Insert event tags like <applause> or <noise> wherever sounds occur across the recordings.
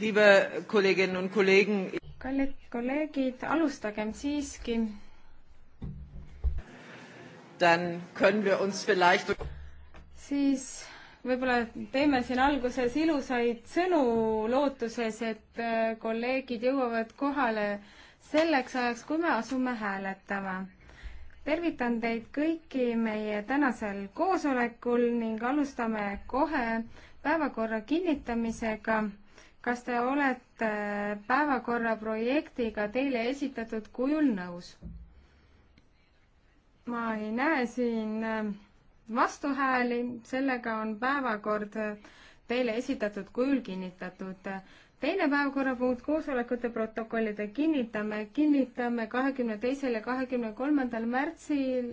liebe Kolleginnen und Kollegen. kallid kolleegid, alustagem siiski. Dann können wir uns vielleicht siis võib-olla teeme siin alguses ilusaid sõnu lootuses, et äh, kolleegid jõuavad kohale selleks ajaks, kui me asume hääletama. tervitan teid kõiki meie tänasel koosolekul ning alustame kohe päevakorra kinnitamisega kas te olete päevakorra projektiga teile esitatud kujul nõus? ma ei näe siin äh, vastuhääli, sellega on päevakord äh, teile esitatud kujul kinnitatud. teine päevakorrapunkt, koosolekute protokollide kinnitame, kinnitame kahekümne teisel ja kahekümne kolmandal märtsil,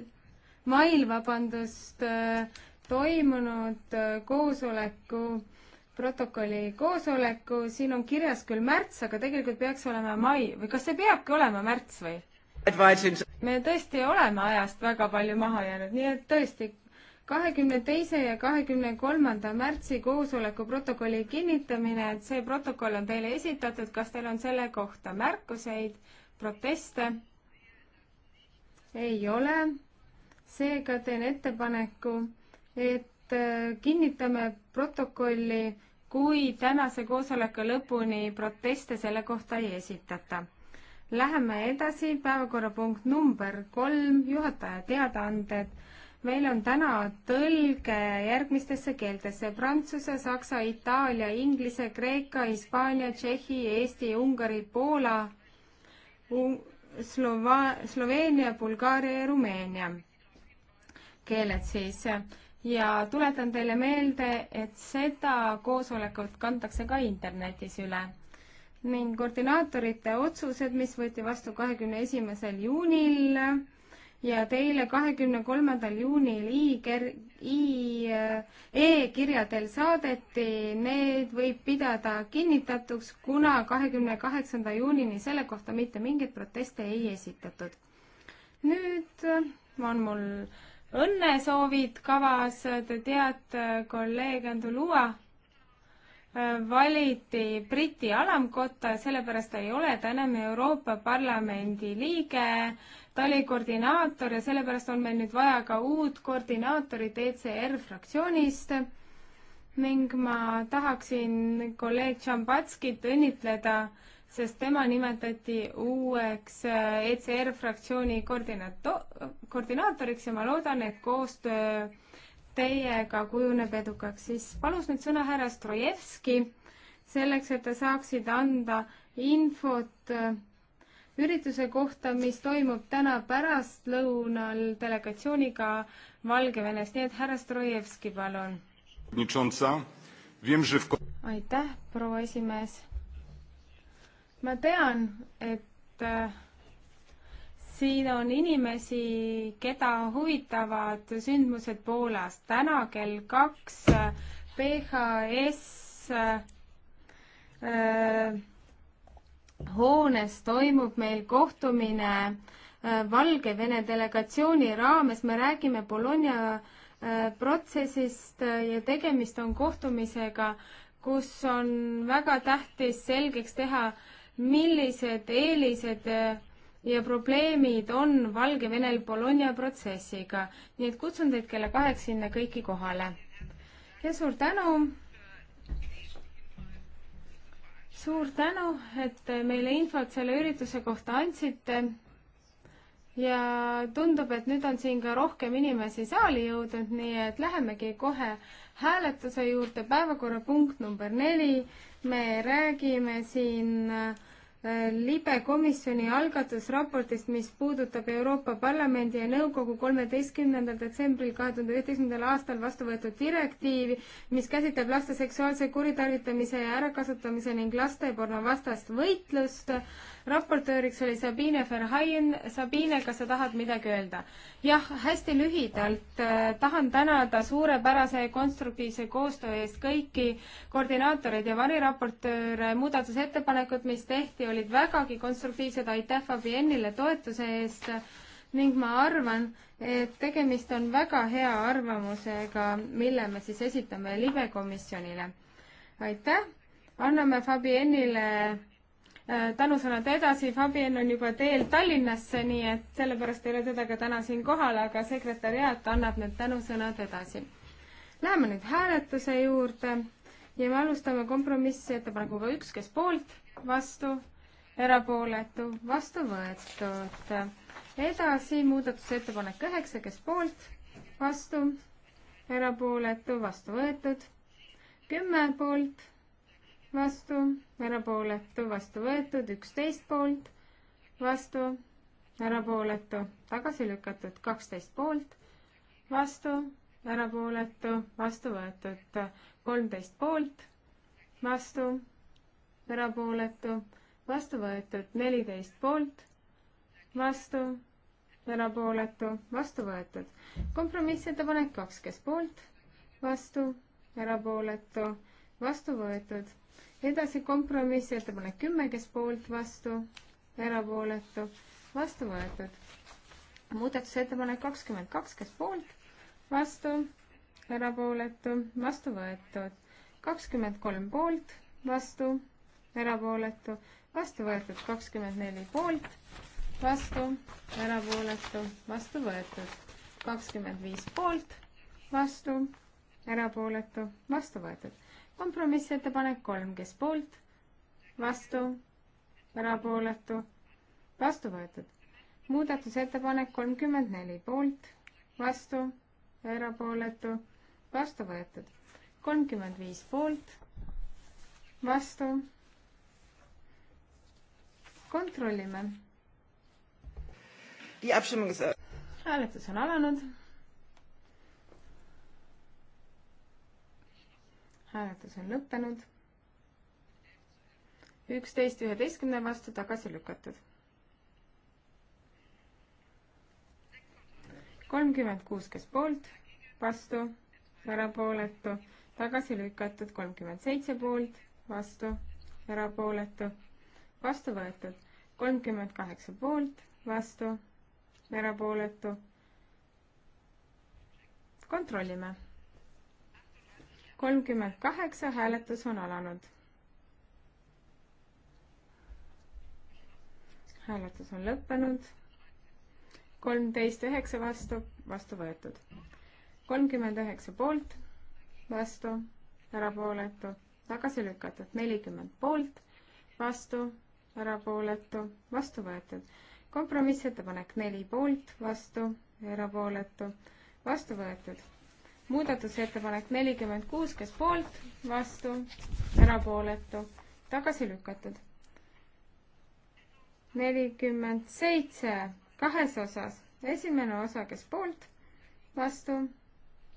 mail, vabandust, äh, toimunud koosoleku protokolli koosoleku, siin on kirjas küll märts, aga tegelikult peaks olema mai või kas see peabki olema märts või? me tõesti oleme ajast väga palju maha jäänud, nii et tõesti, kahekümne teise ja kahekümne kolmanda märtsi koosoleku protokolli kinnitamine, et see protokoll on teile esitatud, kas teil on selle kohta märkuseid, proteste? ei ole, seega teen ettepaneku, et Äh, kinnitame protokolli, kui tänase koosoleku lõpuni proteste selle kohta ei esitata. Läheme edasi, päevakorrapunkt number kolm, juhataja teadaanded. meil on täna tõlge järgmistesse keeltesse prantsuse, saksa, itaalia, inglise, kreeka, hispaania, tšehhi, eesti, ungari, poola un, Slova-, Sloveenia, Bulgaaria ja Rumeenia keeled siis ja tuletan teile meelde, et seda koosolekut kantakse ka internetis üle ning koordinaatorite otsused, mis võeti vastu kahekümne esimesel juunil ja teile kahekümne kolmandal juunil i-ker-, i-, e-kirjadel e saadeti, need võib pidada kinnitatuks, kuna kahekümne kaheksanda juunini selle kohta mitte mingeid proteste ei esitatud. nüüd on mul õnnesoovid kavas, te teate, kolleeg Andulua äh, valiti Briti alamkotta ja sellepärast ta ei ole ta enam Euroopa Parlamendi liige, ta oli koordinaator ja sellepärast on meil nüüd vaja ka uut koordinaatorit ECR fraktsioonist ning ma tahaksin kolleeg Tšambatskit õnnitleda sest tema nimetati uueks äh, ECR fraktsiooni koordinaato-, koordinaatoriks ja ma loodan, et koostöö teiega kujuneb edukaks, siis palus nüüd sõna härra Strojevski selleks, et te saaksite anda infot äh, ürituse kohta, mis toimub täna pärastlõunal delegatsiooniga Valgevenes, nii et härra Strojevski, palun. aitäh, proua esimees ma tean, et äh, siin on inimesi, keda huvitavad sündmused Poolas. täna kell kaks äh, PHS äh, hoones toimub meil kohtumine äh, Valgevene delegatsiooni raames, me räägime Bologna äh, protsessist äh, ja tegemist on kohtumisega, kus on väga tähtis selgeks teha äh, millised eelised äh, ja probleemid on Valgevenel Bologna protsessiga. nii et kutsun teid kella kaheks sinna kõiki kohale. ja suur tänu. suur tänu, et meile infot selle ürituse kohta andsite. ja tundub, et nüüd on siin ka rohkem inimesi saali jõudnud, nii et lähemegi kohe hääletuse juurde. päevakorrapunkt number neli. me räägime siin äh, libe komisjoni algatusraportist, mis puudutab Euroopa Parlamendi ja Nõukogu kolmeteistkümnendal detsembril kahe tuhande üheteistkümnendal aastal vastu võetud direktiivi, mis käsitleb laste seksuaalse kuritarvitamise ja ärakasutamise ning laste porno vastast võitlust raportööriks oli Sabine Verhaien. Sabine, kas sa tahad midagi öelda? jah, hästi lühidalt äh, tahan tänada suurepärase konstruktiivse koostöö eest kõiki koordinaatoreid ja variraportööre. muudatusettepanekud, mis tehti, olid vägagi konstruktiivsed. aitäh Fabiennile toetuse eest ning ma arvan, et tegemist on väga hea arvamusega, mille me siis esitame libekomisjonile. aitäh, anname Fabiennile Äh, tänusõnad edasi, Fabien on juba teel Tallinnasse, nii et sellepärast ei ole teda ka täna siin kohal, aga sekretäriaat annab need tänusõnad edasi. Läheme nüüd hääletuse juurde ja me alustame kompromissettepanekuga üks, kes poolt, vastu, erapooletu, vastu võetud. edasi muudatusettepanek üheksa, kes poolt, vastu, erapooletu, vastu võetud, kümme poolt vastu, erapooletu, vastu võetud, üksteist poolt, vastu, erapooletu, tagasi lükatud, kaksteist poolt, vastu, erapooletu, vastu võetud, kolmteist poolt, vastu, erapooletu, vastu võetud, neliteist poolt, vastu, erapooletu, vastu võetud. kompromissettepanek kaks, kes poolt, vastu, erapooletu, vastu võetud edasi kompromissettepanek kümme, kes poolt, vastu, erapooletu, vastu võetud. muudatusettepanek kakskümmend kaks, kes poolt, vastu, erapooletu, vastu võetud. kakskümmend kolm poolt, vastu, erapooletu, vastu võetud. kakskümmend neli poolt, vastu, erapooletu, vastu võetud. kakskümmend viis poolt, vastu, erapooletu, vastu võetud kompromissettepanek kolm, kes poolt, vastu, erapooletu, vastu võetud. muudatusettepanek kolmkümmend neli, poolt, vastu, erapooletu, vastu võetud. kolmkümmend viis poolt, vastu. kontrollime. hääletus on alanud hääletus on lõppenud. üksteist üheteistkümne vastu tagasi lükatud. kolmkümmend kuus, kes poolt, vastu, erapooletu, tagasi lükatud, kolmkümmend seitse poolt, vastu, erapooletu, vastu võetud, kolmkümmend kaheksa poolt, vastu, erapooletu. kontrollime kolmkümmend kaheksa, hääletus on alanud. hääletus on lõppenud. kolmteist üheksa vastu, vastu võetud. kolmkümmend üheksa poolt, vastu, erapooletu, tagasi lükatud, nelikümmend poolt, vastu, erapooletu, vastu võetud. kompromissettepanek neli poolt, vastu, erapooletu, vastu võetud muudatusettepanek nelikümmend kuus, kes poolt, vastu, erapooletu, tagasi lükatud. nelikümmend seitse kahes osas, esimene osa, kes poolt, vastu,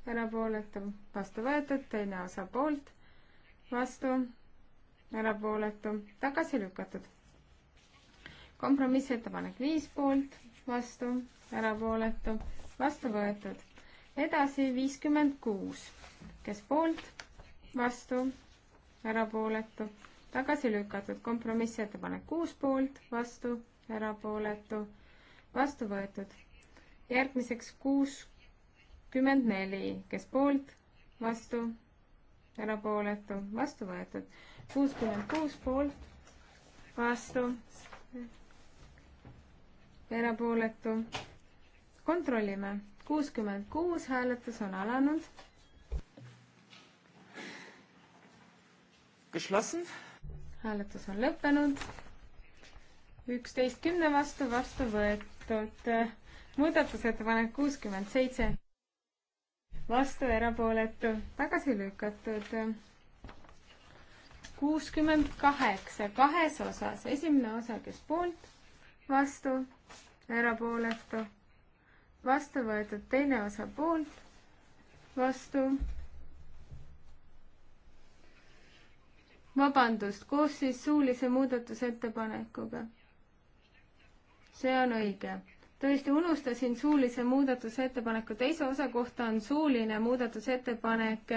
erapooletu, vastu võetud, teine osa poolt, vastu, erapooletu, tagasi lükatud. kompromissettepanek viis poolt, vastu, erapooletu, vastu võetud edasi viiskümmend kuus, kes poolt, vastu, erapooletu, tagasi lükatud, kompromissettepanek kuus poolt, vastu, erapooletu, vastu võetud. järgmiseks kuuskümmend neli, kes poolt, vastu, erapooletu, vastu võetud, kuuskümmend kuus poolt, vastu, erapooletu. kontrollime kuuskümmend kuus hääletus on alanud. hääletus on lõppenud. üksteist kümne vastu, vastu võetud. muudatusettepanek kuuskümmend seitse. vastu erapooletu, tagasi lükatud. kuuskümmend kaheksa, kahes osas, esimene osa, kes poolt, vastu, erapooletu vastu võetud teine osa poolt, vastu. vabandust, koos siis suulise muudatusettepanekuga. see on õige. tõesti unustasin suulise muudatusettepaneku teise osa kohta on suuline muudatusettepanek,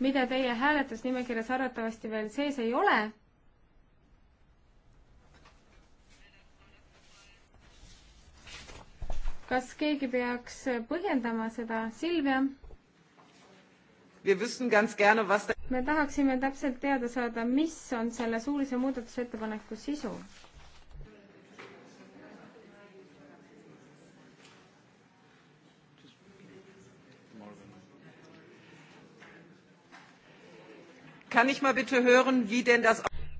mida teie hääletusnimekirjas arvatavasti veel sees ei ole kas keegi peaks põhjendama seda, Silvia? me tahaksime täpselt teada saada, mis on selle suulise muudatusettepaneku sisu.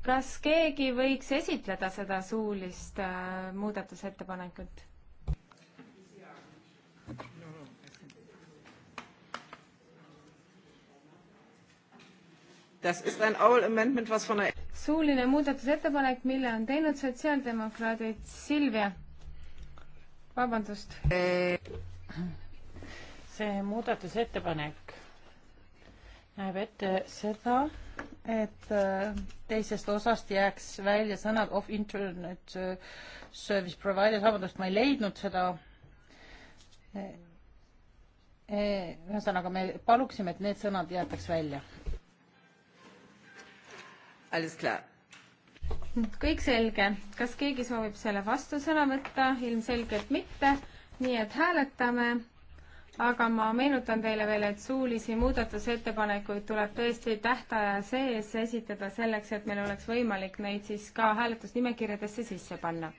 kas keegi võiks esitleda seda suulist äh, muudatusettepanekut? suuline muudatusettepanek, mille on teinud sotsiaaldemokraadid Silvia. vabandust. see muudatusettepanek näeb ette seda, et äh, teisest osast jääks välja sõnad of internet äh, service provider, vabandust, ma ei leidnud seda äh, ühesõnaga, me paluksime, et need sõnad jäetaks välja kõik selge, kas keegi soovib selle vastu sõna võtta, ilmselgelt mitte, nii et hääletame. aga ma meenutan teile veel, et suulisi muudatusettepanekuid tuleb tõesti tähtaja sees esitada selleks, et meil oleks võimalik neid siis ka hääletusnimekirjadesse sisse panna.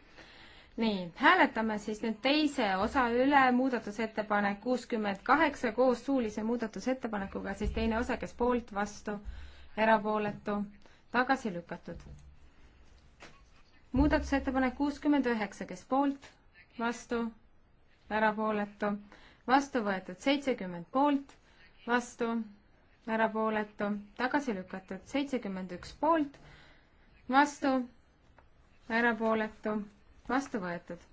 nii, hääletame siis nüüd teise osa üle, muudatusettepanek kuuskümmend kaheksa koos suulise muudatusettepanekuga, siis teine osa, kes poolt, vastu, erapooletu tagasi lükatud. muudatusettepanek kuuskümmend üheksa, kes poolt, vastu, erapooletu, vastu võetud seitsekümmend poolt, vastu, erapooletu, tagasi lükatud seitsekümmend üks poolt, vastu, erapooletu, vastu võetud.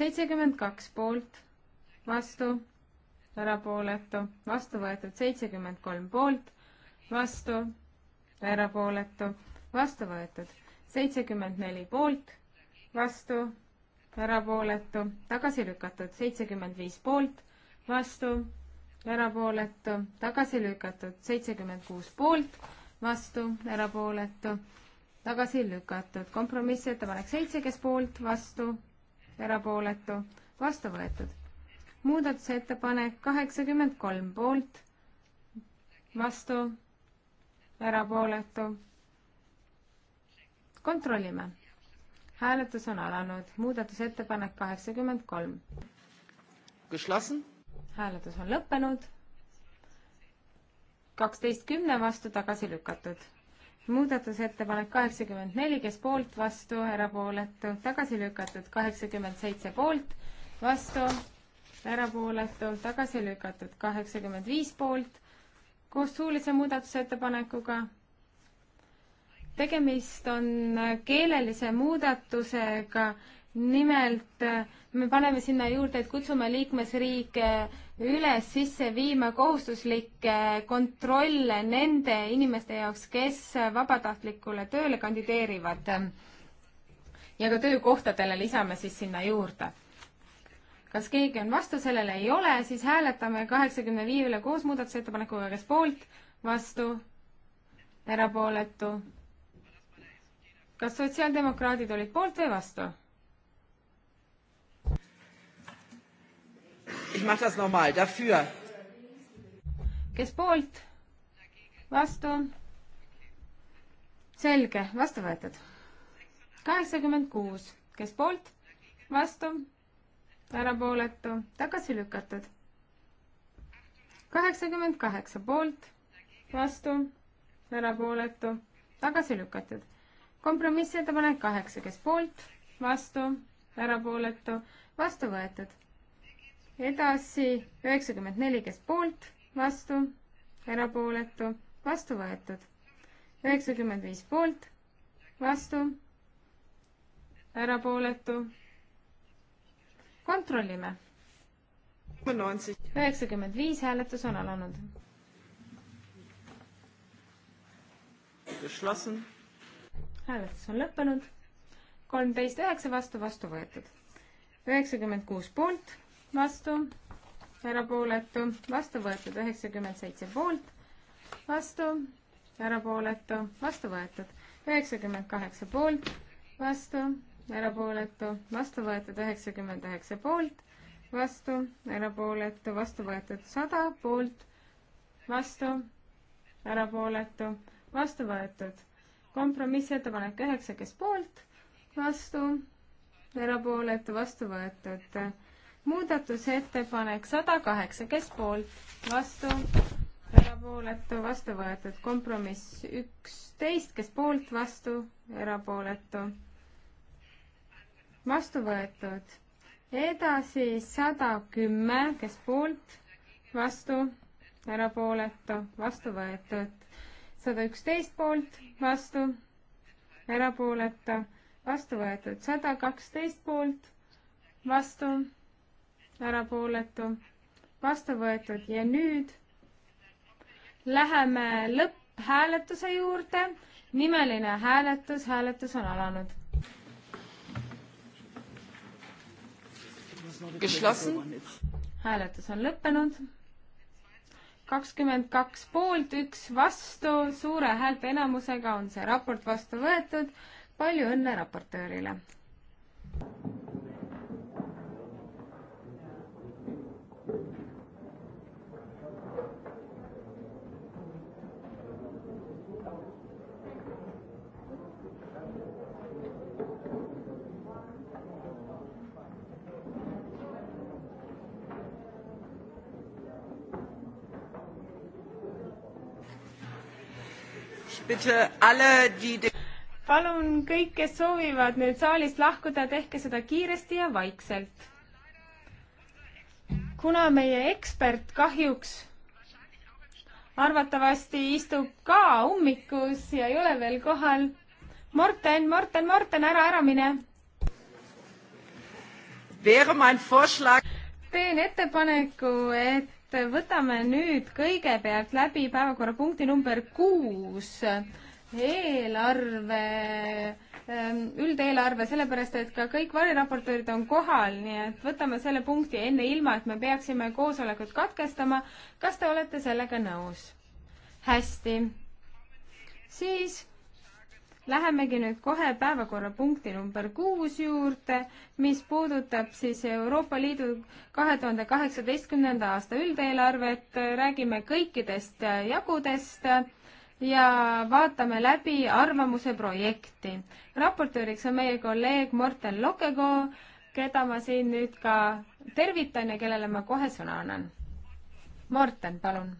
seitsekümmend kaks poolt, vastu, erapooletu, vastu võetud seitsekümmend kolm poolt, vastu erapooletu, vastu võetud. seitsekümmend neli poolt, vastu, erapooletu, tagasi lükatud. seitsekümmend viis poolt, vastu, erapooletu, tagasi lükatud. seitsekümmend kuus poolt, vastu, erapooletu, tagasi lükatud. kompromissettepanek seitse, kes poolt, vastu, erapooletu, vastu võetud. muudatusettepanek kaheksakümmend kolm poolt, vastu erapooletu. kontrollime. hääletus on alanud, muudatusettepanek kaheksakümmend kolm. Geschlossen. hääletus on lõppenud. kaksteist kümne vastu tagasi lükatud. muudatusettepanek kaheksakümmend neli, kes poolt, vastu, erapooletu, tagasi lükatud, kaheksakümmend seitse poolt, vastu, erapooletu, tagasi lükatud, kaheksakümmend viis poolt koos suulise muudatusettepanekuga. tegemist on keelelise muudatusega, nimelt me paneme sinna juurde, et kutsume liikmesriike üles sisse viima kohustuslikke kontrolle nende inimeste jaoks, kes vabatahtlikule tööle kandideerivad. ja ka töökohtadele lisame siis sinna juurde kas keegi on vastu sellele, ei ole, siis hääletame kaheksakümne viie üle koos muudatusettepanekuga, kes poolt, vastu, erapooletu. kas sotsiaaldemokraadid olid poolt või vastu? kes poolt? vastu? selge, vastu võetud. kaheksakümmend kuus, kes poolt? vastu? erapooletu, tagasi lükatud. kaheksakümmend kaheksa poolt, vastu, erapooletu, tagasi lükatud. kompromissettepanek kaheksa, kes poolt, vastu, erapooletu, vastu võetud. edasi üheksakümmend neli, kes poolt, vastu, erapooletu, vastu võetud. üheksakümmend viis poolt, vastu, erapooletu kontrollime. üheksakümmend viis hääletus on alanud. hääletus on lõppenud. kolmteist üheksa vastu, vastu võetud. üheksakümmend kuus poolt, vastu, erapooletu, vastu võetud, üheksakümmend seitse poolt, vastu, erapooletu, vastu võetud, üheksakümmend kaheksa poolt, vastu erapooletu, vastu võetud üheksakümmend üheksa poolt, vastu, erapooletu, vastu võetud sada poolt, vastu, erapooletu, vastu võetud. kompromissettepanek üheksa, kes poolt, vastu, erapooletu, vastu võetud. muudatusettepanek sada kaheksa, kes poolt, vastu, erapooletu, vastu võetud. kompromiss üksteist, kes poolt, vastu, erapooletu vastu võetud. edasi sada kümme, kes poolt, vastu, erapooletu, vastu võetud. sada üksteist poolt, vastu, erapooletu, vastu võetud. sada kaksteist poolt, vastu, erapooletu, vastu võetud ja nüüd läheme lõpphääletuse juurde. nimeline hääletus, hääletus on alanud geschlossen. hääletus on lõppenud. kakskümmend kaks poolt, üks vastu, suure häälteenamusega on see raport vastu võetud. palju õnne raportöörile palun kõik, kes soovivad nüüd saalist lahkuda, tehke seda kiiresti ja vaikselt. kuna meie ekspert kahjuks arvatavasti istub ka ummikus ja ei ole veel kohal. Morten, Morten, Morten, ära, ära mine. teen ettepaneku, et et võtame nüüd kõigepealt läbi päevakorrapunkti number kuus, eelarve, ähm, üldeelarve, sellepärast et ka kõik variraportöörid on kohal, nii et võtame selle punkti enne, ilma et me peaksime koosolekut katkestama. kas te olete sellega nõus? hästi, siis Lähemegi nüüd kohe päevakorrapunkti number kuus juurde, mis puudutab siis Euroopa Liidu kahe tuhande kaheksateistkümnenda aasta üldeelarvet, räägime kõikidest jagudest ja vaatame läbi arvamuse projekti. raportööriks on meie kolleeg Morten Lokego, keda ma siin nüüd ka tervitan ja kellele ma kohe sõna annan. Morten, palun.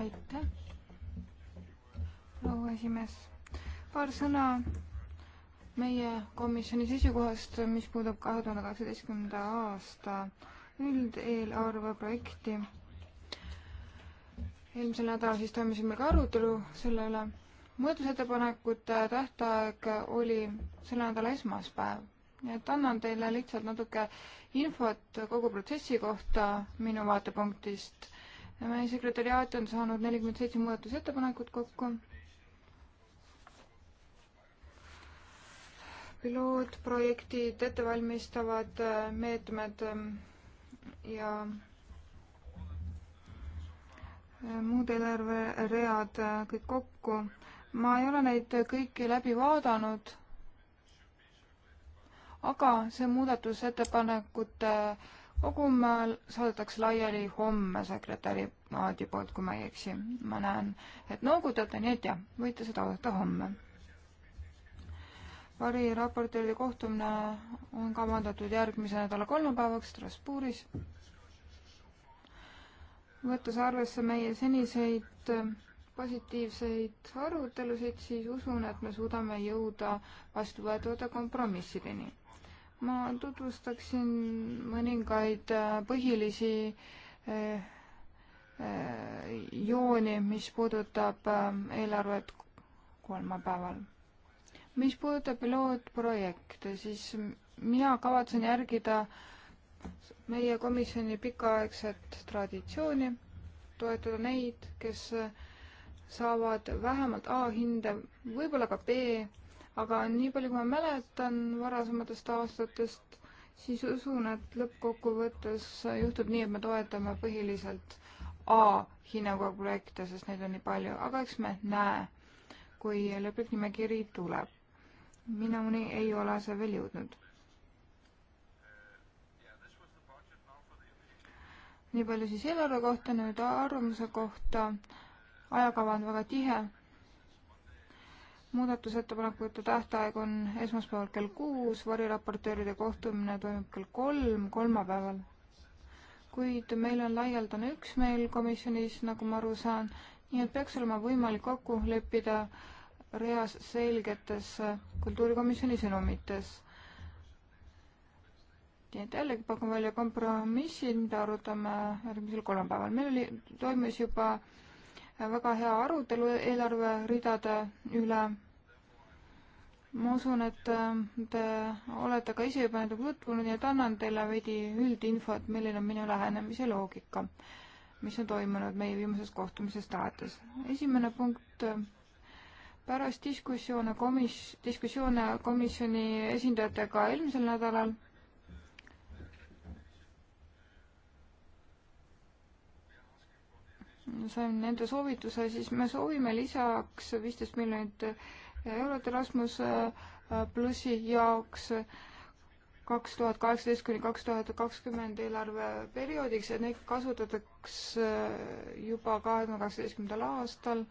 aitäh proua esimees. paar sõna meie komisjoni seisukohast, mis puudub kahe tuhande kaheksateistkümnenda aasta üldeelarve projekti. eelmisel nädalal siis toimus meil ka arutelu selle üle. muudatusettepanekute tähtaeg oli selle nädala esmaspäev nii et annan teile lihtsalt natuke infot kogu protsessi kohta minu vaatepunktist. meie sekretäriaat on saanud nelikümmend seitse muudatusettepanekut kokku pilootprojektid, ettevalmistavad äh, meetmed ähm, ja äh, muud eelarveread äh, kõik kokku. ma ei ole neid kõiki läbi vaadanud, aga see muudatusettepanekute kogum saadetakse laiali homme sekretäriaadi poolt, kui ma ei eksi. ma näen, et noogutate, nii et jah, võite seda oodata homme variraportööri kohtumine on kavandatud järgmise nädala kolmapäevaks Strasbourgis. võttes arvesse meie seniseid äh, positiivseid arutelusid, siis usun, et me suudame jõuda vastuvõetavate kompromissideni. ma tutvustaksin mõningaid äh, põhilisi äh, jooni, mis puudutab eelarvet kolmapäeval mis puudutab pilootprojekte, siis mina kavatsen järgida meie komisjoni pikaaegset traditsiooni, toetada neid, kes saavad vähemalt A-hinde, võib-olla ka B, aga nii palju, kui ma mäletan varasematest aastatest, siis usun, et lõppkokkuvõttes juhtub nii, et me toetame põhiliselt A-hinnanguga projekte, sest neid on nii palju, aga eks me näe, kui lõplik nimekiri tuleb minuni ei ole see veel jõudnud. nii palju siis eelarve kohta, nüüd arvamuse kohta. ajakava on väga tihe. muudatusettepanekute tähtaeg on esmaspäeval kell kuus, variraportööride kohtumine toimub kell kolm, kolmapäeval kuid meil on laialdane üksmeel komisjonis, nagu ma aru saan, nii et peaks olema võimalik kokku leppida äh, reas selgetes kultuurikomisjoni sõnumites. nii et jällegi pakume välja kompromissid, mida arutame järgmisel kolmapäeval. meil oli, toimus juba väga hea arutelu eelarveridade üle. ma usun, et te olete ka ise juba nendega tutvunud, nii et annan teile veidi üldinfot, milline on minu lähenemise loogika, mis on toimunud meie viimasest kohtumisest alates. esimene punkt pärast diskussioone komis-, diskussioone komisjoni esindajatega eelmisel nädalal sain nende soovituse, siis me soovime lisaks viisteist miljonit eurot Erasmus äh, plussi jaoks kaks tuhat kaheksateist kuni kaks tuhat kakskümmend eelarveperioodiks ja neid kasutatakse äh, juba kahe tuhande kaheksateistkümnendal aastal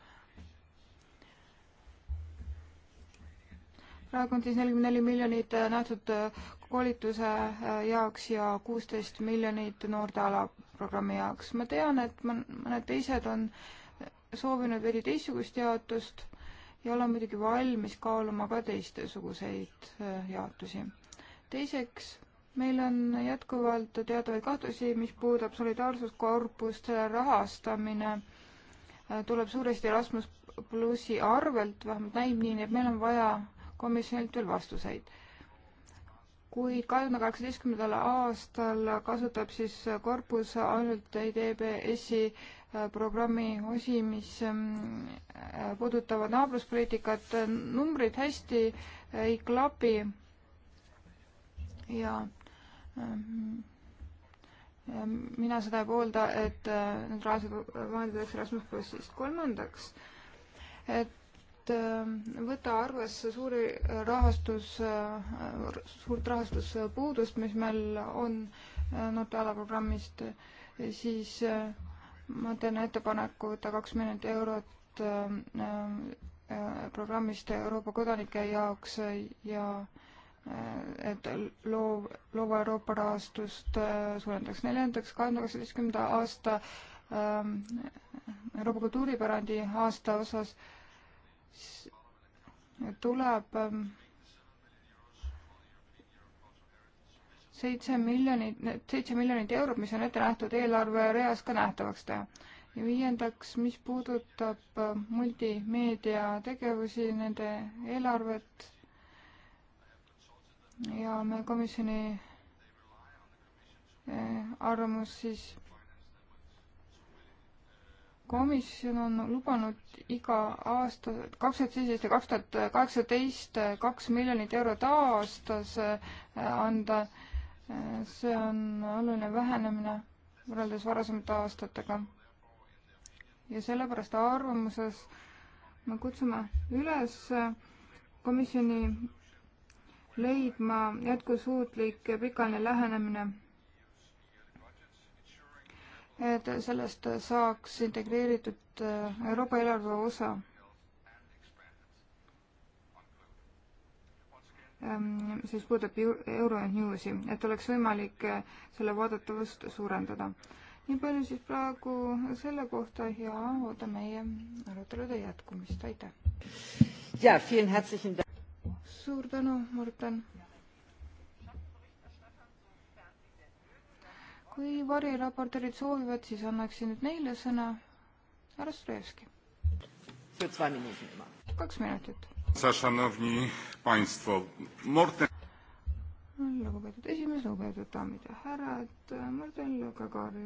praegu on siis nelikümmend neli miljonit äh, nähtud äh, koolituse äh, jaoks ja kuusteist miljonit noorte alaprogrammi jaoks. ma tean, et mõned teised on soovinud veidi teistsugust jaotust ja olen muidugi valmis kaaluma ka teistsuguseid jaotusi. teiseks, meil on jätkuvalt teatavaid kahtlusi, mis puudutab solidaarsuskorpust, selle rahastamine tuleb suuresti Erasmus plussi arvelt, vähemalt näib nii, nii et meil on vaja komisjonilt veel vastuseid. kuid kahekümne kaheksateistkümnendal aastal kasutab siis korpus ainult IDBS-i e äh, programmi osi, mis ähm, äh, puudutavad naabruspoliitikat. numbrid hästi äh, ei klapi ähm, ja mina seda ei poolda, et need rahased vahendatakse Rasmus Plussist. kolmandaks, et et äh, võtta arvesse suuri äh, rahastus, äh, suurt rahastuspuudust, mis meil on noorte alaprogrammist, siis ma teen ettepaneku võtta kaks miljonit eurot programmist Euroopa kodanike jaoks ja et loov, loova Euroopa rahastust suurendaks. neljandaks, kahe tuhande kaheksateistkümnenda aasta ähm, Euroopa kultuuripärandi aasta osas äh, tuleb ähm, seitse miljonit, seitse miljonit eurot, mis on ette nähtud eelarvereas ka nähtavaks teha. ja viiendaks, mis puudutab ähm, multimeedia tegevusi, nende eelarvet ja me komisjoni äh, arvamus siis komisjon on lubanud iga aasta, kaks tuhat seitseteist ja kaks tuhat kaheksateist kaks miljonit eurot aastas äh, anda. Äh, see on oluline vähenemine võrreldes varasemate aastatega. ja sellepärast arvamuses me kutsume üles komisjoni leidma jätkusuutlik pikaajaline lähenemine et sellest saaks integreeritud äh, Euroopa eelarve osa. siis ähm, puudutab Euronewsi, et oleks võimalik äh, selle vaadatavust suurendada. nii palju siis praegu selle kohta ja ootan meie arutelude jätkumist, aitäh! suur tänu, Martin! kui variraportorid soovivad, siis annaksin nüüd neile sõna. härra Strojevski. kaks minutit. lugupeetud esimees, lugupeetud daamid ja härrad, Martin Kagari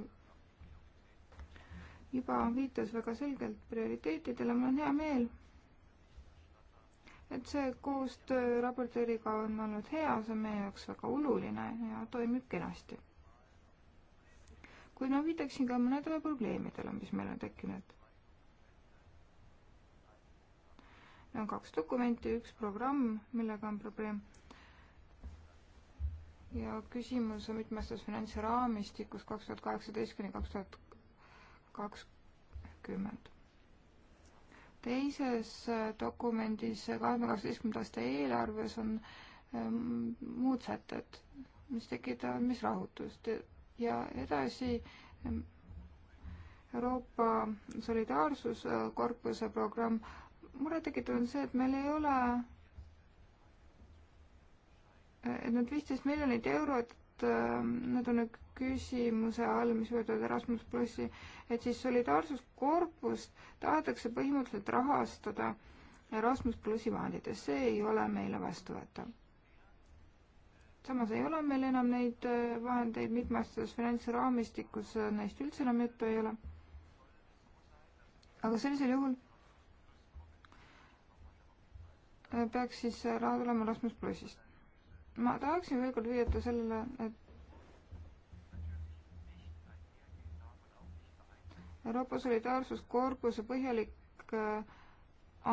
juba viitas väga selgelt prioriteetidele, mul on hea meel, et see koostöö raportööriga on olnud hea, see on meie jaoks väga oluline ja toimib kenasti kuid ma viitaksin ka mõnedele probleemidele, mis meil on tekkinud. on kaks dokumenti, üks programm, millega on probleem. ja küsimus on mitmestes finantsraamistikus kaks tuhat kaheksateist kuni kaks tuhat kakskümmend. teises äh, dokumendis, kahe äh, tuhande kaheksateistkümnenda aasta eelarves on ähm, muud sätted, mis tekitavad, mis rahutust ja edasi Euroopa Solidaarsuskorpuse programm. murettekitav on see, et meil ei ole, et eh, need viisteist miljonit eurot, eh, need on nüüd küsimuse all, mis võetud Erasmus plussi, et siis solidaarsuskorpust tahetakse põhimõtteliselt rahastada Erasmus plussi vahenditest, see ei ole meile vastuvõetav samas ei ole meil enam neid äh, vahendeid mitmeaastases finantsraamistikus, äh, neist üldse enam juttu ei ole. aga sellisel juhul äh, peaks siis raha tulema Rasmus plussist. ma tahaksin veel kord viidata sellele, et Euroopa solidaarsuskorpuse põhjalik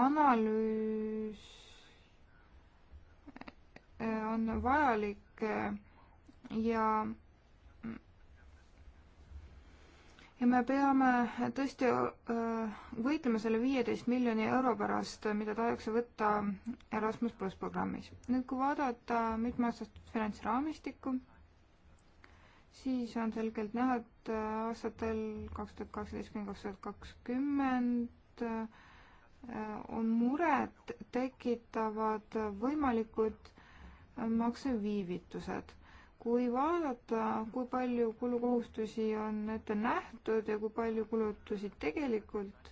analüüs on vajalik eh, ja ja me peame tõesti eh, võitlema selle viieteist miljoni euro pärast, mida tahetakse võtta Erasmus pluss programmis. nüüd, kui vaadata mitmeaastast finantsraamistikku, siis on selgelt näha, et eh, aastatel kaks tuhat kaheksateist kuni kaks tuhat kakskümmend on muret tekitavad võimalikud makseviivitused. kui vaadata, kui palju kulukohustusi on ette nähtud ja kui palju kulutusi tegelikult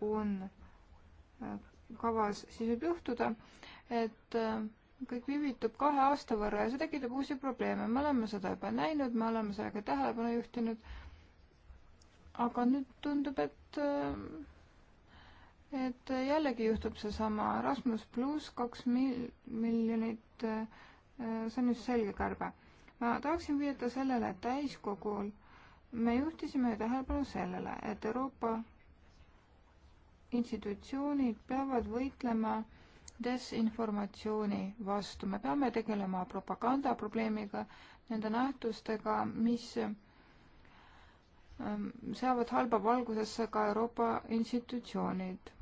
on äh, kavas, siis võib juhtuda, et äh, kõik viivitub kahe aasta võrra ja see tekitab uusi probleeme. me oleme seda juba näinud, me oleme sellega tähelepanu juhtinud. aga nüüd tundub, et äh, et jällegi juhtub seesama Rasmus pluss kaks mil-, miljonit, äh, see on just selge kärbe. ma tahaksin viidata sellele, et täiskogul me juhtisime tähelepanu sellele, et Euroopa institutsioonid peavad võitlema desinformatsiooni vastu, me peame tegelema propagandaprobleemiga, nende nähtustega, mis ähm, seavad halba valgusesse ka Euroopa institutsioonid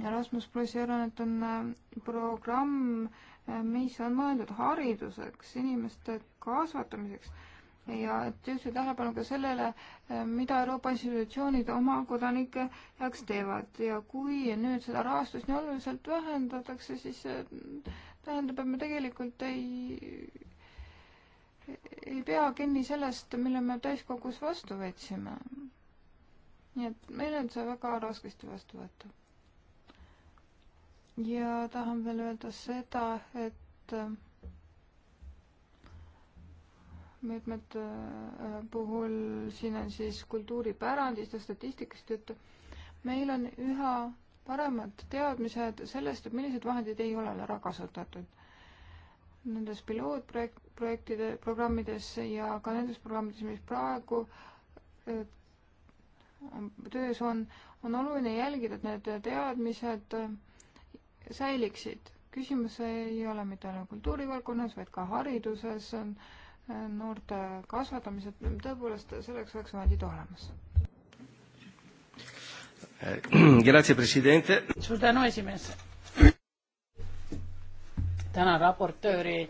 Erasmus pluss Euronet on äh, programm, äh, mis on mõeldud hariduseks, inimeste kasvatamiseks ja et juhtida tähelepanu ka sellele, äh, mida Euroopa institutsioonid oma kodanike heaks teevad ja kui nüüd seda rahastust nii oluliselt vähendatakse, siis tähendab, et me tegelikult ei, ei pea kinni sellest, mille me täiskogus vastu võtsime. nii et meil on see väga raskesti vastu võetav ja tahan veel öelda seda, et äh, meetmete äh, puhul siin on siis kultuuripärandist ja statistikast juttu. meil on üha paremad teadmised sellest, et millised vahendid ei ole ära kasutatud nendes pilootprojektide, programmides ja ka nendes programmides, mis praegu äh, töös on, on oluline jälgida, et need teadmised säiliksid. küsimus ei ole mitte ainult kultuurivaldkonnas, vaid ka hariduses on äh, noorte kasvatamised, tõepoolest selleks oleks vahendid olemas. Eh, <clears throat> suur tänu, esimees. tänan raportööri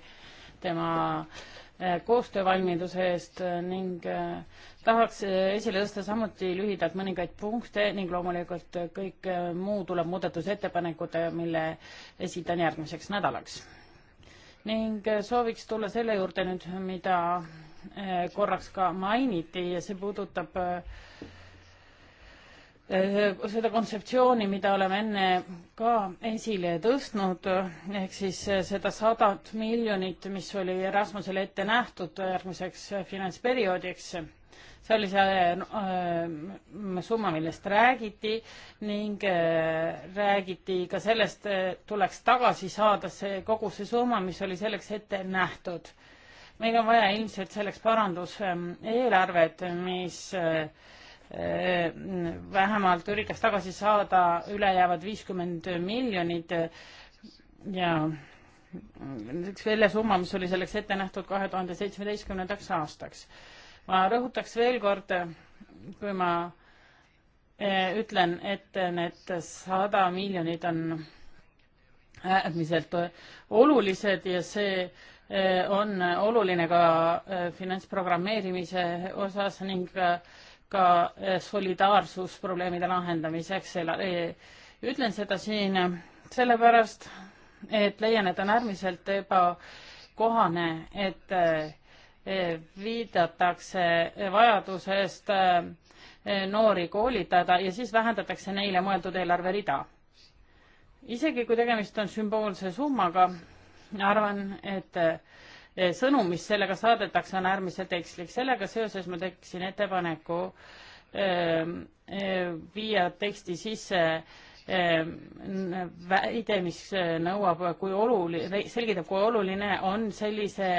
tema äh, Äh, koostöövalmiduse eest äh, ning äh, tahaks esile tõsta samuti lühidalt mõningaid punkte ning loomulikult kõik muu tuleb muudatusettepanekute, mille esitan järgmiseks nädalaks. ning sooviks tulla selle juurde nüüd, mida korraks ka mainiti ja see puudutab äh, Äh, seda kontseptsiooni, mida oleme enne ka esile tõstnud, ehk siis äh, seda sadat miljonit, mis oli Erasmusele ette nähtud järgmiseks äh, finantsperioodiks. see oli see summa, millest räägiti ning räägiti ka sellest, tuleks tagasi saada see kogu see summa, mis oli selleks ette nähtud. meil on vaja ilmselt selleks paranduseelarvet, ähm, mis äh, Äh, vähemalt üritas tagasi saada ülejäävad viiskümmend miljonit ja üks selle summa, mis oli selleks ette nähtud kahe tuhande seitsmeteistkümnendaks aastaks. ma rõhutaks veel kord, kui ma äh, ütlen, et need sada miljonit on äärmiselt olulised ja see äh, on oluline ka finantsprogrammeerimise osas ning äh, ka eh, solidaarsus probleemide lahendamiseks. Eh, ütlen seda siin eh, sellepärast, et leian, et on äärmiselt ebakohane, et viidatakse vajadusest noori koolitada ja siis vähendatakse neile mõeldud eelarverida. isegi kui tegemist on sümboolse summaga, arvan, et Eh, sõnum, mis sellega saadetakse, on äärmiselt ekslik. sellega seoses ma teeksin ettepaneku ehm, eh, viia teksti sisse ehm, väide, mis eh, nõuab, kui oluline, selgitab, kui oluline on sellise,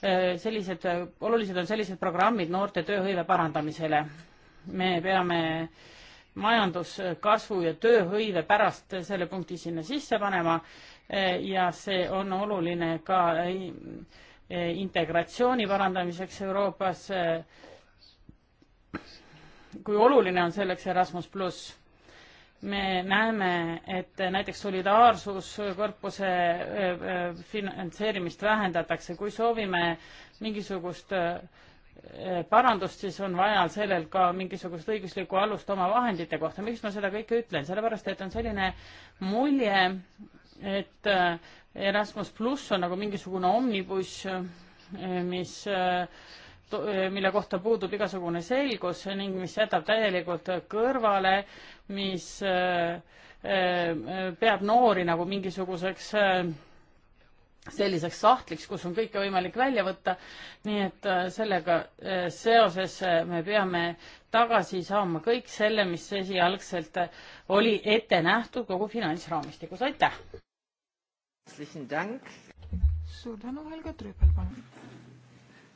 sellised, olulised on sellised programmid noorte tööhõive parandamisele. me peame majanduskasvu ja tööhõive pärast selle punkti sinna sisse panema ja see on oluline ka Eh, integratsiooni parandamiseks Euroopas. Eh, kui oluline on selleks Erasmus pluss? me näeme, et näiteks solidaarsuskorpuse eh, finantseerimist vähendatakse, kui soovime mingisugust parandust, siis on vaja sellel ka mingisugust õiguslikku alust oma vahendite kohta. miks ma seda kõike ütlen? sellepärast, et on selline mulje, et Erasmus pluss on nagu mingisugune omnibus, eh, mis, eh, eh, mille kohta puudub igasugune selgus ning mis jätab täielikult kõrvale, mis peab noori nagu mingisuguseks selliseks sahtliks, kus on kõike võimalik välja võtta. nii et sellega seoses me peame tagasi saama kõik selle, mis esialgselt oli ette nähtud kogu finantsraamistikus. aitäh! suur tänu, Helga Trüüpel, palun.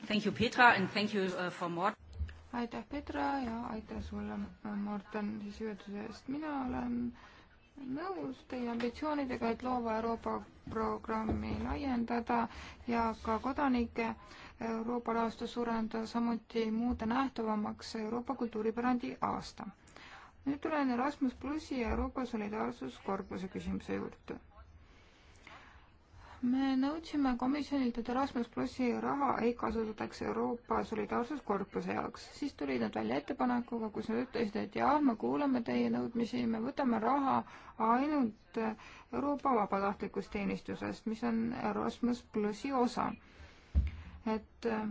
Thank you, Petra and thank you uh, for Mort-. aitäh, Petra ja aitäh sulle, Morten, sissejuhatuse eest. mina olen nõus teie ambitsioonidega, et loova Euroopa programmi laiendada ja ka kodanike Euroopa rahastus suurendada, samuti muuta nähtavamaks Euroopa kultuuripärandi aasta. nüüd tulen Erasmus plussi ja Euroopa solidaarsuskorpuse küsimuse juurde me nõudsime komisjonilt, et Erasmus plussi raha ei kasutataks Euroopa Solidaarsuskorpuse jaoks. siis tulid nad välja ettepanekuga, kus nad ütlesid, et jah, me kuulame teie nõudmisi, me võtame raha ainult Euroopa vabatahtlikust teenistusest, mis on Erasmus plussi osa. et äh,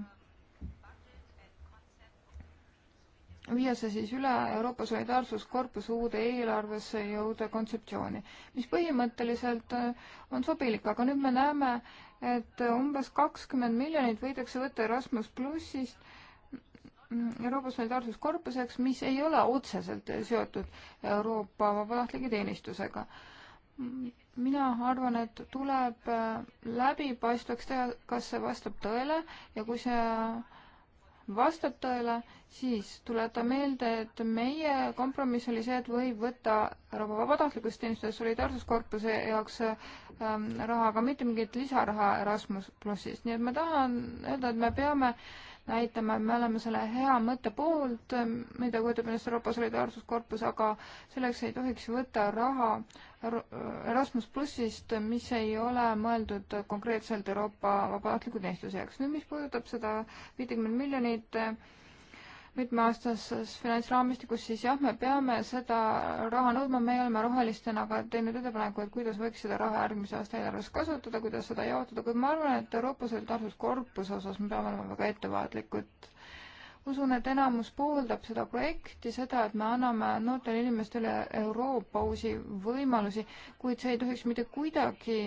viia see siis üle Euroopa Solidaarsuskorpuse uude eelarvesse ja uude kontseptsiooni, mis põhimõtteliselt äh, on sobilik, aga nüüd me näeme, et umbes kakskümmend miljonit võidakse võtta Erasmus plussist mm, Euroopa Solidaarsuskorpuseks, mis ei ole otseselt seotud Euroopa vabatahtlike teenistusega. mina arvan, et tuleb äh, läbipaistvaks teha, kas see vastab tõele ja kui see vastab tõele, siis tuletan meelde, et meie kompromiss oli see, et võib võtta Euroopa Vabatahtlikust Teenistusest Solidaarsuskorpuse jaoks ähm, raha, aga mitte mingit lisaraha Erasmus plussist, nii et ma tahan öelda, et me peame äh, näitama, et me oleme selle hea mõtte poolt, mida kujutab ennast Euroopa Solidaarsuskorpus, aga selleks ei tohiks võtta raha Erasmus plussist, mis ei ole mõeldud konkreetselt Euroopa vabatahtliku teenistuse jaoks. nüüd, mis puudutab seda viitekümmet miljonit, mitmeaastases finantsraamistikus, siis jah, me peame seda raha nõudma, me oleme rohelistena ka teinud ettepaneku, et kuidas võiks seda raha järgmise aasta eelarves kasutada, kuidas seda jaotada, kuid ma arvan, et Euroopa solidaarsuskorpuse osas me peame olema väga ettevaatlikud. usun, et enamus pooldab seda projekti, seda, et me anname noortele inimestele Euroopa uusi võimalusi, kuid see ei tohiks mitte kuidagi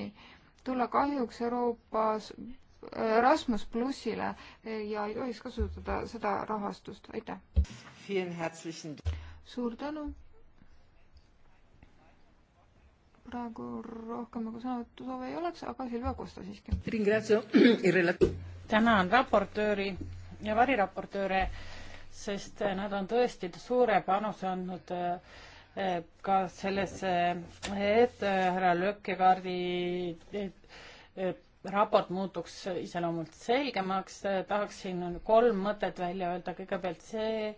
tulla kahjuks Euroopas Rasmus Plussile ja ei tohiks kasutada seda rahastust, aitäh. suur tänu. praegu rohkem nagu sõnavõtusoove ei oleks, aga Silvia Kosta siiski. <clears throat> tänan raportööri ja variraportööre, sest nad on tõesti suure panuse andnud eh, ka sellesse, et eh, härra Lökkekaardi raport muutuks iseloomult selgemaks, tahaksin kolm mõtet välja öelda. kõigepealt see,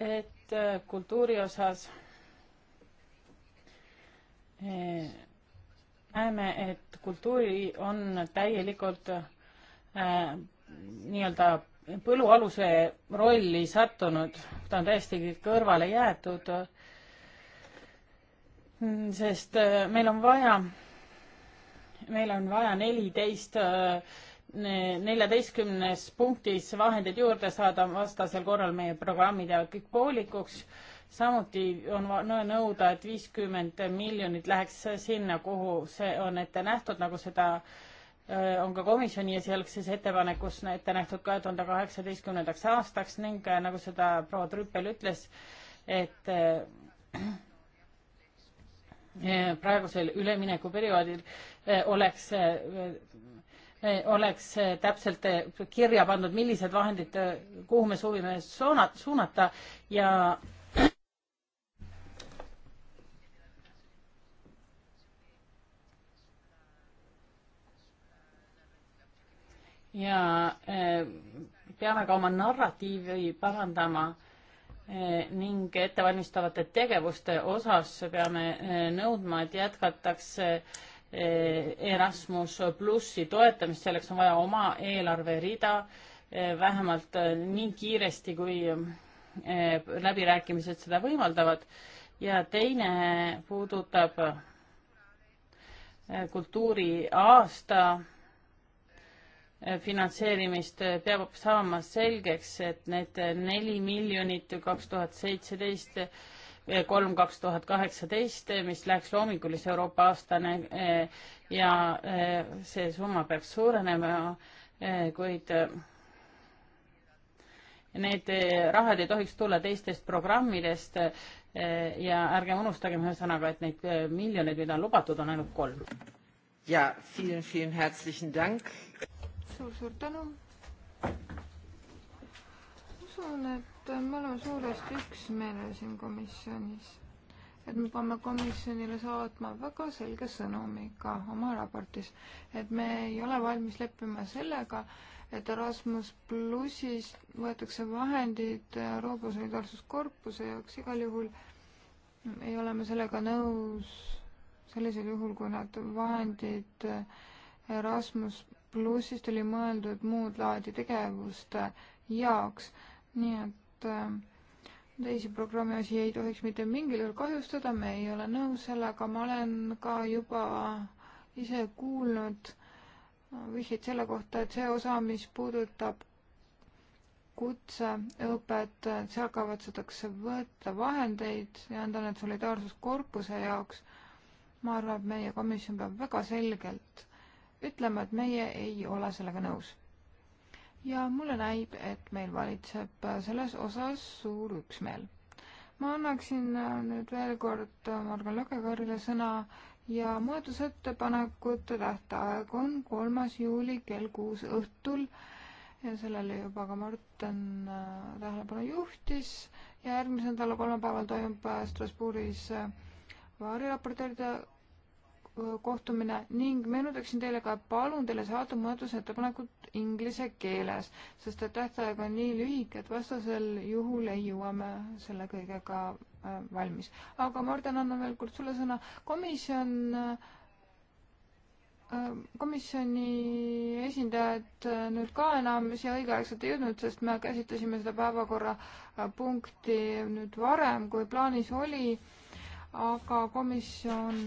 et kultuuri osas eh, näeme, et kultuuri on täielikult äh, nii-öelda põlualuse rolli sattunud, ta on täiesti kõrvale jäetud, sest eh, meil on vaja meil on vaja neliteist, neljateistkümnes punktis vahendeid juurde saada, vastasel korral meie programmid jäävad kõik poolikuks. samuti on nõuda, et viiskümmend miljonit läheks sinna, kuhu see on ette nähtud, nagu seda on ka komisjoni esialgses ettepanekus ette nähtud kahe tuhande kaheksateistkümnendaks aastaks ning nagu seda proua Trüppel ütles, et Eh, praegusel üleminekuperioodil eh, oleks, eh, oleks täpselt kirja pandud, millised vahendid, kuhu me soovime suunata, suunata ja ja peame ka oma narratiivi parandama Eh, ning ettevalmistavate tegevuste osas peame eh, nõudma, et jätkatakse eh, Erasmus plussi toetamist, selleks on vaja oma eelarverida vähemalt nii kiiresti, kui läbirääkimised seda võimaldavad. ja teine puudutab kultuuriaasta finantseerimist, äh, peab saama selgeks, et need neli miljonit kaks tuhat seitseteist, äh, kolm kaks tuhat kaheksateist, äh, mis läks loomingulise Euroopa aastane ja see summa peaks suurenema, kuid need rahad ei tohiks tulla teistest programmidest ja ärgem unustagem ühesõnaga, et neid miljoneid, mida on lubatud, on ainult kolm. ja, vielen, vielen herzlichen Dank suur-suur tänu. usun, et me oleme suuresti üksmeelel siin komisjonis, et me peame komisjonile saatma väga selge sõnumi ka oma raportis, et me ei ole valmis leppima sellega, et Erasmus plussis võetakse vahendid Euroopa Solidaarsuskorpuse jaoks igal juhul ei ole me sellega nõus sellisel juhul, kui need vahendid Erasmus pluss siis tuli mõeldud muud laadi tegevuste jaoks, nii et äh, teisi programmi asi ei tohiks mitte mingil juhul kahjustada, me ei ole nõus sellega, ma olen ka juba ise kuulnud äh, vihjeid selle kohta, et see osa, mis puudutab kutseõpet, äh, seal kavatsetakse võtta vahendeid ja anda need solidaarsuskorpuse jaoks. ma arvan, et meie komisjon peab väga selgelt ütlema, et meie ei ole sellega nõus. ja mulle näib, et meil valitseb selles osas suur üksmeel. ma annaksin nüüd veel kord Margo Lõkkekaarile sõna ja muudatusettepanekute tähtaeg on kolmas juuli kell kuus õhtul ja sellele juba ka Martin äh, tähelepanu juhtis ja järgmise nädala kolmapäeval toimub Strasbourgis äh, variraportööride kohtumine ning meenutaksin teile ka, palun teile saada muudatusettepanekud inglise keeles, sest et tähtaeg on nii lühike, et vastasel juhul ei jõua me selle kõigega valmis. aga Marden, annan veel kord sulle sõna. komisjon, komisjoni esindajad nüüd ka enam siia õigeaegselt ei jõudnud, sest me käsitlesime seda päevakorrapunkti nüüd varem, kui plaanis oli, aga komisjon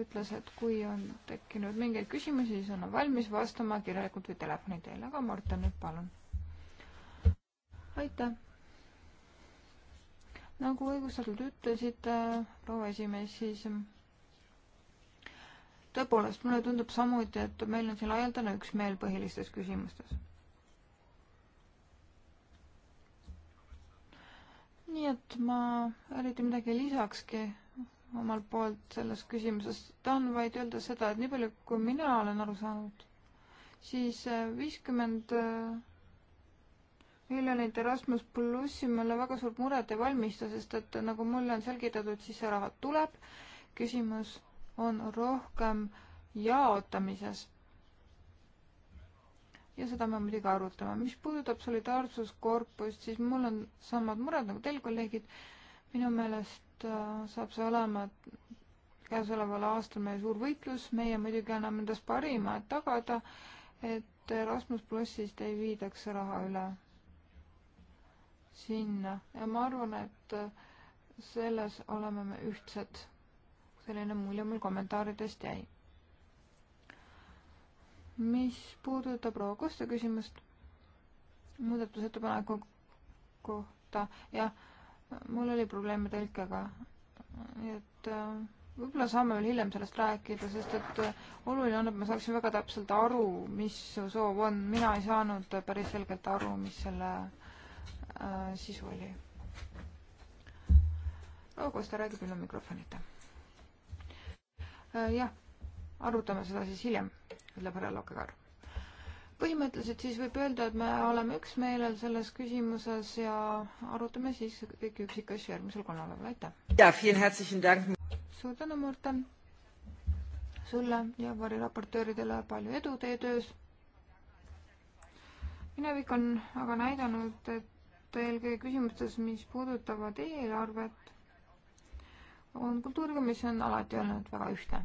ütles, et kui on tekkinud mingeid küsimusi, siis on valmis vastama kirjalikult või telefoni teel, aga Martin nüüd palun. aitäh. nagu õigustatult ütlesite, proua esimees, siis tõepoolest, mulle tundub samuti, et meil on siin laialdane üksmeel põhilistes küsimustes. nii et ma eriti midagi lisakski omalt poolt selles küsimuses. tahan vaid öelda seda, et nii palju, kui mina olen aru saanud, siis äh, viiskümmend äh, miljonit Erasmus plussi mulle väga suurt muret ei valmista, sest et nagu mulle on selgitatud, siis see raha tuleb. küsimus on rohkem jaotamises. ja seda me muidugi arutame. mis puudutab solidaarsuskorpust, siis mul on samad mured nagu teil, kolleegid minu meelest äh, saab see olema käesoleval aastal meie suur võitlus, meie muidugi anname endast parima, et tagada, et Erasmus plussist ei viidaks raha üle sinna ja ma arvan, et äh, selles oleme me ühtsed. selline mulje mul kommentaaridest jäi. mis puudutab proua Kosta küsimust muudatusettepaneku kohta, jah mul oli probleeme tõlkega, et äh, võib-olla saame veel hiljem sellest rääkida, sest et äh, oluline on, et ma saaksin väga täpselt aru, mis su soov on. mina ei saanud päris selgelt aru, mis selle äh, sisu oli. no Kosta räägib ilma mikrofonita äh,. jah, arutame seda siis hiljem, ütleb härra Lokekaar põhimõtteliselt siis võib öelda, et me oleme üksmeelel selles küsimuses ja arutame siis kõiki üksikasju järgmisel kolmapäeval, aitäh! suur tänu, Morten! sulle ja variraportööridele palju edu teie töös! minevik on aga näidanud, et eelkõige küsimustes, mis puudutavad eelarvet, on kultuurikomisjon alati olnud väga ühtne.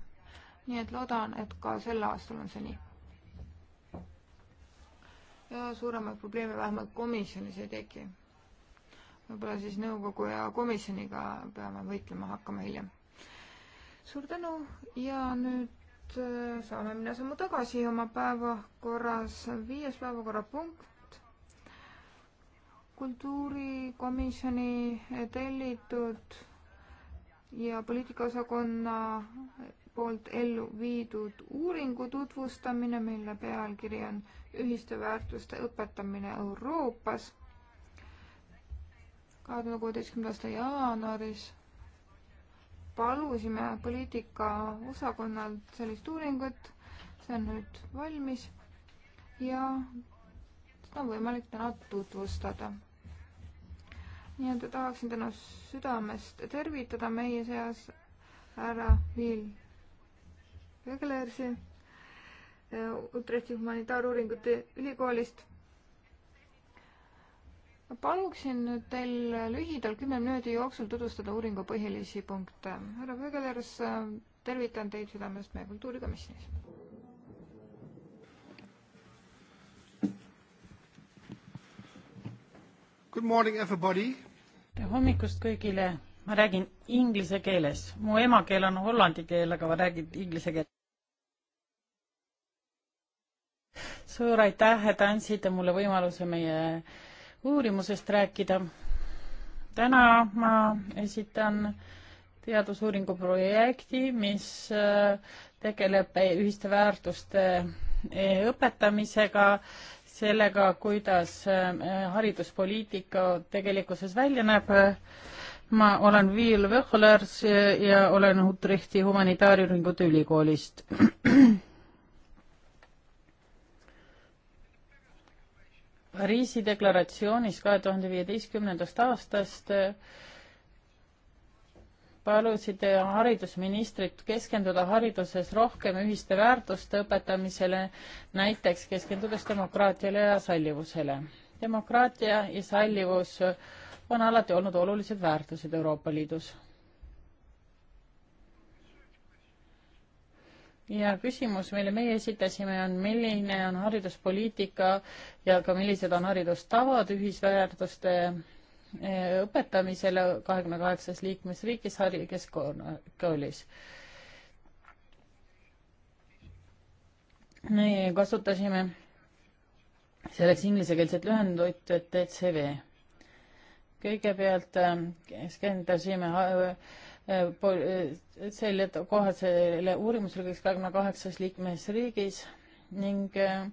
nii et loodan, et ka sel aastal on see nii ja suuremaid probleeme vähemalt komisjonis ei teki. võib-olla siis nõukogu ja komisjoniga peame võitlema hakkama hiljem. suur tänu ja nüüd äh, saame minna sammu tagasi oma päevakorras, viies päevakorrapunkt, kultuurikomisjoni tellitud ja poliitikaosakonna poolt ellu viidud uuringu tutvustamine, mille pealkiri on ühiste väärtuste õpetamine Euroopas. kahe tuhande kuueteistkümnenda aasta jaanuaris palusime poliitika osakonnalt sellist uuringut, see on nüüd valmis ja seda on võimalik täna tutvustada. nii et tahaksin täna südamest tervitada meie seas härra Viil Jõglersi Utrechti humanitaaruuringute ülikoolist. ma paluksin nüüd teil lühidalt kümne minuti jooksul tutvustada uuringu põhilisi punkte. härra Pöögelers, tervitan teid südamest meie kultuurikomisjonis. Good morning everybody. tere hommikust kõigile, ma räägin inglise keeles, mu emakeel on hollandi keel, aga ma räägin inglise keeles suur aitäh, et andsite mulle võimaluse meie uurimusest rääkida. täna ma esitan teadusuuringu projekti, mis äh, tegeleb ühiste väärtuste äh, õpetamisega, sellega, kuidas äh, hariduspoliitika tegelikkuses välja näeb. ma olen Viil Vöhlers ja olen Utrechti humanitaaruuringute ülikoolist <clears throat> Pariisi deklaratsioonis kahe tuhande viieteistkümnendast aastast äh, palusid haridusministrit keskenduda hariduses rohkem ühiste väärtuste õpetamisele, näiteks keskendudes demokraatiale ja sallivusele. demokraatia ja sallivus on alati olnud olulised väärtused Euroopa Liidus ja küsimus, mille meie esitasime, on milline on hariduspoliitika ja ka millised on haridustavad ühisväärtuste e, õpetamisele kahekümne kaheksas liikmesriigis harikeskkoolis. me kasutasime selleks inglisekeelset lühendit DCV. kõigepealt keskendusime Äh, äh, selle kohasele uurimusele kõigis kahekümne kaheksas liikmesriigis ning äh,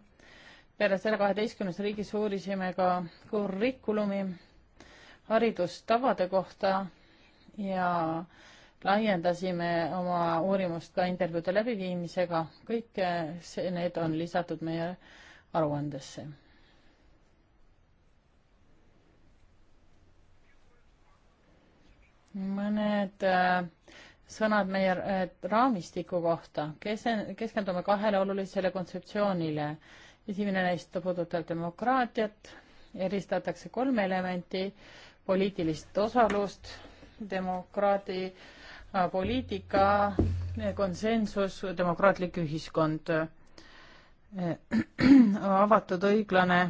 peale selle kaheteistkümnes riigis uurisime ka kurikulumi haridustavade kohta ja laiendasime oma uurimust ka intervjuude läbiviimisega. kõik see, need on lisatud meie aruandesse mõned äh, sõnad meie äh, raamistiku kohta. Kesen-, keskendume kahele olulisele kontseptsioonile. esimene neist puudutab demokraatiat, eristatakse kolme elementi, poliitilist osalust, demokraadi äh, poliitika, konsensus, demokraatlik ühiskond, <clears throat> avatud õiglane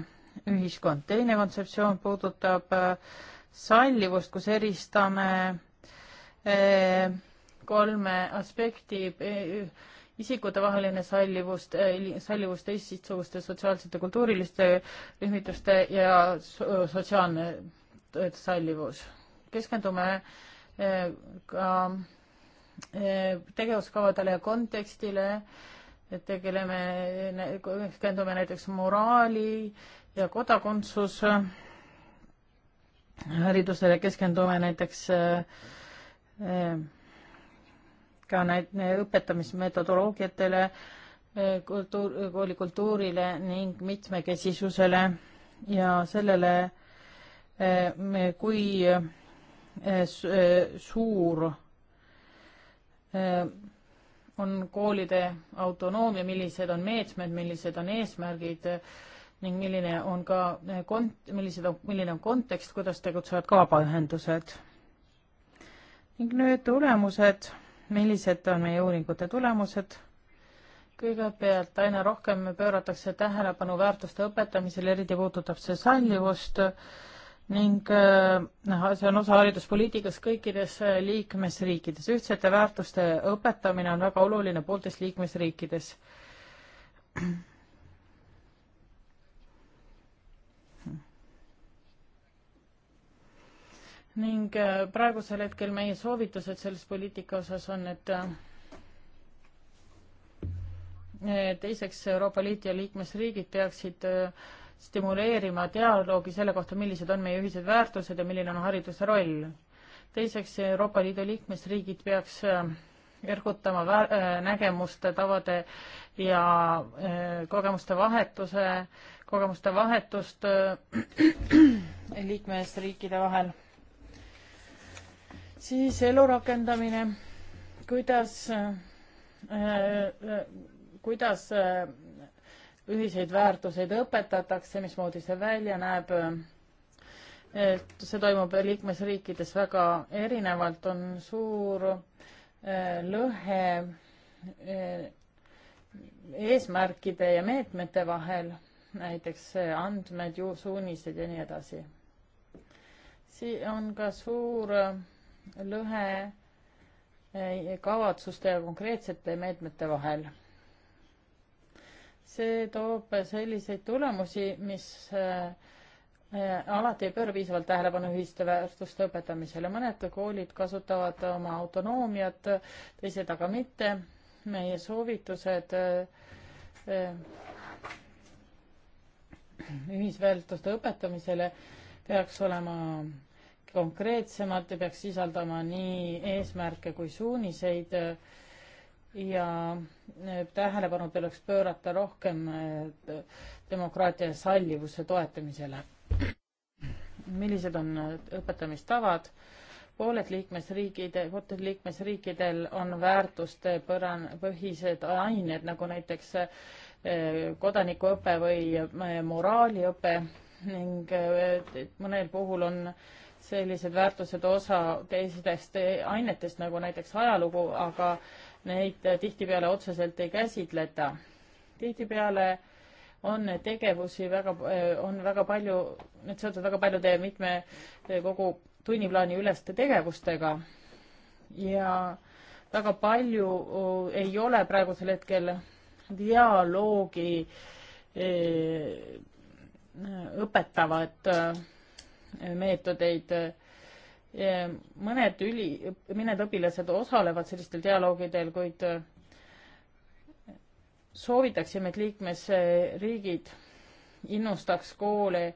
ühiskond. teine kontseptsioon puudutab äh, sallivust, kus eristame eh, kolme aspekti, eh, isikutevaheline sallivus, eh, sallivus teistsuguste sotsiaalsete, kultuuriliste rühmituste ja sotsiaalne sallivus. keskendume ka tegevuskavadele ja kontekstile, tegeleme, keskendume näiteks moraali ja kodakondsus haridusele keskendume näiteks äh, ka näit-, õpetamismetodoloogiatele, äh, kultuur, koolikultuurile ning mitmekesisusele ja sellele, äh, kui suur on koolide autonoomia, millised on meetmed, millised on eesmärgid ning milline on ka eh, kont-, millised on, milline on kontekst, kuidas tegutsevad ka vabaühendused. ning nüüd tulemused, millised on meie uuringute tulemused? kõigepealt aina rohkem pööratakse tähelepanu väärtuste õpetamisele, eriti puudutab see sallivust ning eh, noh, see on osa hariduspoliitikast kõikides eh, liikmesriikides. ühtsete väärtuste õpetamine on väga oluline pooltes liikmesriikides ning äh, praegusel hetkel meie soovitused selles poliitika osas on, et äh, teiseks Euroopa Liit ja liikmesriigid peaksid äh, stimuleerima dialoogi selle kohta, millised on meie ühised väärtused ja milline on hariduse roll. teiseks, Euroopa Liidu liikmesriigid peaks ergutama nägemuste, tavade ja kogemuste vahetuse, kogemuste vahetust <clears throat> liikmesriikide vahel siis elu rakendamine, kuidas äh, äh,, kuidas äh, ühiseid väärtuseid õpetatakse, mismoodi see välja näeb, et see toimub liikmesriikides väga erinevalt, on suur äh, lõhe äh, eesmärkide ja meetmete vahel, näiteks andmed, suunised ja nii edasi. siin on ka suur lõhe eh, kavatsuste ja konkreetsete meetmete vahel. see toob selliseid tulemusi, mis eh, eh, alati ei pööra piisavalt tähelepanu ühiste väärtuste õpetamisele. mõned koolid kasutavad oma autonoomiat, teised aga mitte. meie soovitused ühisväärtuste õpetamisele peaks olema konkreetsemad, peaks sisaldama nii eesmärke kui suuniseid ja tähelepanu tuleks pöörata rohkem demokraatia sallivuse toetamisele. millised on õpetamistavad? pooled liikmesriigid, pooltel liikmesriikidel on väärtuste põran-, põhised ained, nagu näiteks eh, kodanikuõpe või eh, moraaliõpe ning eh, mõnel puhul on äh, sellised väärtused osa teistest ainetest, nagu näiteks ajalugu, aga neid tihtipeale otseselt ei käsitleta. tihtipeale on tegevusi väga, on väga palju, need seotud väga paljude mitme kogu tunniplaani üleste tegevustega ja väga palju ei ole praegusel hetkel dialoogi eh, õpetavat meetodeid. mõned üli, mõned õpilased osalevad sellistel dialoogidel, kuid soovitaksime, et liikmesriigid innustaks koole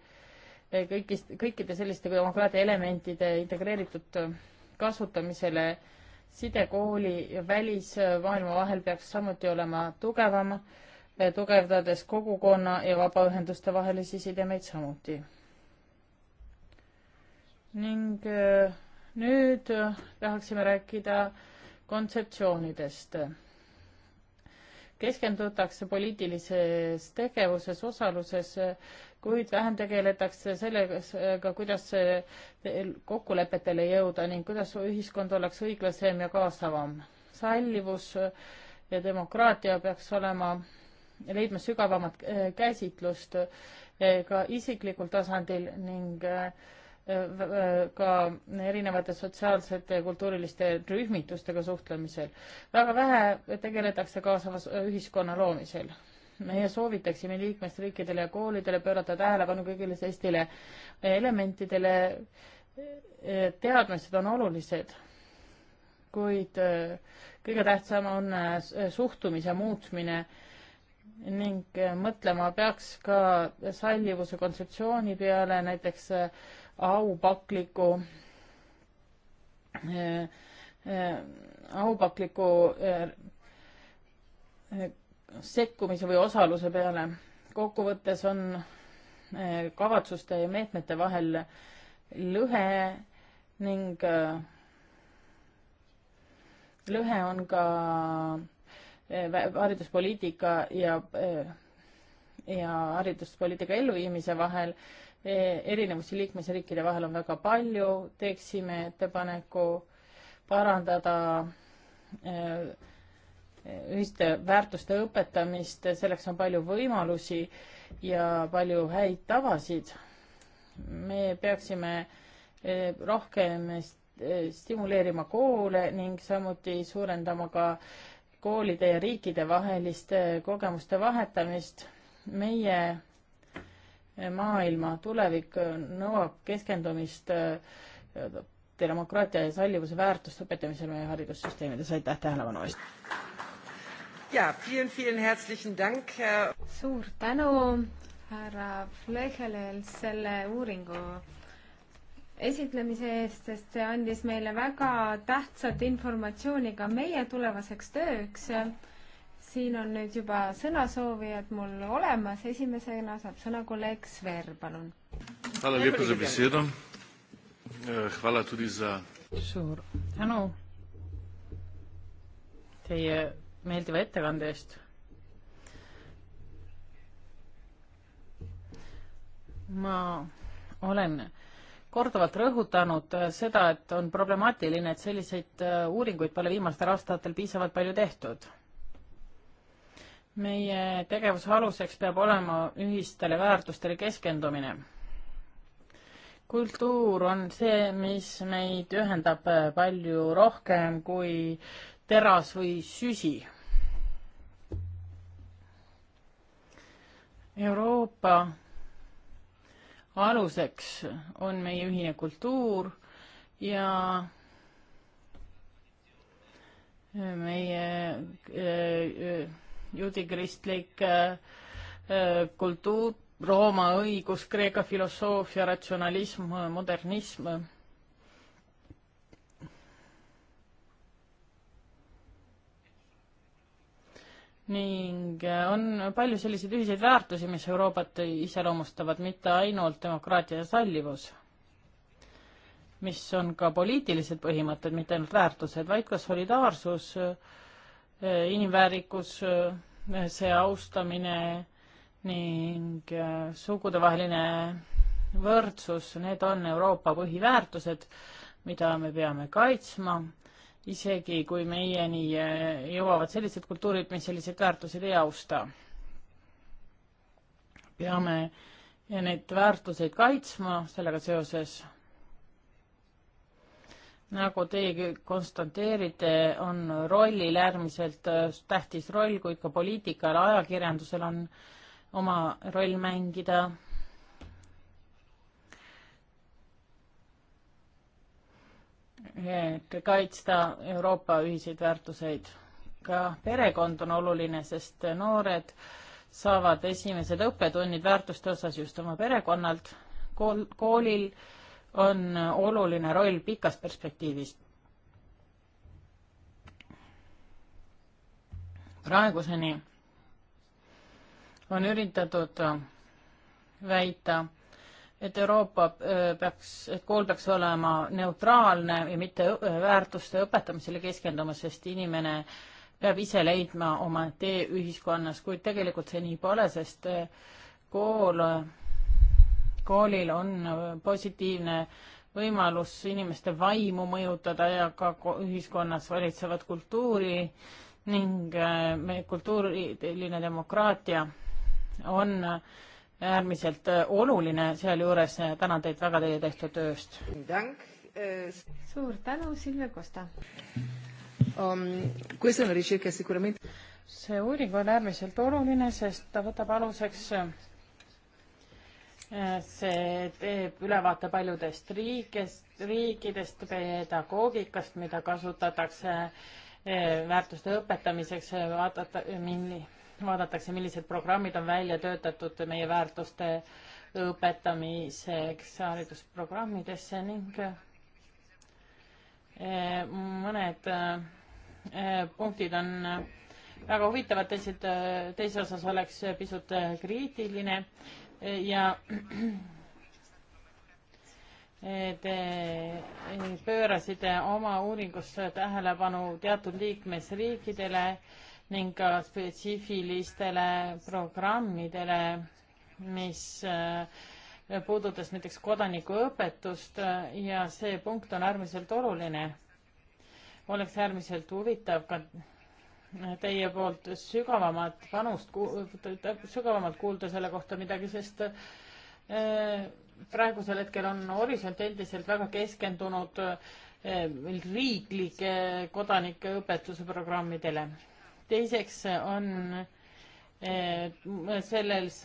kõikist, kõikide selliste demokraatia elementide integreeritud kasutamisele side kooli ja välismaailma vahel peaks samuti olema tugevam, tugevdades kogukonna ja vabaühenduste vahelisi sidemeid samuti ning äh, nüüd äh, tahaksime rääkida kontseptsioonidest. keskendutakse poliitilises tegevuses, osaluses, kuid vähem tegeletakse sellega, kuidas kokkulepetele jõuda ning kuidas ühiskond oleks õiglasem ja kaasavam. sallivus ja demokraatia peaks olema, leidma sügavamat äh, käsitlust ka isiklikul tasandil ning äh, ka erinevate sotsiaalsete ja kultuuriliste rühmitustega suhtlemisel. väga vähe tegeletakse kaasava ühiskonna loomisel. meie soovitaksime liikmesriikidele ja koolidele pöörata tähelepanu kõigile sellistele elementidele. teadmised on olulised, kuid äh, kõige tähtsam on äh, suhtumise muutmine ning äh, mõtlema peaks ka sallivuse kontseptsiooni peale, näiteks äh, aupakliku eh, eh, aupakliku eh, sekkumise või osaluse peale. kokkuvõttes on kavatsuste ja meetmete vahel lõhe ning lõhe on ka hariduspoliitika ja, ja hariduspoliitika elluviimise vahel Eh, erinevusi liikmesriikide vahel on väga palju, teeksime ettepaneku parandada eh, eh, ühiste väärtuste õpetamist, selleks on palju võimalusi ja palju häid tavasid. me peaksime rohkem stimuleerima koole ning samuti suurendama ka koolide ja riikide vahelist kogemuste vahetamist. meie maailma tulevik nõuab keskendumist äh, demokraatia ja sallivuse väärtuste õpetamisel meie haridussüsteemides. aitäh tähelepanu eest! ja, suur tänu härra Flechelel selle uuringu esitlemise eest, sest see andis meile väga tähtsat informatsiooni ka meie tulevaseks tööks siin on nüüd juba sõnasoovijad mul olemas, esimesena saab sõna kolleeg Sver, palun. Eh, suur tänu teie meeldiva ettekande eest. ma olen korduvalt rõhutanud seda, et on problemaatiline, et selliseid eh, uuringuid pole viimastel aastatel piisavalt palju tehtud meie tegevuse aluseks peab olema ühistele väärtustele keskendumine. kultuur on see, mis meid ühendab äh, palju rohkem kui teras või süsi. Euroopa aluseks on meie ühine kultuur ja meie öö, äh, öö, äh, juudikristlik äh, äh, kultuur, Rooma õigus, Kreeka filosoofia, ratsionalism, modernism. ning äh, on palju selliseid ühiseid väärtusi, mis Euroopat iseloomustavad, mitte ainult demokraatia ja sallivus, mis on ka poliitilised põhimõtted, mitte ainult väärtused, vaid ka solidaarsus äh, Äh, inimväärikus, äh, see austamine ning äh, sugudevaheline võrdsus, need on Euroopa põhiväärtused, mida me peame kaitsma, isegi kui meieni jõuavad sellised kultuurid, mis selliseid väärtuseid ei austa. peame neid väärtuseid kaitsma sellega seoses nagu teiegi konstateerite, on rollil äärmiselt äh, tähtis roll, kuid ka poliitikal, ajakirjandusel on oma roll mängida. et kaitsta Euroopa ühiseid väärtuseid. ka perekond on oluline, sest noored saavad esimesed õppetunnid väärtuste osas just oma perekonnalt, kool, koolil on oluline roll pikas perspektiivis. praeguseni on üritatud väita, et Euroopa äh, peaks, et kool peaks olema neutraalne ja mitte äh, väärtuste õpetamisele keskenduma, sest inimene peab ise leidma oma tee ühiskonnas, kuid tegelikult see nii pole, sest äh, kool koolil on positiivne võimalus inimeste vaimu mõjutada ja ka ühiskonnas valitsevat kultuuri ning äh, meie kultuuriline demokraatia on äärmiselt äh, oluline sealjuures. tänan teid väga teie tehtud tööst. Äh, suur tänu, Silvia Kosta um,. see uuring on äärmiselt oluline, sest ta võtab aluseks see teeb ülevaate paljudest riikest, riikidest, pedagoogikast, mida kasutatakse eh, väärtuste õpetamiseks, eh, vaadata, milli-, vaadatakse, millised programmid on välja töötatud meie väärtuste õpetamiseks haridusprogrammidesse ning eh, mõned punktid on väga huvitavad, teised, teise osas oleks pisut kriitiline ja <clears throat> te pöörasite oma uuringus tähelepanu teatud liikmesriikidele ning ka spetsiifilistele programmidele, mis äh, puudutas näiteks kodanikuõpetust äh, ja see punkt on äärmiselt oluline. oleks äärmiselt huvitav ka teie poolt sügavamat panust, sügavamalt kuulda selle kohta midagi, sest äh, praegusel hetkel on Horisont endiselt väga keskendunud äh, riiklike kodanikeõpetuse programmidele. teiseks on äh, selles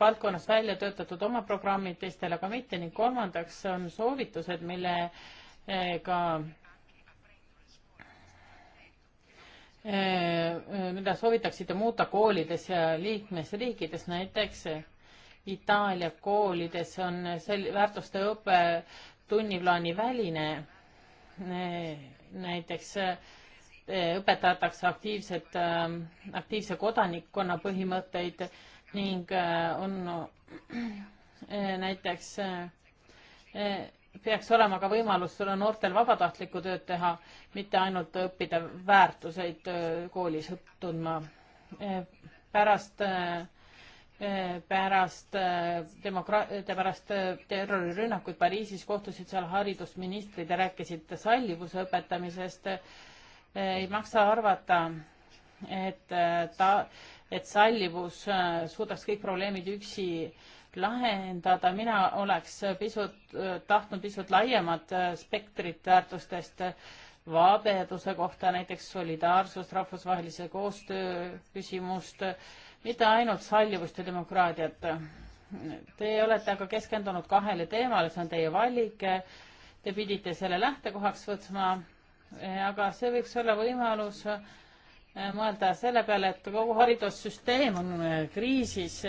valdkonnas välja töötatud oma programmid, teistel aga mitte ning kolmandaks on soovitused, millega Äh, äh, mida soovitaksite muuta koolides ja liikmesriikides, näiteks äh, Itaalia koolides on sel-, väärtuste õpe tunniplaani väline, näiteks õpetatakse aktiivset, aktiivse kodanikkonna põhimõtteid ning on näiteks peaks olema ka võimalus sulle noortel vabatahtlikku tööd teha, mitte ainult õppida väärtuseid äh, koolis tundma. Äh, pärast, äh, pärast demokraatia, pärast terrorirünnakuid Pariisis kohtusid seal haridusministrid ja rääkisid sallivuse õpetamisest. ei maksa arvata, et ta, et sallivus suudaks kõik probleemid üksi lahendada, mina oleks pisut, tahtnud pisut laiemat äh, spektrit väärtustest äh, vabaduse kohta, näiteks solidaarsust, rahvusvahelise koostöö küsimust, mitte ainult sallivust ja demokraatiat. Te olete aga keskendunud kahele teemale, see on teie valik, te pidite selle lähtekohaks võtma, eh, aga see võiks olla võimalus eh, mõelda selle peale, et kogu haridussüsteem on eh, kriisis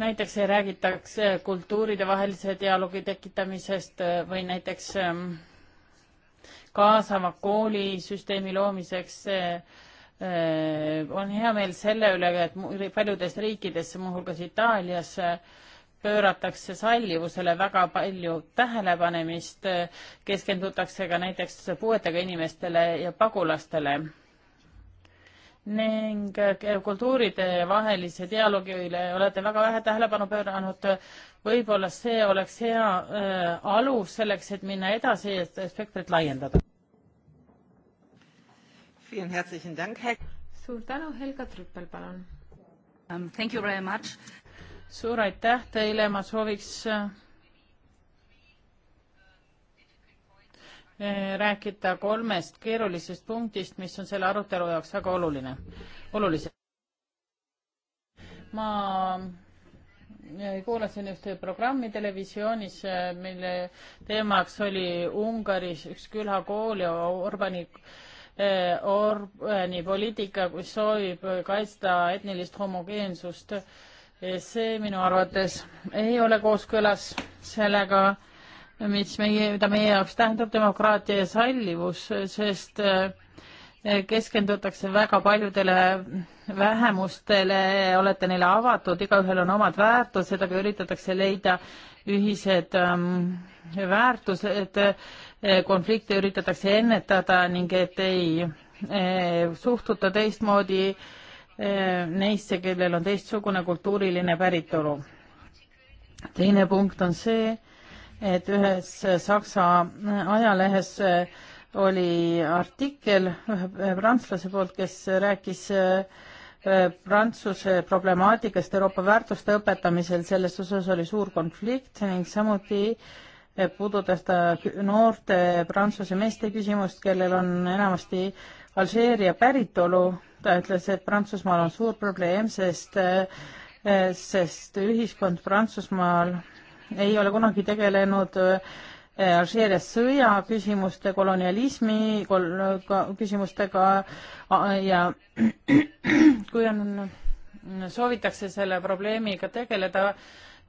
näiteks ei räägitaks äh, kultuuridevahelise dialoogi tekitamisest äh, või näiteks ähm, kaasava koolisüsteemi loomiseks. Äh, on hea meel selle üle, et paljudes riikides, muuhulgas Itaalias, pööratakse sallivusele väga palju tähelepanemist, keskendutakse ka näiteks puuetega inimestele ja pagulastele ning eh, kultuuride vahelise dialoogile olete väga vähe tähelepanu pööranud. võib-olla see oleks hea äh, alus selleks, et minna edasi ja spektrit laiendada. suur tänu, Helga Trüppel, palun um,. suur aitäh teile, ma sooviks äh, Eh, rääkida kolmest keerulisest punktist, mis on selle arutelu jaoks väga oluline, olulised. ma eh, kuulasin ühte programmi televisioonis, eh, mille teemaks oli Ungaris üks külakool ja Orbani Orbani poliitika, kus soovib kaitsta etnilist homogeensust. see minu arvates ei ole kooskõlas sellega mis meie, mida meie jaoks tähendab demokraatia ja sallivus, sest eh, keskendutakse väga paljudele vähemustele, olete neile avatud, igaühel on omad väärtused, aga üritatakse leida ühised ähm, väärtused, eh, konflikte üritatakse ennetada ning et ei äh, suhtuta teistmoodi äh, neisse, kellel on teistsugune kultuuriline päritolu. teine punkt on see, et ühes Saksa ajalehes oli artikkel ühe prantslase poolt, kes rääkis äh, Prantsuse problemaatikast Euroopa väärtuste õpetamisel, selles osas oli suur konflikt ning samuti äh, puudutas ta noorte prantsuse meeste küsimust, kellel on enamasti Alžeeria päritolu. ta ütles, et Prantsusmaal on suur probleem, sest, äh, sest ühiskond Prantsusmaal ei ole kunagi tegelenud äh, Alžeerias sõja küsimuste, kolonialismi kol, ka, küsimustega ja <clears throat> kui on, soovitakse selle probleemiga tegeleda,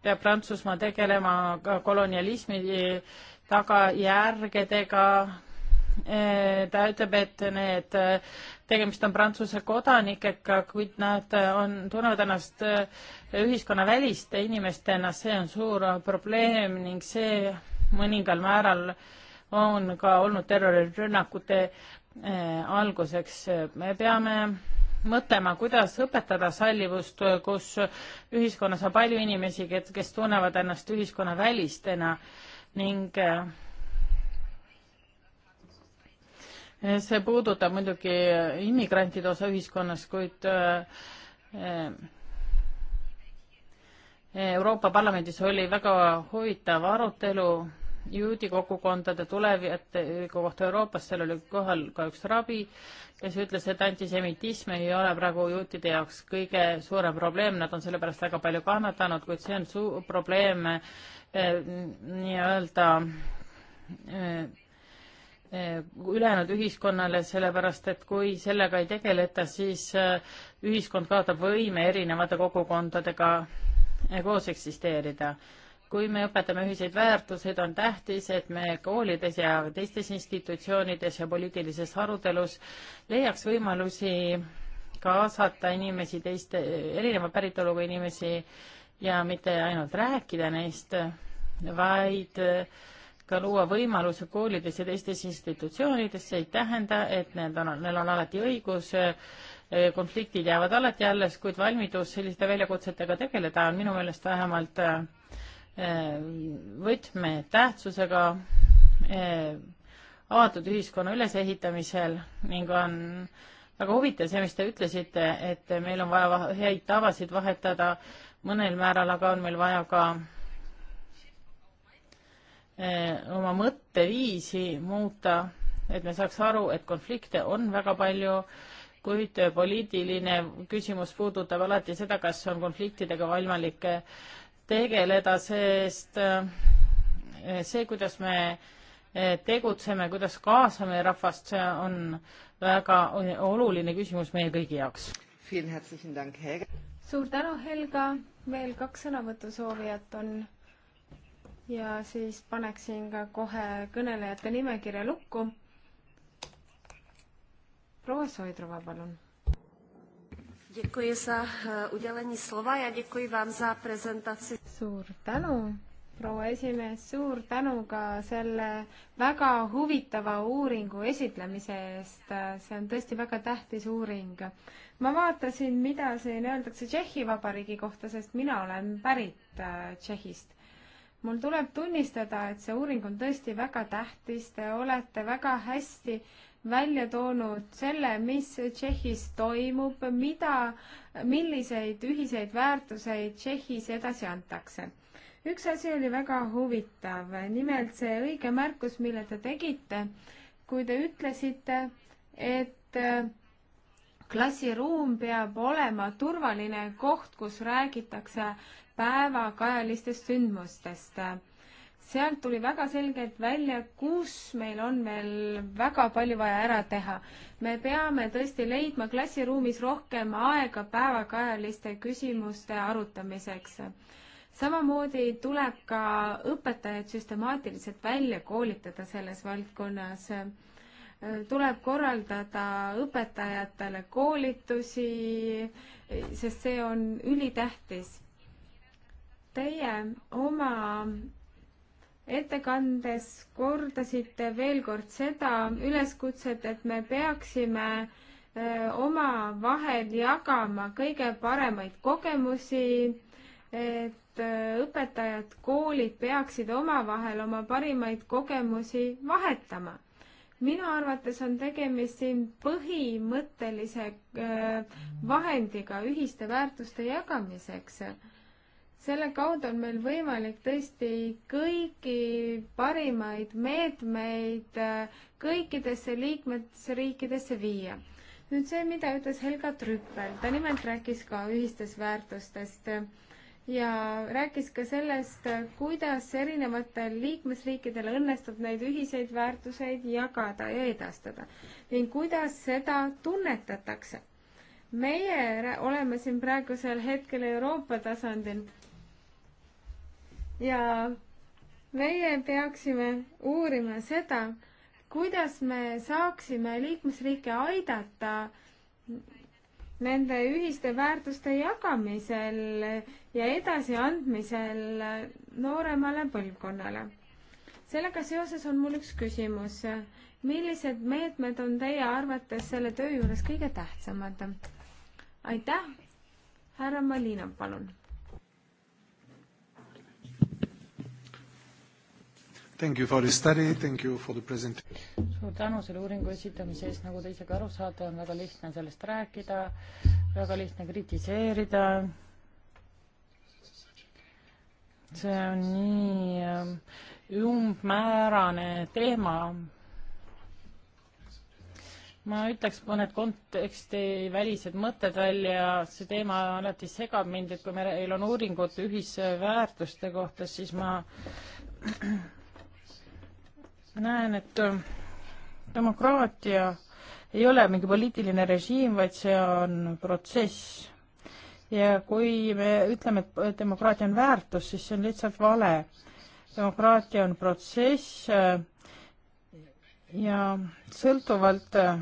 peab Prantsusmaa tegelema ka kolonialismi tagajärgedega äh, ta ütleb, et need tegemist on Prantsuse kodanikega, kuid nad äh, on, tunnevad ennast äh, ühiskonna väliste inimestena, see on suur probleem ning see mõningal määral on ka olnud terrorirünnakute äh, alguseks. me peame mõtlema, kuidas õpetada sallivust, kus ühiskonnas on palju inimesi, kes tunnevad ennast ühiskonna välistena ning äh, see puudutab muidugi immigrantide osa ühiskonnas, kuid eh, Euroopa Parlamendis oli väga huvitav arutelu juudi kogukondade tuleviku kohta Euroopas, seal oli kohal ka üks rabi, kes ütles, et antisemitism ei ole praegu juutide jaoks kõige suurem probleem, nad on selle pärast väga palju kannatanud, kuid see on suur probleem eh, nii-öelda eh, Eh, ülejäänud ühiskonnale, sellepärast et kui sellega ei tegeleta, siis eh, ühiskond kaotab võime erinevate kogukondadega eh, koos eksisteerida. kui me õpetame ühiseid väärtuseid, on tähtis, et me koolides ja teistes institutsioonides ja poliitilises arutelus leiaks võimalusi kaasata inimesi, teiste, erineva päritoluga inimesi ja mitte ainult rääkida neist, vaid äh, ka luua võimaluse koolides ja teistes institutsioonides, see ei tähenda, et need on, neil on alati õigus, eh, konfliktid jäävad alati alles, kuid valmidus selliste väljakutsetega tegeleda on minu meelest vähemalt eh, võtmetähtsusega eh, avatud ühiskonna ülesehitamisel ning on väga huvitav see, mis te ütlesite, et meil on vaja häid tavasid vahetada, mõnel määral aga on meil vaja ka Eh, oma mõtteviisi muuta, et me saaks aru, et konflikte on väga palju, kuid poliitiline küsimus puudutab alati seda, kas on konfliktidega võimalik tegeleda, sest eh, see, kuidas me eh, tegutseme, kuidas kaasame rahvast, see on väga oluline küsimus meie kõigi jaoks. suur tänu, Helga, veel kaks sõnavõtusoovijat on ja siis paneksin ka kohe kõnelejate nimekirja lukku. proua Soidrova, palun. Eh, suur tänu, proua esimees, suur tänu ka selle väga huvitava uuringu esitlemise eest. see on tõesti väga tähtis uuring. ma vaatasin, mida siin öeldakse Tšehhi Vabariigi kohta, sest mina olen pärit eh, Tšehhist mul tuleb tunnistada, et see uuring on tõesti väga tähtis, te olete väga hästi välja toonud selle, mis Tšehhis toimub, mida, milliseid ühiseid väärtuseid Tšehhis edasi antakse. üks asi oli väga huvitav, nimelt see õige märkus, mille te tegite, kui te ütlesite, et klassiruum peab olema turvaline koht, kus räägitakse päevakajalistest sündmustest. sealt tuli väga selgelt välja, kus meil on veel väga palju vaja ära teha. me peame tõesti leidma klassiruumis rohkem aega päevakajaliste küsimuste arutamiseks samamoodi tuleb ka õpetajaid süstemaatiliselt välja koolitada selles valdkonnas. tuleb korraldada õpetajatele koolitusi, sest see on ülitähtis Teie oma ettekandes kordasite veel kord seda üleskutset, et me peaksime äh, omavahel jagama kõige paremaid kogemusi, et äh, õpetajad, koolid peaksid omavahel oma parimaid kogemusi vahetama minu arvates on tegemist siin põhimõttelise äh, vahendiga ühiste väärtuste jagamiseks selle kaudu on meil võimalik tõesti kõiki parimaid meetmeid äh, kõikidesse liikmesriikidesse viia. nüüd see, mida ütles Helga Trüppel, ta nimelt rääkis ka ühistest väärtustest ja rääkis ka sellest, kuidas erinevatel liikmesriikidel õnnestub neid ühiseid väärtuseid jagada ja edastada ning kuidas seda tunnetatakse. meie oleme siin praegusel hetkel Euroopa tasandil ja meie peaksime uurima seda, kuidas me saaksime liikmesriike aidata nende ühiste väärtuste jagamisel ja edasiandmisel nooremale põlvkonnale. sellega seoses on mul üks küsimus. millised meetmed on teie arvates selle töö juures kõige tähtsamad? aitäh, härra Malinov, palun Thank you for the study, thank you for the present-. suur tänu selle uuringu esitamise eest, nagu te ise ka aru saate, on väga lihtne sellest rääkida, väga lihtne kritiseerida. see on nii ähm, umbmäärane teema. ma ütleks mõned kontekstivälised mõtted välja, see teema alati segab mind, et kui meil on uuringud ühisväärtuste kohta, siis ma <clears throat> näen, et äh, demokraatia ei ole mingi poliitiline režiim, vaid see on protsess. ja kui me ütleme, et demokraatia on väärtus, siis see on lihtsalt vale. demokraatia on protsess äh, ja sõltuvalt äh,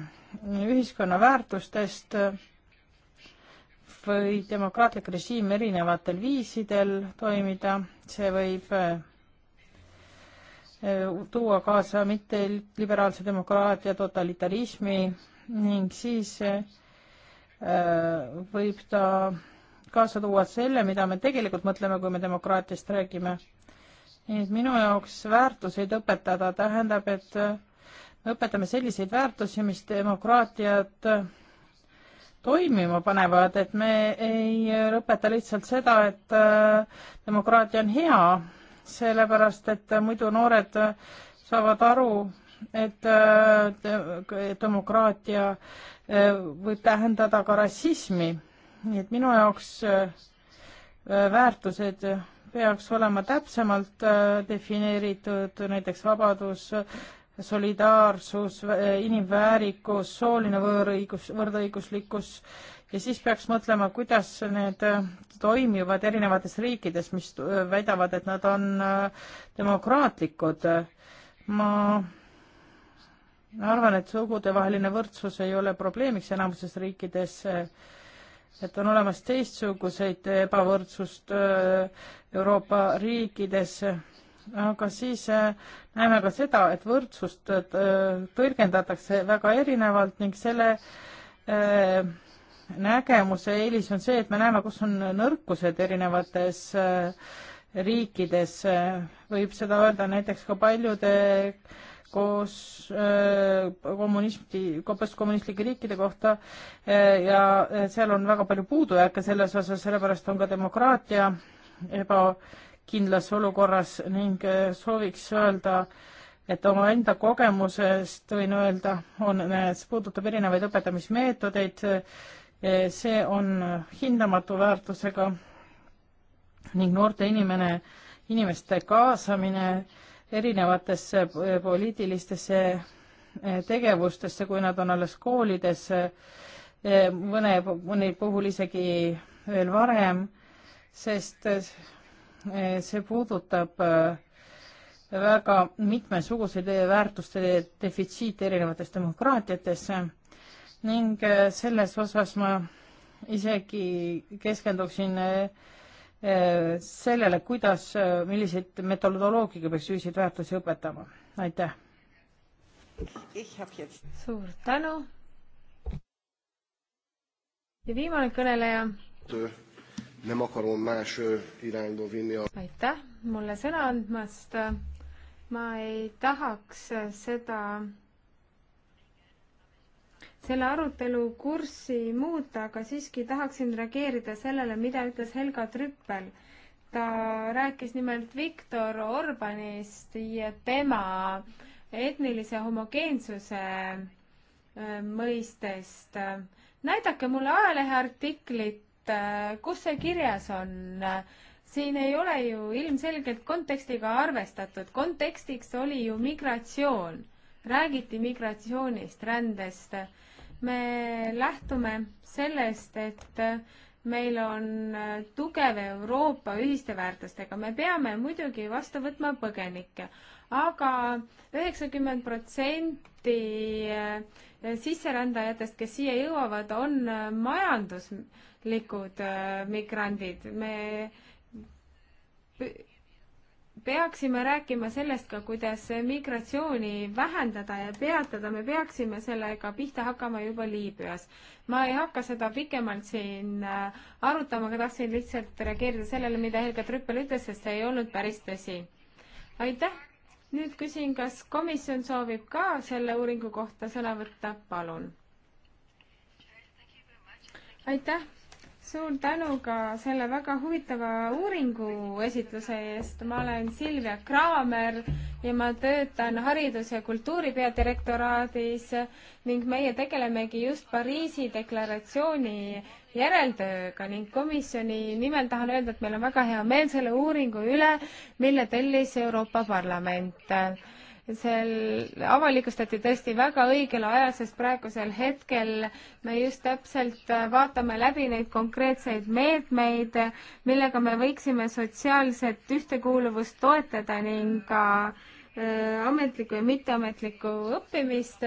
ühiskonna väärtustest või demokraatlik režiim erinevatel viisidel toimida, see võib Äh, tuua kaasa mitte liberaalse demokraatia totalitarismi ning siis äh, võib ta kaasa tuua selle, mida me tegelikult mõtleme, kui me demokraatiast räägime. nii et minu jaoks väärtuseid õpetada tähendab, et me äh, õpetame selliseid väärtusi, mis demokraatiat toimima panevad, et me ei õpeta lihtsalt seda, et demokraatia on hea, sellepärast et muidu noored saavad aru, et demokraatia eh, võib tähendada ka rassismi. nii et minu jaoks eh, väärtused peaks olema täpsemalt eh, defineeritud, näiteks vabadus, solidaarsus, inimväärikus, sooline võõrõigus, võrdõiguslikkus ja siis peaks mõtlema, kuidas need äh, toimivad erinevates riikides, mis äh, väidavad, et nad on äh, demokraatlikud. ma arvan, et sugudevaheline võrdsus ei ole probleemiks enamuses riikides et on olemas teistsuguseid ebavõrdsust Euroopa riikides aga siis äh, näeme ka seda, et võrdsust äh, tõlgendatakse väga erinevalt ning selle äh, nägemuse eelis on see, et me näeme, kus on nõrkused erinevates riikides. võib seda öelda näiteks ka paljude koos kommunisti, postkommunistlike riikide kohta ja seal on väga palju puudujääke selles osas, sellepärast on ka demokraatia eba kindlas olukorras ning äh, sooviks öelda, et omaenda kogemusest võin öelda, on, äh, see puudutab erinevaid õpetamismeetodeid, äh, see on hindamatu väärtusega ning noorte inimene, inimeste kaasamine erinevatesse poliitilistesse tegevustesse, kui nad on alles koolides, mõne, mõni puhul isegi veel varem, sest Eh, see puudutab eh, väga mitmesuguseid eh, väärtuste defitsiite erinevates demokraatiates ning selles osas ma isegi keskenduksin sellele, kuidas, milliseid metodoloogiga peaks ühiseid väärtusi õpetama. aitäh! suur tänu! ja viimane kõneleja nem akarom más irányba vinni a... aitäh mulle sõna andmast. ma ei tahaks seda, selle arutelu kurssi muuta, aga siiski tahaksin reageerida sellele, mida ütles Helga Trüppel. ta rääkis nimelt Viktor Orbanist ja tema etnilise homogeensuse mõistest. näidake mulle ajaleheartiklit, Äh, kus see kirjas on? siin ei ole ju ilmselgelt kontekstiga arvestatud, kontekstiks oli ju migratsioon, räägiti migratsioonist, rändest. me lähtume sellest, et äh, meil on äh, tugev Euroopa ühiste väärtustega, me peame muidugi vastu võtma põgenikke aga, aga üheksakümmend protsenti sisserändajatest, kes siia jõuavad, on majandus likud äh, migrandid. me peaksime rääkima sellest ka, kuidas migratsiooni vähendada ja peatada, me peaksime sellega pihta hakkama juba Liibüas. ma ei hakka seda pikemalt siin äh, arutama, aga tahtsin lihtsalt reageerida sellele, mida Helga Trüppel ütles, sest see ei olnud päris tõsi. aitäh! nüüd küsin, kas komisjon soovib ka selle uuringu kohta sõna võtta, palun? aitäh! suur tänu ka selle väga huvitava uuringu esitluse eest. ma olen Silvia Kraamer ja ma töötan Haridus- ja Kultuuri peadirektoraadis ning meie tegelemegi just Pariisi deklaratsiooni järeltööga ning komisjoni nimel tahan öelda, et meil on väga hea meel selle uuringu üle, mille tellis Euroopa Parlament seal avalikustati tõesti väga õigel ajal, sest praegusel hetkel me just täpselt äh, vaatame läbi neid konkreetseid meetmeid, millega me võiksime sotsiaalset ühtekuuluvust toetada ning ka äh, ametlikku ja mitteametlikku õppimist.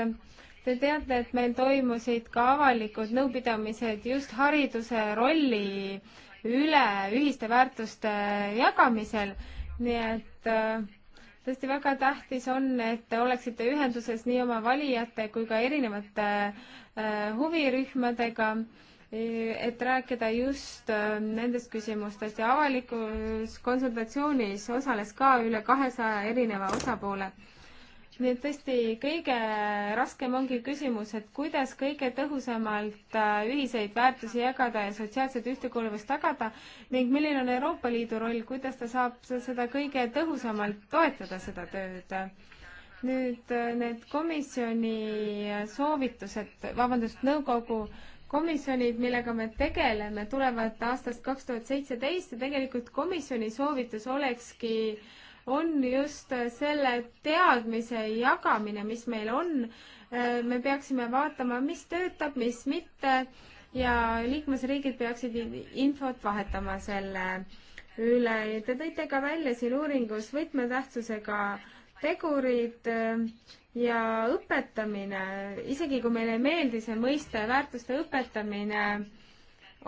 Te teate, et meil toimusid ka avalikud nõupidamised just hariduse rolli üle ühiste väärtuste jagamisel, nii et äh, tõesti väga tähtis on, et te oleksite ühenduses nii oma valijate kui ka erinevate äh, huvirühmadega, e, et rääkida just äh, nendest küsimustest ja avalikus konsultatsioonis osales ka üle kahesaja erineva osapoole nii et tõesti kõige raskem ongi küsimus, et kuidas kõige tõhusamalt äh, ühiseid väärtusi jagada ja sotsiaalset ühtekuuluvust tagada ning milline on Euroopa Liidu roll, kuidas ta saab seda kõige tõhusamalt toetada, seda tööd. nüüd äh, need komisjoni äh, soovitused, vabandust, nõukogu komisjonid, millega me tegeleme, tulevad aastast kaks tuhat seitseteist ja tegelikult komisjoni soovitus olekski äh, on just selle teadmise jagamine, mis meil on. me peaksime vaatama, mis töötab, mis mitte ja liikmesriigid peaksid infot vahetama selle üle. Te tõite ka välja siin uuringus võtmetähtsusega tegurid äh, ja õpetamine, isegi kui meile ei meeldi see mõiste väärtuste õpetamine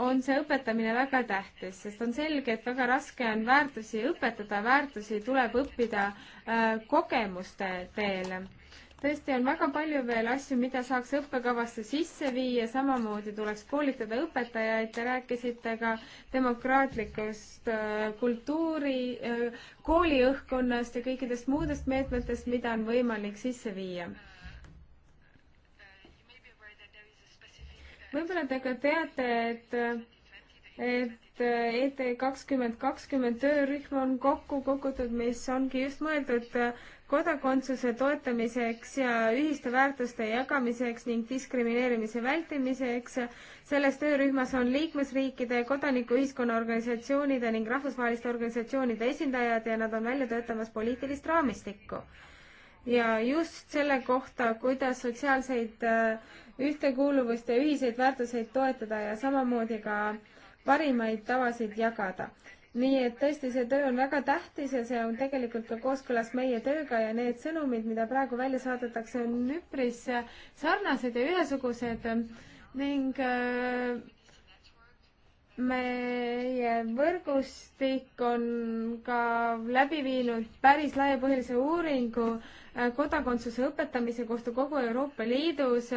on see õpetamine väga tähtis, sest on selge, et väga raske on väärtusi õpetada, väärtusi tuleb õppida äh, kogemuste teel. tõesti, on väga palju veel asju, mida saaks õppekavasse sisse viia, samamoodi tuleks koolitada õpetajaid, te rääkisite ka demokraatlikust äh, kultuuri äh,, kooliõhkkonnast ja kõikidest muudest meetmetest, mida on võimalik sisse viia võib-olla te ka teate, et, et ET kakskümmend kakskümmend töörühm on kokku kogutud, mis ongi just mõeldud kodakondsuse toetamiseks ja ühiste väärtuste jagamiseks ning diskrimineerimise vältimiseks. selles töörühmas on liikmesriikide, kodanikuühiskonna organisatsioonide ning rahvusvaheliste organisatsioonide esindajad ja nad on välja töötamas poliitilist raamistikku ja just selle kohta, kuidas sotsiaalseid äh, ühtekuuluvust ja ühiseid väärtuseid toetada ja samamoodi ka parimaid tavasid jagada. nii et tõesti, see töö on väga tähtis ja see on tegelikult ka kooskõlas meie tööga ja need sõnumid, mida praegu välja saadetakse, on üpris sarnased ja ühesugused ning äh, meie võrgustik on ka läbi viinud päris laiapõhjalise uuringu äh, kodakondsuse õpetamise kohta kogu Euroopa Liidus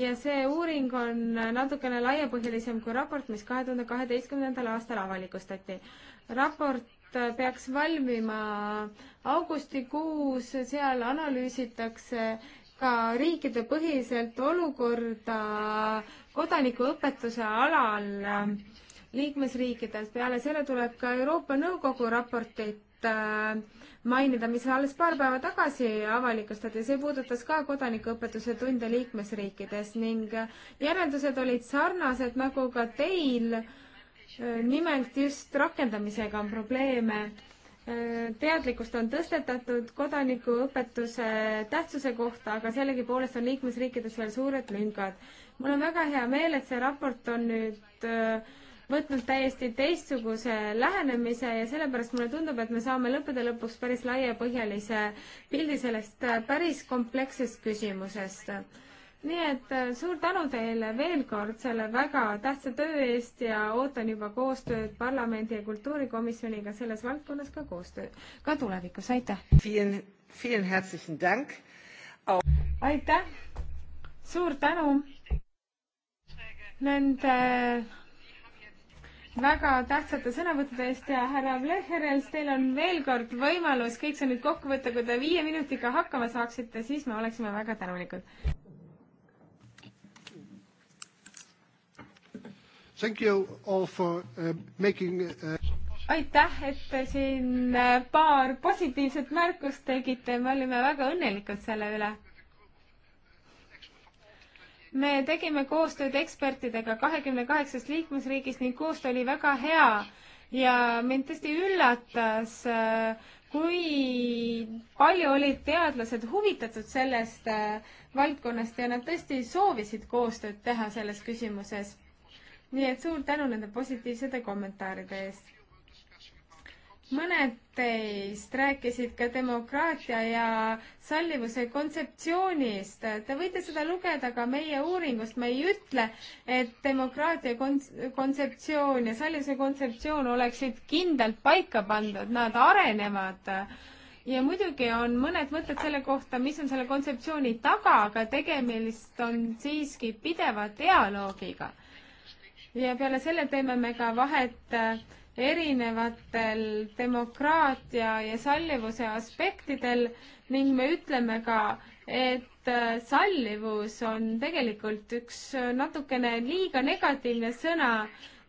ja see uuring on natukene laiapõhjalisem kui raport, mis kahe tuhande kaheteistkümnendal aastal avalikustati. raport peaks valmima augustikuus, seal analüüsitakse ka riikide põhiselt olukorda kodanikuõpetuse alal liikmesriikidelt. peale selle tuleb ka Euroopa Nõukogu raportit Äh, mainida, mis alles paar päeva tagasi avalikustati, see puudutas ka kodanikuõpetuse tunde liikmesriikides ning järeldused olid sarnased nagu ka teil. Äh, nimelt just rakendamisega on probleeme äh, teadlikkust on tõstetatud kodanikuõpetuse tähtsuse kohta, aga sellegipoolest on liikmesriikides veel suured lüngad. mul on väga hea meel, et see raport on nüüd äh, võtnud täiesti teistsuguse lähenemise ja sellepärast mulle tundub, et me saame lõppude lõpuks päris laiapõhjalise pildi sellest äh, päris komplekssest küsimusest. nii et äh, suur tänu teile veel kord selle väga tähtsa töö eest ja ootan juba koostööd parlamendi ja kultuurikomisjoniga selles valdkonnas ka koostöö, ka tulevikus, aitäh! aitäh! suur tänu nende väga tähtsate sõnavõttude eest ja härra Blecherels, teil on veel kord võimalus kõik see nüüd kokku võtta, kui te viie minutiga hakkama saaksite, siis me oleksime väga tänulikud. Thank you all for uh, making uh... aitäh, et te siin uh, paar positiivset märkust tegite, me olime väga õnnelikud selle üle me tegime koostööd ekspertidega kahekümne kaheksast liikmesriigist ning koostöö oli väga hea ja mind tõesti üllatas, äh, kui palju olid teadlased huvitatud sellest äh, valdkonnast ja nad tõesti soovisid koostööd teha selles küsimuses. nii et suur tänu nende positiivsete kommentaaride eest mõned teist rääkisid ka demokraatia ja sallivuse kontseptsioonist. Te võite seda lugeda ka meie uuringust, me ei ütle, et demokraatia kontseptsioon ja sallivuse kontseptsioon oleksid kindlalt paika pandud, nad arenevad ja muidugi on mõned mõtted selle kohta, mis on selle kontseptsiooni taga, aga tegemist on siiski pideva dialoogiga. ja peale selle teeme me ka vahet erinevatel demokraatia ja sallivuse aspektidel ning me ütleme ka, et äh, sallivus on tegelikult üks äh, natukene liiga negatiivne sõna.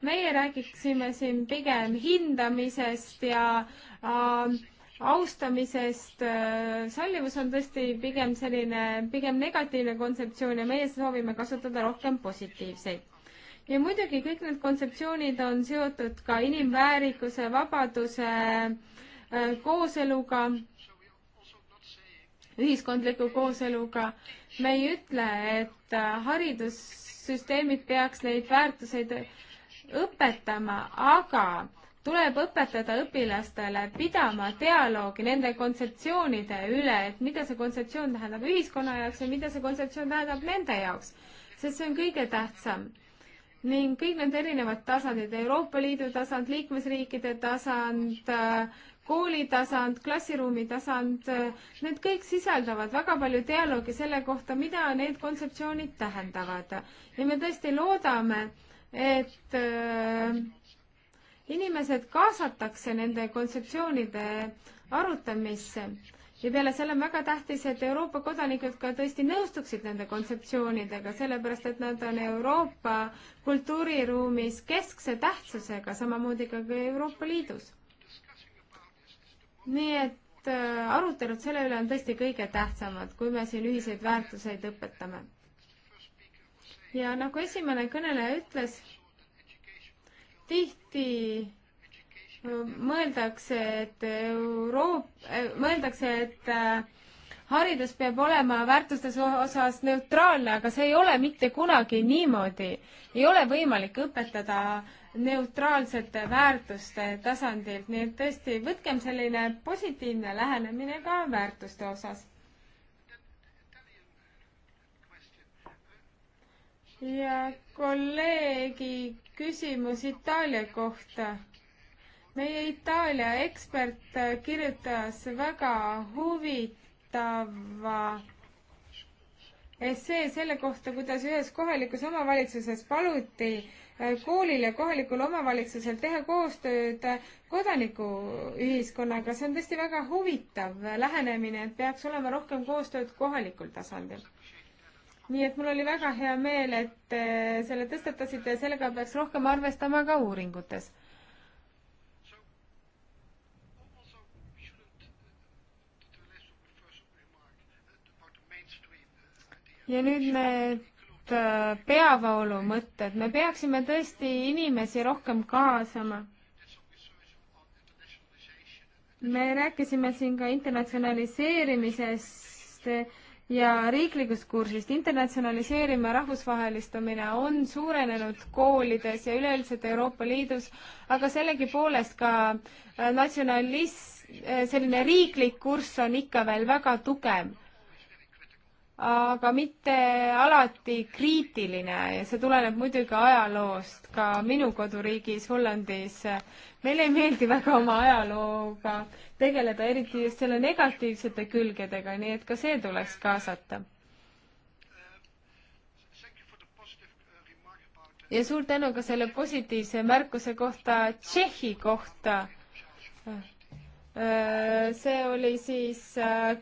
meie räägiksime siin pigem hindamisest ja äh, austamisest, äh, sallivus on tõesti pigem selline, pigem negatiivne kontseptsioon ja meie soovime kasutada rohkem positiivseid ja muidugi kõik need kontseptsioonid on seotud ka inimväärikuse, vabaduse, äh, kooseluga, ühiskondliku kooseluga. me ei ütle, et äh, haridussüsteemid peaks neid väärtuseid õpetama, aga tuleb õpetada õpilastele pidama dialoogi nende kontseptsioonide üle, et mida see kontseptsioon tähendab ühiskonna jaoks ja mida see kontseptsioon tähendab nende jaoks, sest see on kõige tähtsam ning kõik need erinevad tasandid, Euroopa Liidu tasand, liikmesriikide tasand, kooli tasand, klassiruumi tasand, need kõik sisaldavad väga palju dialoogi selle kohta, mida need kontseptsioonid tähendavad. ja me tõesti loodame, et äh, inimesed kaasatakse nende kontseptsioonide arutamisse ja peale selle on väga tähtis, et Euroopa kodanikud ka tõesti nõustuksid nende kontseptsioonidega, sellepärast et nad on Euroopa kultuuriruumis keskse tähtsusega, samamoodi ka Euroopa Liidus. nii et äh, arutelud selle üle on tõesti kõige tähtsamad, kui me siin ühiseid väärtuseid õpetame. ja nagu esimene kõneleja ütles, tihti mõeldakse, et Euroop-, mõeldakse, et äh, haridus peab olema väärtustuse osas neutraalne, aga see ei ole mitte kunagi niimoodi. ei ole võimalik õpetada neutraalsete väärtuste tasandilt, nii et tõesti, võtkem selline positiivne lähenemine ka väärtuste osas. ja kolleegi küsimus Itaalia kohta meie Itaalia ekspert äh, kirjutas väga huvitava essee selle kohta, kuidas ühes kohalikus omavalitsuses paluti äh, koolil ja kohalikul omavalitsusel teha koostööd äh, kodanikuühiskonnaga, see on tõesti väga huvitav lähenemine, et peaks olema rohkem koostööd kohalikul tasandil. nii et mul oli väga hea meel, et selle tõstatasite ja sellega peaks rohkem arvestama ka uuringutes. ja nüüd need äh, peavoolu mõtted, me peaksime tõesti inimesi rohkem kaasama. me rääkisime siin ka internatsionaliseerimisest ja riiklikust kursist. internatsionaliseerimine, rahvusvahelistumine on suurenenud koolides ja üleüldiselt Euroopa Liidus, aga sellegipoolest ka äh, natsionalism, äh, selline riiklik kurss on ikka veel väga tugev aga mitte alati kriitiline ja see tuleneb muidugi ajaloost, ka minu koduriigis Hollandis. meile ei meeldi väga oma ajalooga tegeleda, eriti just selle negatiivsete külgedega, nii et ka see tuleks kaasata. ja suur tänu ka selle positiivse märkuse kohta Tšehhi kohta äh, see oli siis äh,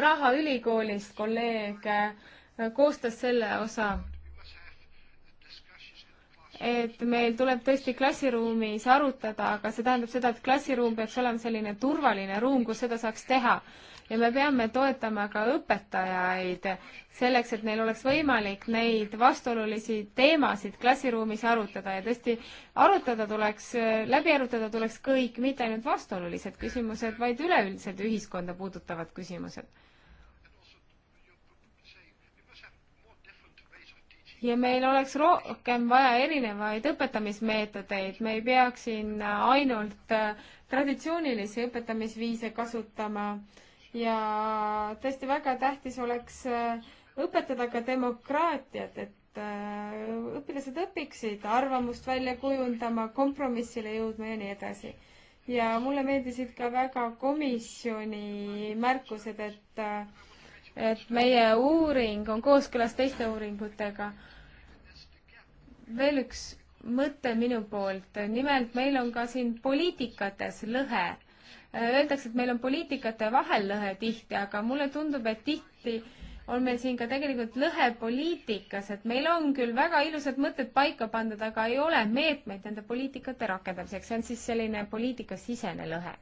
Praha ülikoolist kolleeg äh, koostas selle osa et meil tuleb tõesti klassiruumis arutada, aga see tähendab seda, et klassiruum peaks olema selline turvaline ruum, kus seda saaks teha. ja me peame toetama ka õpetajaid selleks, et neil oleks võimalik neid vastuolulisi teemasid klassiruumis arutada ja tõesti arutada tuleks, läbi arutada tuleks kõik, mitte ainult vastuolulised küsimused, vaid üleüldiselt ühiskonda puudutavad küsimused ja meil oleks rohkem vaja erinevaid õpetamismeetodeid, me ei peaks siin ainult äh, traditsioonilisi õpetamisviise kasutama ja tõesti väga tähtis oleks äh, õpetada ka demokraatiat, et äh, õpilased õpiksid arvamust välja kujundama, kompromissile jõudma ja nii edasi. ja mulle meeldisid ka väga komisjoni märkused, et et meie uuring on kooskõlas teiste uuringutega veel üks mõte minu poolt, nimelt meil on ka siin poliitikates lõhe. Öeldakse, et meil on poliitikate vahel lõhe tihti, aga mulle tundub, et tihti on meil siin ka tegelikult lõhe poliitikas, et meil on küll väga ilusad mõtted paika pandud, aga ei ole meetmeid nende poliitikate rakendamiseks, see on siis selline poliitikasisene lõhe.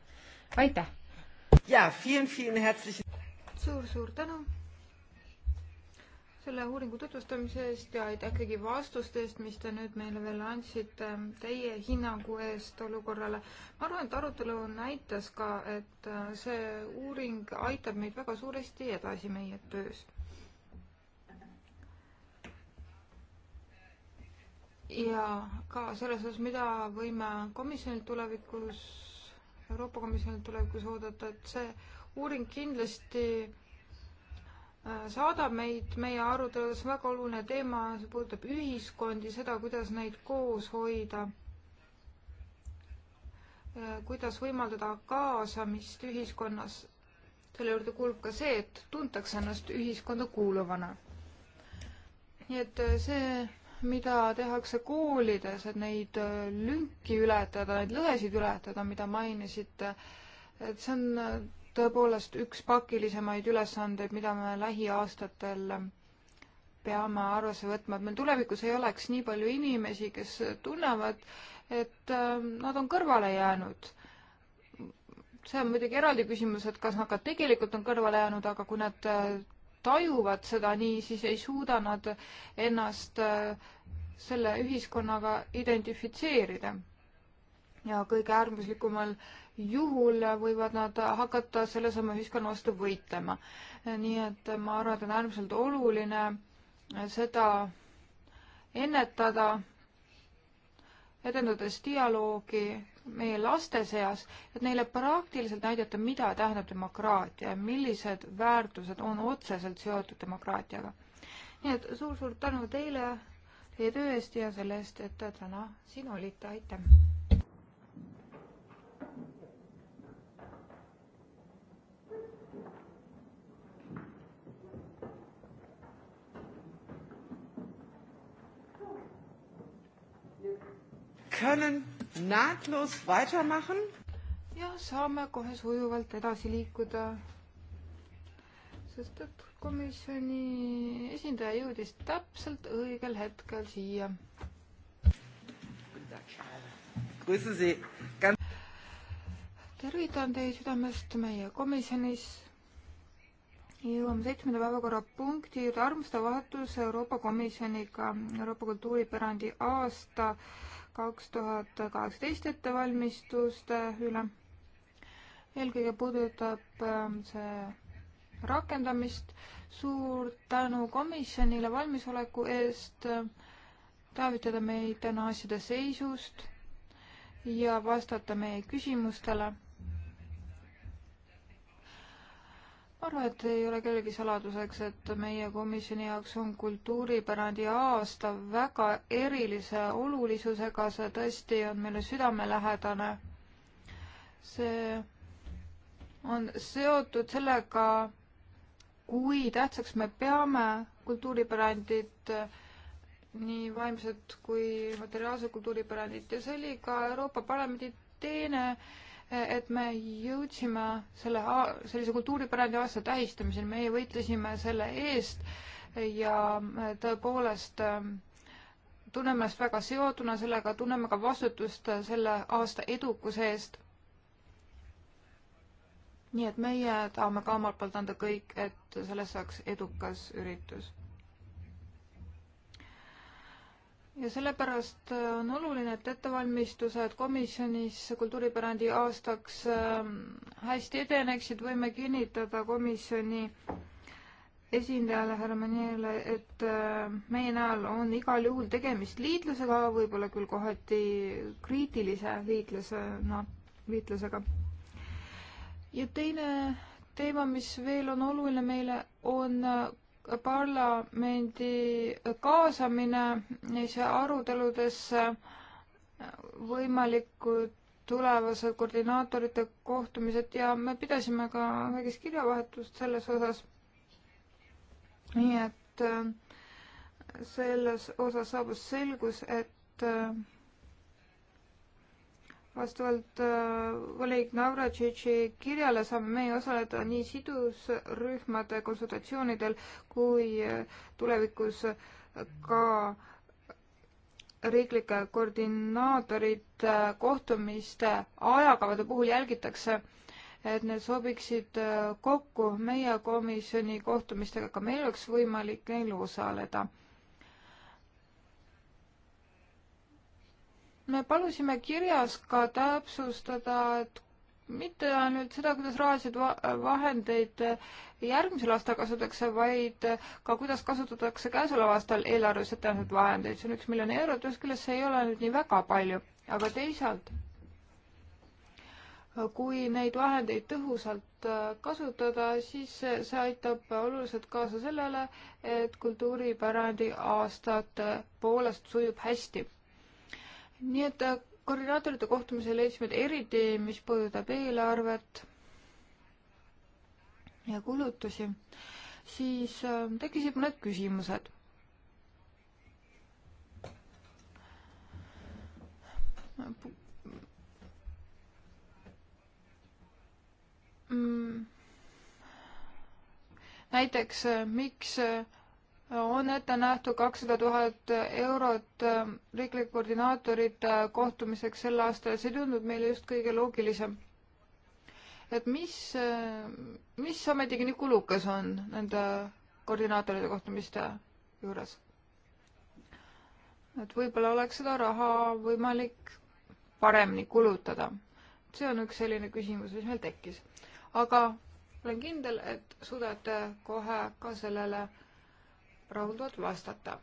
aitäh! jaa, suur-suur tänu! selle uuringu tutvustamise eest ja aitäh kõigi vastuste eest, mis te nüüd meile veel andsite, teie hinnangu eest olukorrale. ma arvan, et arutelu näitas ka, et äh, see uuring aitab meid väga suuresti edasi meie töös. ja ka selles osas, mida võime komisjonilt tulevikus, Euroopa Komisjonilt tulevikus oodata, et see uuring kindlasti Äh, saadab meid meie aruteludes väga oluline teema, see puudutab ühiskondi, seda, kuidas neid koos hoida. Äh, kuidas võimaldada kaasamist ühiskonnas. selle juurde kuulub ka see, et tuntakse ennast ühiskonda kuuluvana. nii et äh, see, mida tehakse koolides, et neid lünki ületada, neid lõhesid ületada, mida mainisite, et see on tõepoolest üks pakilisemaid ülesandeid, mida me lähiaastatel peame arvesse võtma, et meil tulevikus ei oleks nii palju inimesi, kes tunnevad, et ähm, nad on kõrvale jäänud. see on muidugi eraldi küsimus, et kas nad ka tegelikult on kõrvale jäänud, aga kui nad äh, tajuvad seda nii, siis ei suuda nad ennast äh, selle ühiskonnaga identifitseerida ja kõige äärmuslikumal juhul võivad nad hakata sellesama ühiskonna vastu võitlema. nii et ma arvan, et on äärmiselt oluline seda ennetada, edendades dialoogi meie laste seas, et neile praktiliselt näidata, mida tähendab demokraatia ja millised väärtused on otseselt seotud demokraatiaga. nii et suur-suur tänu teile teie töö eest ja selle eest, et te täna siin olite, aitäh! können nahtlos weitermachen. ja saame kohe sujuvalt edasi liikuda, sest et komisjoni esindaja jõudis täpselt õigel hetkel siia. tervitan teid südamest meie komisjonis jõuame seitsmenda päevakorrapunkti juurde, armsade vahetus Euroopa Komisjoniga Euroopa kultuuripärandi aasta kaks tuhat kaheksateist ettevalmistuste üle. eelkõige puudutab ähm, see rakendamist. suur tänu komisjonile valmisoleku eest ähm, teavitada meid täna asjade seisust ja vastata meie küsimustele ma arvan, et ei ole kellelgi saladuseks, et meie komisjoni jaoks on kultuuripärandi aasta väga erilise olulisusega, see tõesti on meile südamelähedane. see on seotud sellega, kui tähtsaks me peame kultuuripärandit, nii vaimset kui materiaalset kultuuripärandit ja see oli ka Euroopa Parlamendi teene äh, et me jõudsime selle, sellise kultuuripärandi aasta tähistamiseni, meie võitlesime selle eest ja äh, tõepoolest äh, tunneme ennast väga seotuna sellega, tunneme ka vastutust äh, selle aasta edukuse eest. nii et meie tahame ka omalt poolt anda kõik, et sellest saaks edukas üritus ja sellepärast äh, on oluline, et ettevalmistused komisjonis kultuuripärandi aastaks ähm, hästi edeneksid, võime kinnitada komisjoni esindajale härra Maniele, et äh, meie näol on igal juhul tegemist liitlasega, võib-olla küll kohati kriitilise liitlasena no,, liitlasega. ja teine teema, mis veel on oluline meile, on äh, parlamendi kaasamine neisse aruteludesse, võimalikud tulevased koordinaatorite kohtumised ja me pidasime ka väikest kirjavahetust selles osas. nii et äh, selles osas saabus selgus, et äh, vastavalt äh, volinik Navratšitši kirjale saame meie osaleda nii sidusrühmade konsultatsioonidel kui äh, tulevikus ka riiklike koordinaatorite kohtumiste ajakavade puhul jälgitakse, et need sobiksid äh, kokku meie komisjoni kohtumistega, ka meil oleks võimalik neil osaleda me palusime kirjas ka täpsustada, et mitte ainult seda, kuidas rahalised vahendeid järgmisel aastal kasutatakse, vaid ka kuidas kasutatakse käesoleval aastal eelarves ette antud vahendeid, see on üks miljon eurot, ühest küljest see ei ole nüüd nii väga palju, aga teisalt kui neid vahendeid tõhusalt kasutada, siis see aitab oluliselt kaasa sellele, et kultuuripärandi aastate poolest sujub hästi nii et äh, koordinaatorite kohtumisel leidsime, et eriti, mis puudutab eelarvet ja kulutusi, siis äh, tekkisid mõned küsimused. Mm. näiteks äh, miks äh, on ette nähtud kakssada tuhat eurot äh, riiklike koordinaatorite äh, kohtumiseks sel aastal ja see tundub meile just kõige loogilisem. et mis, äh, mis ometigi nii kulukas on nende koordinaatorite kohtumiste juures? et võib-olla oleks seda raha võimalik paremini kulutada. see on üks selline küsimus, mis meil tekkis. aga olen kindel, et suudate kohe ka sellele rahuldavalt vastata.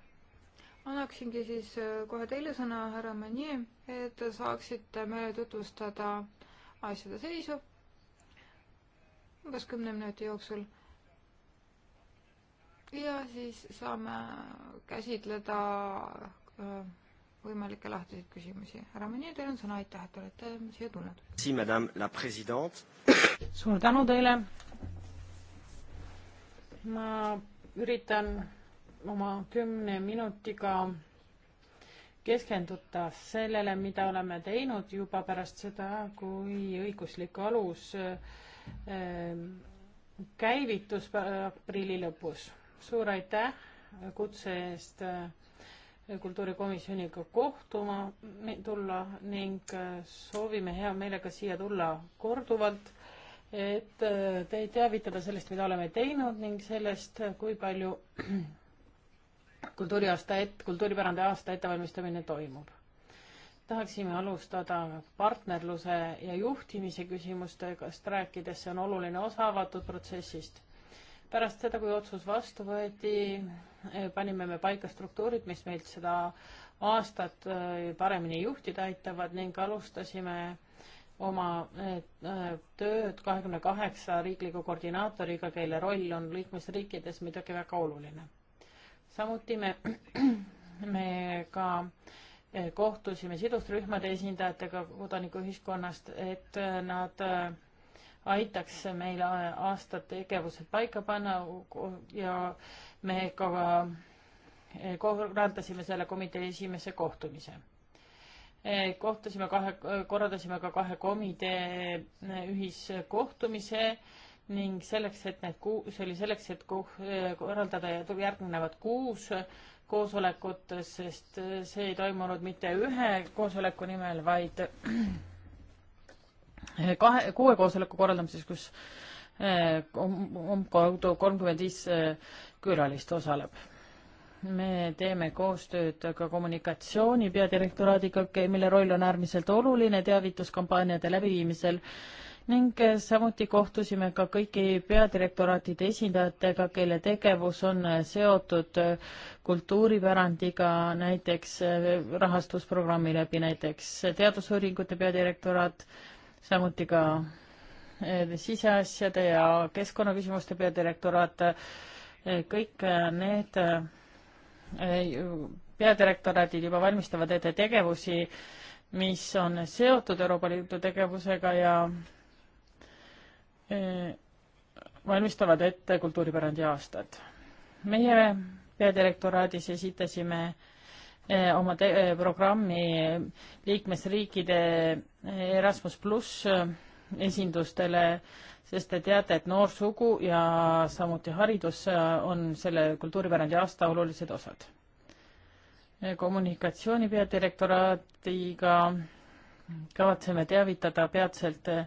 annaksingi siis äh, kohe teile sõna, härra Manier, et saaksite meile tutvustada asjade seisu umbes kümne minuti jooksul. ja siis saame käsitleda äh, võimalikke lahtiseid küsimusi. härra Manier, teil on sõna, aitäh, et olete siia tulnud. suur tänu teile. ma üritan oma kümne minutiga keskenduda sellele, mida oleme teinud juba pärast seda, kui õiguslik alus ehm, käivitus aprilli lõpus. suur aitäh kutse eest eh, kultuurikomisjoniga kohtuma, tulla ning eh, soovime hea meelega siia tulla korduvalt, et eh, teid teavitada sellest, mida oleme teinud ning sellest, kui palju kultuuriaasta et-, kultuuripärandi aasta ettevalmistamine toimub. tahaksime alustada partnerluse ja juhtimise küsimustest rääkides, see on oluline osa avatud protsessist. pärast seda, kui otsus vastu võeti, panime me paika struktuurid, mis meilt seda aastat äh, paremini juhtida aitavad ning alustasime oma äh, tööd kahekümne kaheksa riikliku koordinaatoriga, kelle roll on liikmesriikides midagi väga oluline samuti me, <clears throat> me ka eh, kohtusime sidusrühmade esindajatega kodanikuühiskonnast, et eh, nad eh, aitaks meil aasta tegevused paika panna ja me ka korraldasime selle komitee esimese kohtumise. kohtusime kahe, korraldasime ka kahe komitee ühiskohtumise ning selleks, et need kuu, see oli selleks, et kuh, eh, korraldada järgnevad kuus koosolekut, sest eh, see ei toimunud mitte ühe koosoleku nimel, vaid <clears throat> kahe, kuue koosoleku korraldamises, kus umbkaudu eh, kolmkümmend viis külalist osaleb. me teeme koostööd ka kommunikatsiooni peadirektoraadiga, mille roll on äärmiselt oluline teavituskampaaniate läbiviimisel ning samuti kohtusime ka kõigi peadirektoraatide esindajatega, kelle tegevus on seotud kultuuripärandiga, näiteks rahastusprogrammi läbi, näiteks teadusuuringute peadirektoraat, samuti ka eh, siseasjade ja keskkonnaküsimuste peadirektoraat, eh, kõik need eh, peadirektoraadid juba valmistavad ette tegevusi, mis on seotud Euroopa Liidu tegevusega ja Äh, valmistavad ette kultuuripärandi aastat. meie peadirektoraadis esitasime äh, oma äh, programmi liikmesriikide Erasmus pluss esindustele, sest te teate, et noorsugu ja samuti haridus on selle kultuuripärandi aasta olulised osad. kommunikatsiooni peadirektoraadiga kavatseme teavitada peatselt äh,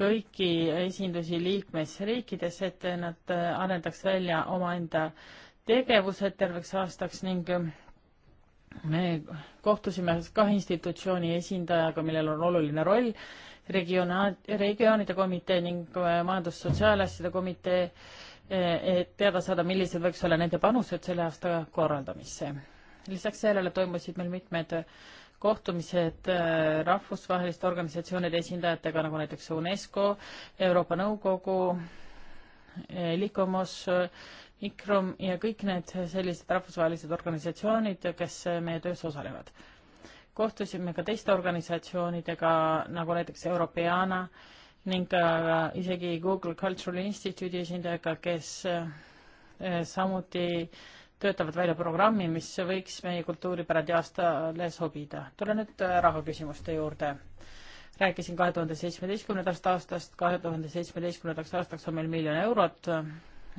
kõiki esindusi liikmesriikides, et nad äh, arendaks välja omaenda tegevused terveks aastaks ning äh, me kohtusime kahe institutsiooni esindajaga, millel on oluline roll, regionaal, regioonide komitee ning äh, majandus-sotsiaalasjade komitee, et teada saada, millised võiks olla nende panused selle aasta korraldamisse. lisaks sellele toimusid meil mitmed äh, kohtumised äh, rahvusvaheliste organisatsioonide esindajatega, nagu näiteks UNESCO, Euroopa Nõukogu, äh, Likomos, Mikrom äh, ja kõik need sellised rahvusvahelised organisatsioonid, kes meie töös osalevad. kohtusime ka teiste organisatsioonidega, nagu näiteks Europeana ning ka isegi Google Cultural Institute'i esindajaga, kes samuti äh, töötavad välja programmi, mis võiks meie kultuuripärandi aastale sobida. tulen nüüd äh, rahaküsimuste juurde. rääkisin kahe tuhande seitsmeteistkümnendast aastast, kahe tuhande seitsmeteistkümnendaks aastaks on meil miljon eurot,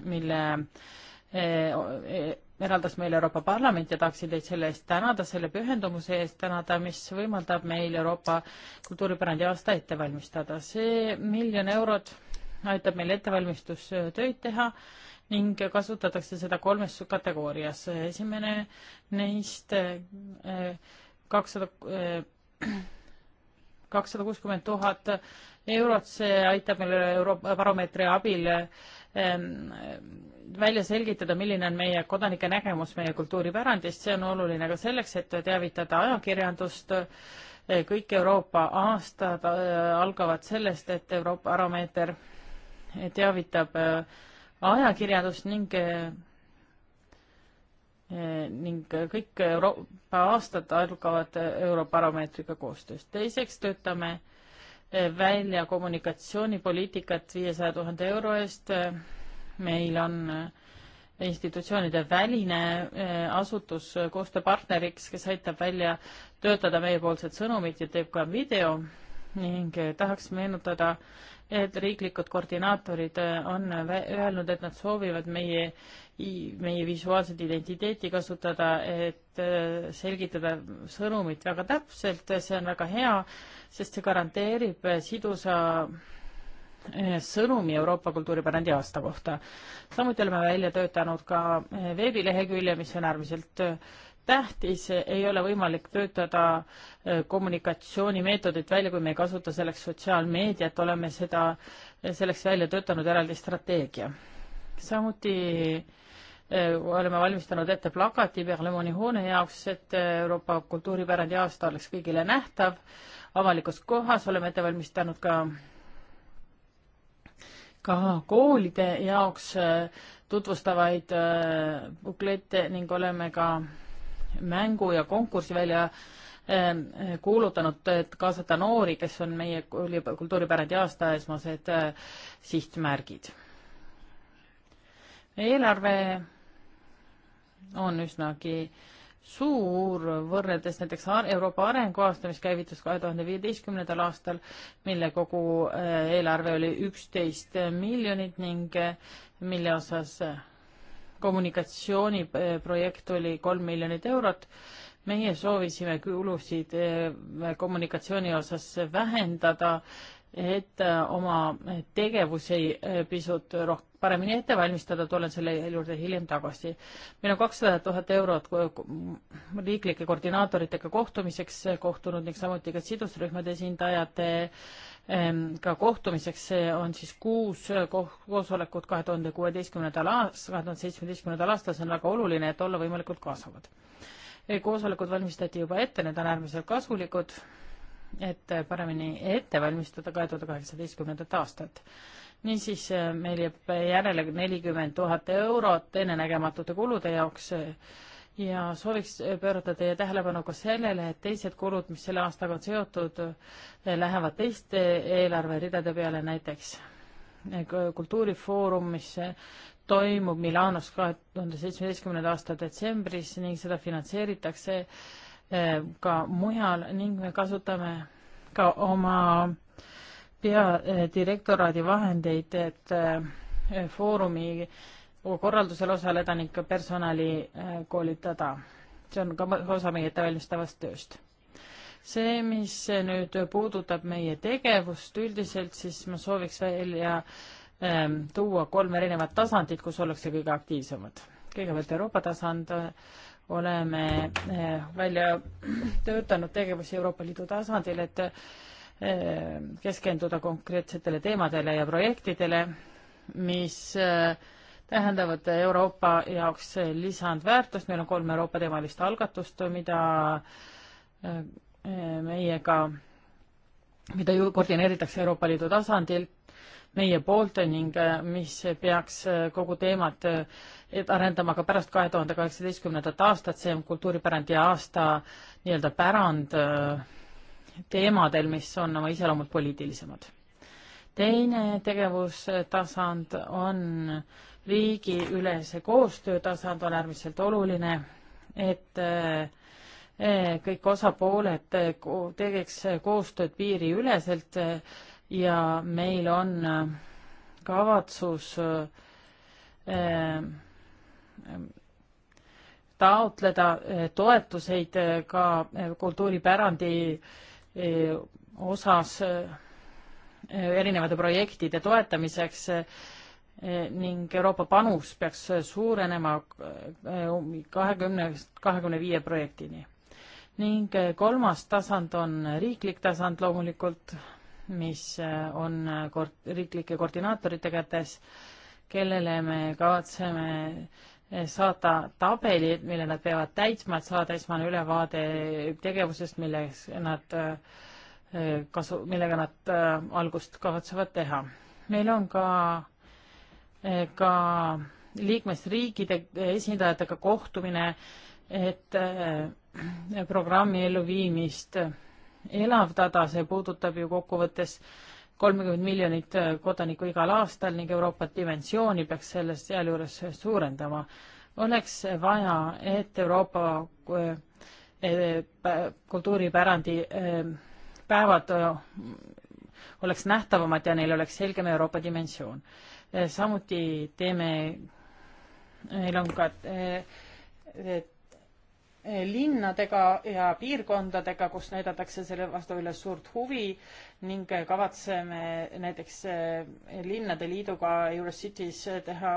mille äh, e, eraldas meile Euroopa Parlament ja tahaksin teid selle eest tänada, selle pühendumuse eest tänada, mis võimaldab meil Euroopa kultuuripärandi aasta ette valmistada. see miljon eurot aitab meil ettevalmistustöid teha ning kasutatakse seda kolmes kategoorias. esimene neist eh, kakssada, eh, <clears throat> kakssada kuuskümmend tuhat eurot, see aitab meil Eurobaromeetri abil ehm, välja selgitada, milline on meie kodanike nägemus meie kultuuripärandist, see on oluline ka selleks, et teavitada ajakirjandust. Eh, kõik Euroopa aastad algavad sellest, et Euroopa Baromeeter teavitab äh, ajakirjandust ning ning kõik Euroopa aastad algavad Eurobaromeetriga koostöös. teiseks töötame välja kommunikatsioonipoliitikat viiesaja tuhande euro eest. meil on institutsioonide väline eh, asutus koostööpartneriks, kes aitab välja töötada meiepoolsed sõnumid ja teeb ka video ning eh, tahaks meenutada, et riiklikud koordinaatorid eh, on öelnud, et nad soovivad meie, meie visuaalset identiteeti kasutada, et eh, selgitada sõnumit väga täpselt, see on väga hea, sest see garanteerib sidusa sõnumi Euroopa kultuuripärandi aasta kohta. samuti oleme välja töötanud ka veebilehekülje, mis on äärmiselt tähtis, ei ole võimalik töötada äh, kommunikatsioonimeetodit välja, kui me ei kasuta selleks sotsiaalmeediat, oleme seda, äh, selleks välja töötanud eraldi strateegia. samuti äh, oleme valmistanud ette plakati Berlemoni hoone jaoks, et Euroopa kultuuripärandi aasta oleks kõigile nähtav. avalikus kohas oleme ette valmistanud ka, ka koolide jaoks tutvustavaid buklette ning oleme ka mängu ja konkursi välja ähm, äh, kuulutanud, et kaasata noori, kes on meie kultuuripärandi aasta esmased äh, sihtmärgid. eelarve on üsnagi suur võrreldes näiteks Euroopa arenguaasta, mis käivitus kahe tuhande viieteistkümnendal aastal, mille kogu äh, eelarve oli üksteist miljonit ning mille osas kommunikatsiooniprojekt oli kolm miljonit eurot. meie soovisime kulusid eh, kommunikatsiooni osas vähendada, et eh, oma tegevusi eh, pisut rohkem paremini ette valmistada, tulen selle juurde hiljem tagasi. meil on kakssada tuhat eurot riiklike koordinaatoritega kohtumiseks kohtunud ning samuti ka sidusrühmade esindajate äh, Ehm, ka kohtumiseks, see on siis kuus eh, koosolekut kahe tuhande kuueteistkümnendal aastal, kahe tuhande seitsmeteistkümnendal aastal, see on väga oluline, et olla võimalikult kaasavad. Eh, koosolekud valmistati juba ette, need on äärmiselt kasulikud, et eh, paremini ette valmistada kahe tuhande kaheksateistkümnendat aastat. niisiis meil jääb järele nelikümmend tuhat eurot ennenägematute kulude jaoks ja sooviks pöörata teie tähelepanu ka sellele, et teised kulud, mis selle aastaga on seotud, lähevad teiste eelarveridade peale, näiteks kultuurifoorum, mis toimub Milanos kahe tuhande seitsmeteistkümnenda aasta detsembris ning seda finantseeritakse eh, ka mujal ning me kasutame ka oma peadirektoraadi vahendeid, et eh, foorumi korraldusel osaleda ning ka personali äh, koolitada. see on ka osa meie ettevalmistavast tööst. see, mis nüüd puudutab meie tegevust üldiselt, siis ma sooviks välja ähm, tuua kolm erinevat tasandit, kus ollakse kõige aktiivsemad. kõigepealt Euroopa tasand, oleme äh, välja <clears throat> töötanud tegevusi Euroopa Liidu tasandil, et äh, keskenduda konkreetsetele teemadele ja projektidele, mis äh, tähendavad Euroopa jaoks lisandväärtust, meil on kolm Euroopa-teemalist algatust, mida eh, meiega, mida ju koordineeritakse Euroopa Liidu tasandil meie poolt ning eh, mis peaks eh, kogu teemat arendama ka pärast kahe tuhande kaheksateistkümnendat aastat, see on kultuuripärandi aasta nii-öelda pärand teemadel, mis on oma iseloomult poliitilisemad. teine tegevustasand on äh, riigiülese koostöö tasand on äärmiselt oluline, et eh, eh, kõik osapooled eh, tegeks koostööd piiriüleselt ja meil on kavatsus taotleda toetuseid ka kultuuripärandi osas erinevate projektide toetamiseks ning Euroopa panus peaks suurenema eh, kahekümnest kahekümne viie projektini. ning eh, kolmas tasand on riiklik tasand loomulikult, mis eh, on kord-, riiklike koordinaatorite kätes, kellele me kavatseme saata tabelid, mille nad peavad täitma, et saada esmane ülevaade tegevusest, milles nad kasu, millega nad algust kavatsevad teha. meil on ka ka liikmesriikide esindajatega kohtumine, et äh, programmi elluviimist elavdada, see puudutab ju kokkuvõttes kolmekümmend miljonit äh, kodanikku igal aastal ning Euroopa dimensiooni peaks selles sealjuures suurendama. oleks vaja, et Euroopa äh, kultuuripärandi päevad oleks nähtavamad ja neil oleks selgem Euroopa dimensioon Eh, samuti teeme, meil on ka eh, eh, linnadega ja piirkondadega, kus näidatakse selle vastu üles suurt huvi ning kavatseme näiteks linnade liiduga Eurocities teha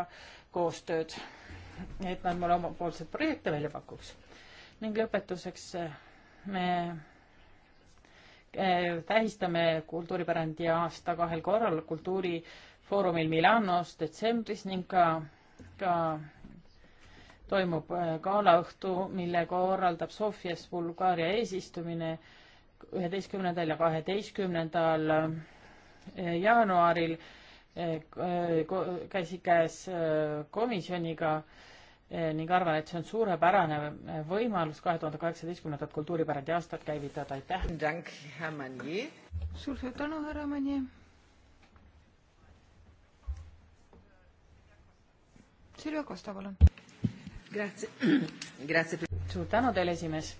koostööd, et nad mulle omapoolseid projekte välja pakuks. ning lõpetuseks me tähistame kultuuripärandi aasta kahel korral kultuuri Foorumil Milanos detsembris ning ka, ka toimub äh, galaõhtu, mille korraldab Sofias Bulgaaria eesistumine üheteistkümnendal ja kaheteistkümnendal äh, jaanuaril äh, käsikäes komisjoniga ning arvan, et see on suurepärane võimalus kahe tuhande kaheksateistkümnendat kultuuripärandi aastat käivitada, aitäh! suur-suur tänu, härra Manje! Silvia Kosta, palun. <clears throat> suur tänu teile, esimees.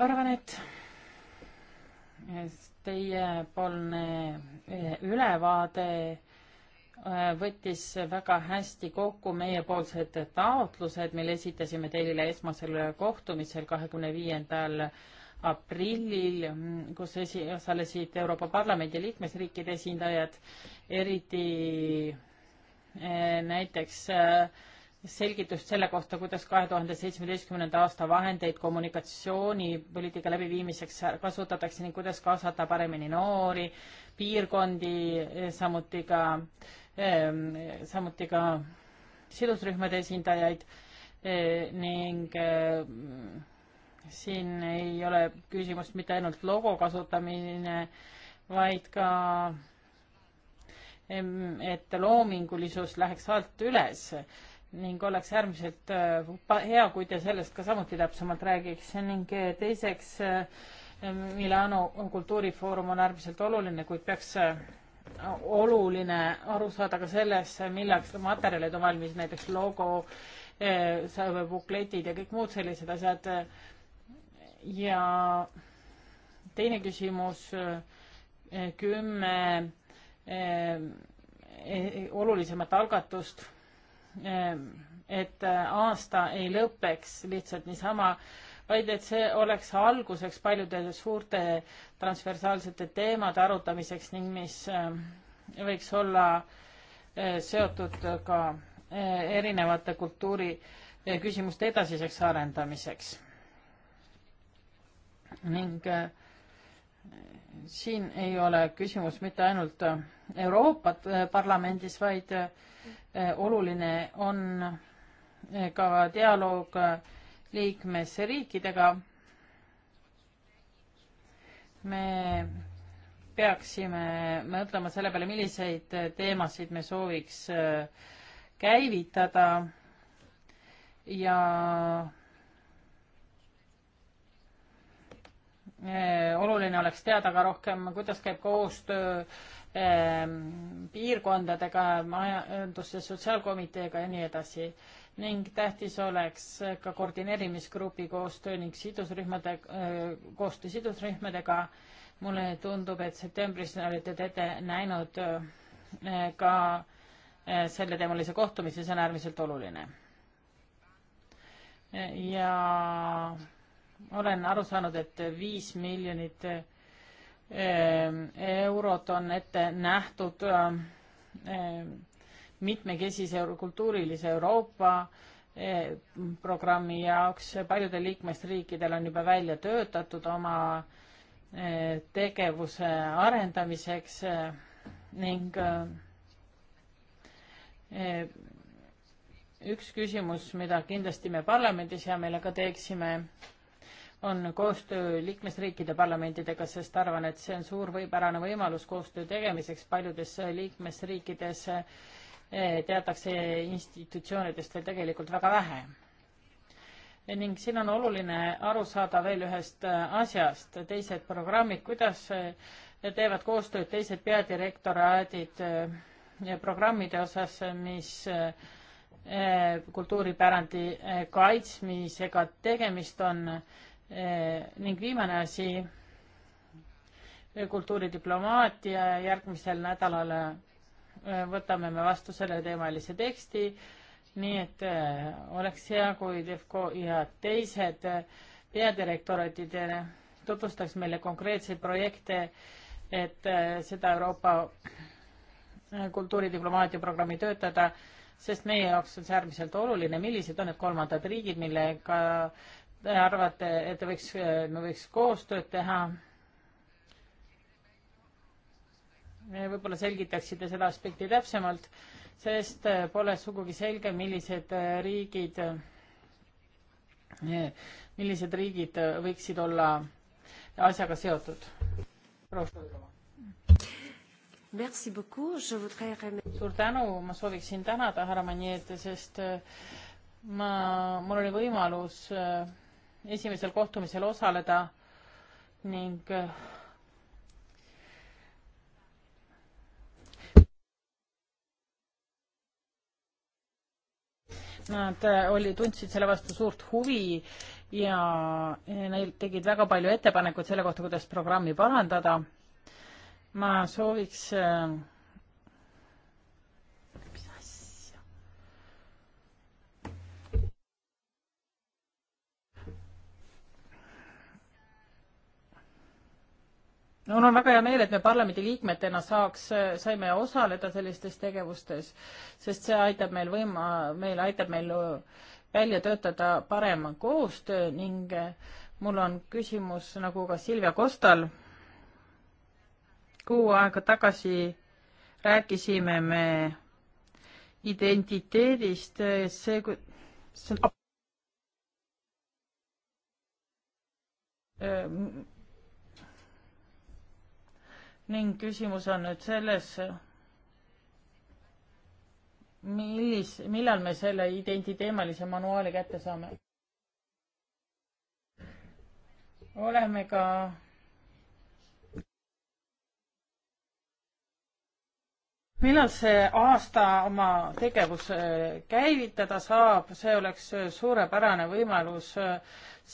arvan, et teiepoolne eh, ülevaade eh, võttis väga hästi kokku meiepoolsed taotlused, mille esitasime teile esmasel kohtumisel kahekümne viiendal aprillil, kus esi-, osalesid Euroopa Parlamendi liikmesriikide esindajad, eriti Eh, näiteks eh, selgitust selle kohta, kuidas kahe tuhande seitsmeteistkümnenda aasta vahendeid kommunikatsioonipoliitika läbiviimiseks kasutatakse ning kuidas kaasata paremini noori, piirkondi, eh, samuti ka, samuti ka sidusrühmade esindajaid ning siin ei ole küsimust mitte ainult logo kasutamine, vaid ka et loomingulisus läheks alt üles ning oleks äärmiselt äh, hea, kui te sellest ka samuti täpsemalt räägiks ning äh, teiseks äh, Milano kultuurifoorum on äärmiselt oluline, kuid peaks oluline aru saada ka selles, milleks materjalid on valmis, näiteks logo, bukletid ja kõik muud sellised asjad. ja teine küsimus, kümme Eh, eh, eh, olulisemat algatust, et aasta ei lõpeks lihtsalt niisama, vaid et see oleks alguseks paljude suurte transversaalsete teemade arutamiseks ning mis võiks olla seotud ka erinevate kultuuriküsimuste edasiseks arendamiseks. ning äh, siin ei ole küsimus mitte ainult Euroopa Parlamendis, vaid eh, oluline on eh, ka dialoog eh, liikmesriikidega. me peaksime mõtlema selle peale, milliseid teemasid me sooviks käivitada ja Eh, oluline oleks teada ka rohkem, kuidas käib koostöö eh, piirkondadega, majandus- ja sotsiaalkomiteega ja nii edasi. ning tähtis oleks ka koordineerimisgrupi koostöö ning sidusrühmade, eh, koostöö sidusrühmadega. mulle tundub, et septembris olete te ette näinud ka selleteemalise kohtumise, see on äärmiselt oluline. ja olen aru saanud, et viis miljonit ehm, eurot on ette nähtud ehm, mitmekesise kultuurilise Euroopa ehm, programmi jaoks, paljudel liikmesriikidel on juba välja töötatud oma tegevuse arendamiseks ning üks küsimus, mida kindlasti me parlamendis hea meelega teeksime, on koostöö liikmesriikide parlamentidega, sest arvan, et see on suur võipärane võimalus koostöö tegemiseks paljudes liikmesriikides eh, teatakse institutsioonidest veel tegelikult väga vähe. Eh, ning siin on oluline aru saada veel ühest eh, asjast, teised programmid, kuidas teevad koostööd teised peadirektoraadid programmide osas, mis kultuuripärandi kaitsmisega tegemist on Eh, ning viimane asi, kultuuridiplomaatia, järgmisel nädalal eh, võtame me vastu selleteemalise teksti, nii et eh, oleks hea, kui Defco ja teised peadirektoratid tutvustaks meile konkreetseid projekte, et seda Euroopa kultuuridiplomaatia programmi töötada, sest meie jaoks on see äärmiselt oluline, millised on need kolmandad riigid, millega te arvate, et võiks, me võiks koostööd teha? võib-olla selgitaksite seda aspekti täpsemalt, sest pole sugugi selge, millised riigid, millised riigid võiksid olla asjaga seotud. suur tänu, ma sooviksin tänada härra Maniet, sest ma, mul oli võimalus äh, esimesel kohtumisel osaleda ning äh, Nad äh, oli, tundsid selle vastu suurt huvi ja äh, neil tegid väga palju ettepanekuid selle kohta, kuidas programmi parandada. ma sooviks äh, no mul on väga hea meel, et me parlamendi liikmetena saaks, äh, saime osaleda sellistes tegevustes, sest see aitab meil võima, meil aitab meil äh, välja töötada parema koostöö ning äh, mul on küsimus nagu ka Silvia Kostal. kuu aega tagasi rääkisime me identiteedist, see, see on ning küsimus on nüüd selles, millis, millal me selle identiteemalise manuaali kätte saame? oleme ka millal see aasta oma tegevus käivitada saab, see oleks suurepärane võimalus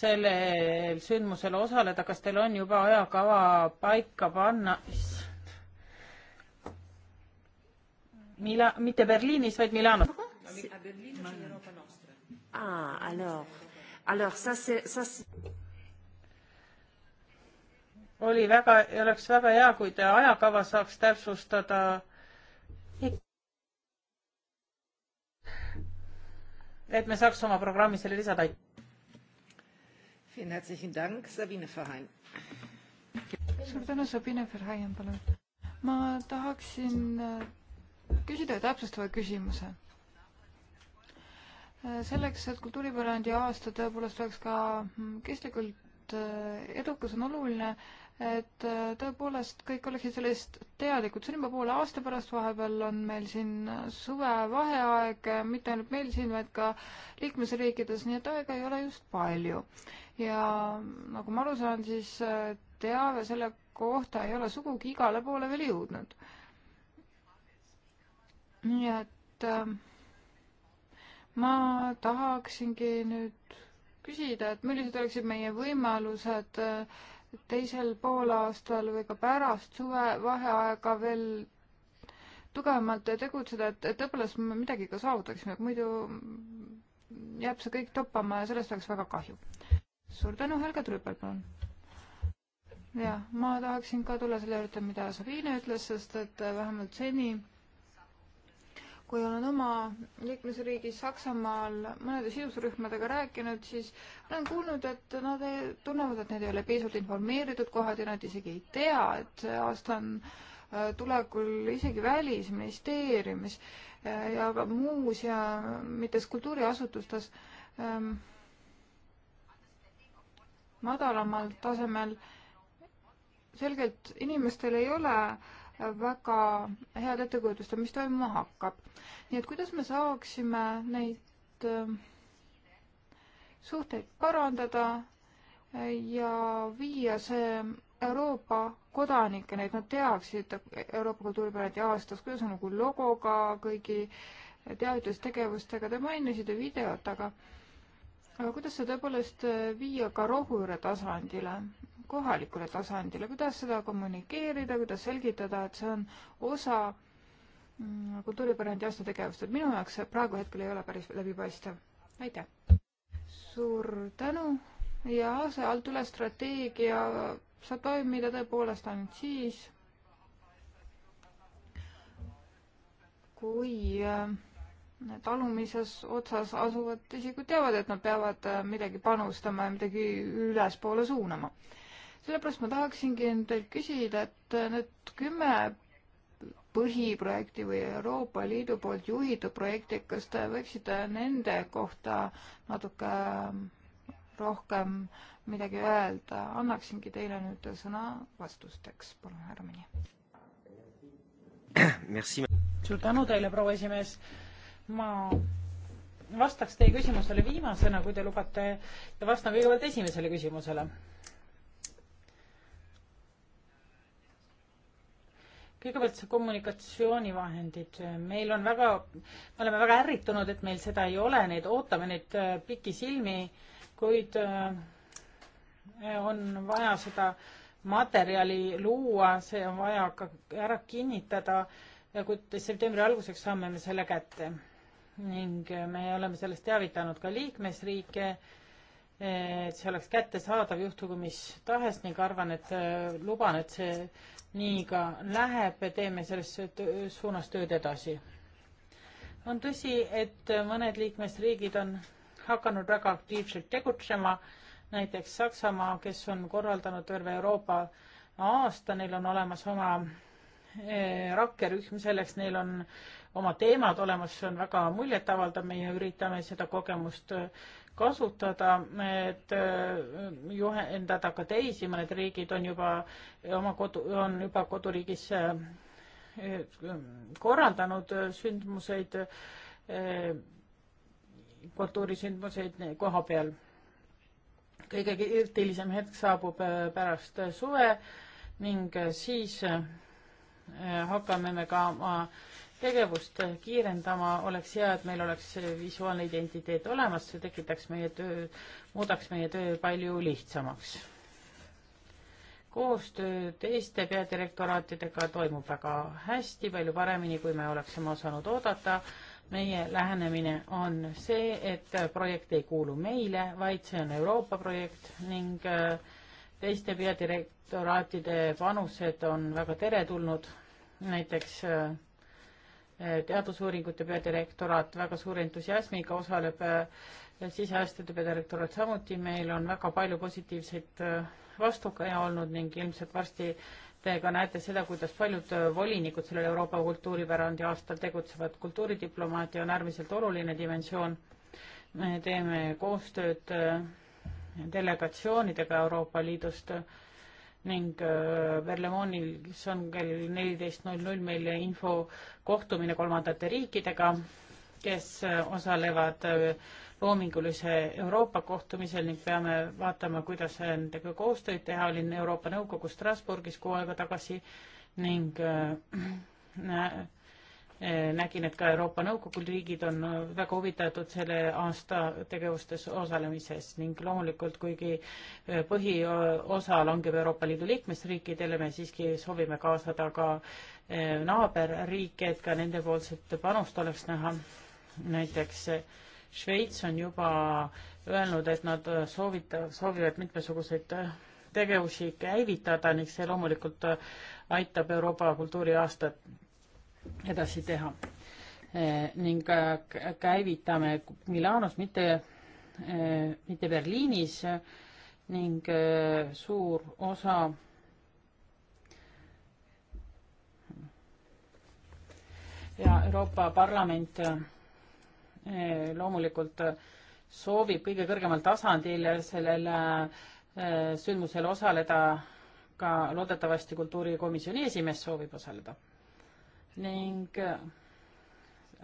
sellel sündmusel osaleda, kas teil on juba ajakava paika panna? Mila-, mitte Berliinis, vaid Milanos. Ah, alors, alors ça c'est, ça c'est oli väga, oleks väga hea, kui te ajakava saaks täpsustada et me saaks oma programmi selle lisada. suur tänu, Sabine Verhaien, palun. ma tahaksin äh, küsida täpsustava küsimuse. Äh, selleks, et kultuuripärandi aasta tõepoolest oleks ka mm, kestlikult et äh, edukus on oluline, et äh, tõepoolest kõik oleksid sellest teadlikud, see on juba poole aasta pärast, vahepeal on meil siin suvevaheaeg, äh, mitte ainult meil siin, vaid ka liikmesriikides, nii et aega ei ole just palju. ja nagu ma aru saan, siis teave selle kohta ei ole sugugi igale poole veel jõudnud. nii et äh, ma tahaksingi nüüd küsida, et millised oleksid meie võimalused äh, teisel poolaastal või ka pärast suvevaheaega veel tugevamalt tegutseda, et, et tõepoolest me midagi ka saavutaksime, muidu jääb see kõik toppama ja sellest oleks väga kahju. suur tänu, Helga Trüüpel, palun! jah, ma tahaksin ka tulla selle juurde, mida Sabine ütles, sest et vähemalt seni kui olen oma liikmesriigis Saksamaal mõnede sidusrühmadega rääkinud, siis olen kuulnud, et nad ei, tunnevad, et need ei ole piisavalt informeeritud kohati, nad isegi ei tea, et see aasta on äh, tulekul isegi Välisministeeriumis äh, ja ka muuseumites, kultuuriasutustes ähm, madalamal tasemel selgelt inimestel ei ole äh, väga head ettekujutust, mis toimuma hakkab. nii et kuidas me saaksime neid ähm, suhteid parandada ja viia see Euroopa kodanikena, et nad teaksid Euroopa kultuuripärandi aastast, kuidas on nagu logoga, kõigi teavitustegevustega, te mainisite videot, aga aga kuidas see tõepoolest viia ka rohujuure tasandile, kohalikule tasandile, kuidas seda kommunikeerida, kuidas selgitada, et see on osa mm, kultuuripärandi aasta tegevust, et minu jaoks see praegu hetkel ei ole päris läbipaistev. aitäh! suur tänu ja see Altule strateegia saab toimida tõepoolest ainult siis, kui need äh, alumises otsas asuvad isikud teavad, et nad peavad äh, midagi panustama ja midagi ülespoole suunama sellepärast ma tahaksingi teilt küsida, et need kümme põhiprojekti või Euroopa Liidu poolt juhitud projekti, kas te võiksite nende kohta natuke rohkem midagi öelda, annaksingi teile nüüd sõna vastusteks, palun, härra Mõni. suur tänu teile, proua esimees. ma vastaks teie küsimusele viimasena, kui te lubate, ja vastan kõigepealt esimesele küsimusele. kõigepealt see kommunikatsioonivahendid, meil on väga, me oleme väga ärritunud, et meil seda ei ole, neid ootame neid äh, pikisilmi, kuid äh, on vaja seda materjali luua, see on vaja ka ära kinnitada ja kuid septembri alguseks saame me selle kätte. ning äh, me oleme sellest teavitanud ka liikmesriike, et see oleks kättesaadav, juhtugu mis tahes ning arvan, et luban, et see nii ka läheb, teeme selles suunas tööd edasi. on tõsi, et mõned liikmesriigid on hakanud väga aktiivselt tegutsema, näiteks Saksamaa, kes on korraldanud terve Euroopa aasta, neil on olemas oma eh, rakkerühm selleks, neil on oma teemad olemas, see on väga muljetavaldav, meie üritame seda kogemust eh, kasutada, et äh, juhendada ka teisi, mõned riigid on juba oma kodu, on juba koduriigis äh, korraldanud äh, sündmuseid, kultuurisündmuseid koha peal. kõige kriitilisem hetk saabub pärast suve ning siis hakkame me ka oma tegevust kiirendama, oleks hea, et meil oleks visuaalne identiteet olemas, see tekitaks meie töö, muudaks meie töö palju lihtsamaks. koostöö teiste peadirektoraatidega toimub väga hästi, palju paremini, kui me oleksime osanud oodata. meie lähenemine on see, et projekt ei kuulu meile, vaid see on Euroopa projekt ning äh, teiste peadirektoraatide panused on väga teretulnud, näiteks äh, teadusuuringute peadirektoraat väga suure entusiasmiga osaleb siseasjade peadirektoraat samuti, meil on väga palju positiivseid äh, vastukaja olnud ning ilmselt varsti te ka näete seda, kuidas paljud äh, volinikud sellel Euroopa kultuuripärandi aastal tegutsevad. kultuuridiplomaatia on äärmiselt oluline dimensioon. me teeme koostööd äh, delegatsioonidega Euroopa Liidust ning äh, Berlemonis on kell neliteist null null meil infokohtumine kolmandate riikidega, kes äh, osalevad äh, loomingulise Euroopa kohtumisel ning peame vaatama, kuidas nendega koostööd teha. olin Euroopa Nõukogu Strasbourgis kuu aega tagasi ning äh, <clears throat> Eh, nägin, et ka Euroopa Nõukogu riigid on eh, väga huvitatud selle aasta tegevustes osalemisest ning loomulikult, kuigi eh, põhiosa langeb Euroopa Liidu liikmesriikidele, me siiski soovime kaasada ka naaberriike, et ka nendepoolset panust oleks näha. näiteks Šveits on juba öelnud, et nad soovita-, soovivad mitmesuguseid tegevusi käivitada ning see loomulikult aitab Euroopa kultuuriaastat edasi teha eh, ning eh, käivitame Milanos, mitte, eh, mitte Berliinis ning suur osa ja Euroopa Parlament loomulikult soovib kõige kõrgemal tasandil sellel sündmusel osaleda, ka loodetavasti kultuurikomisjoni esimees soovib osaleda ning äh,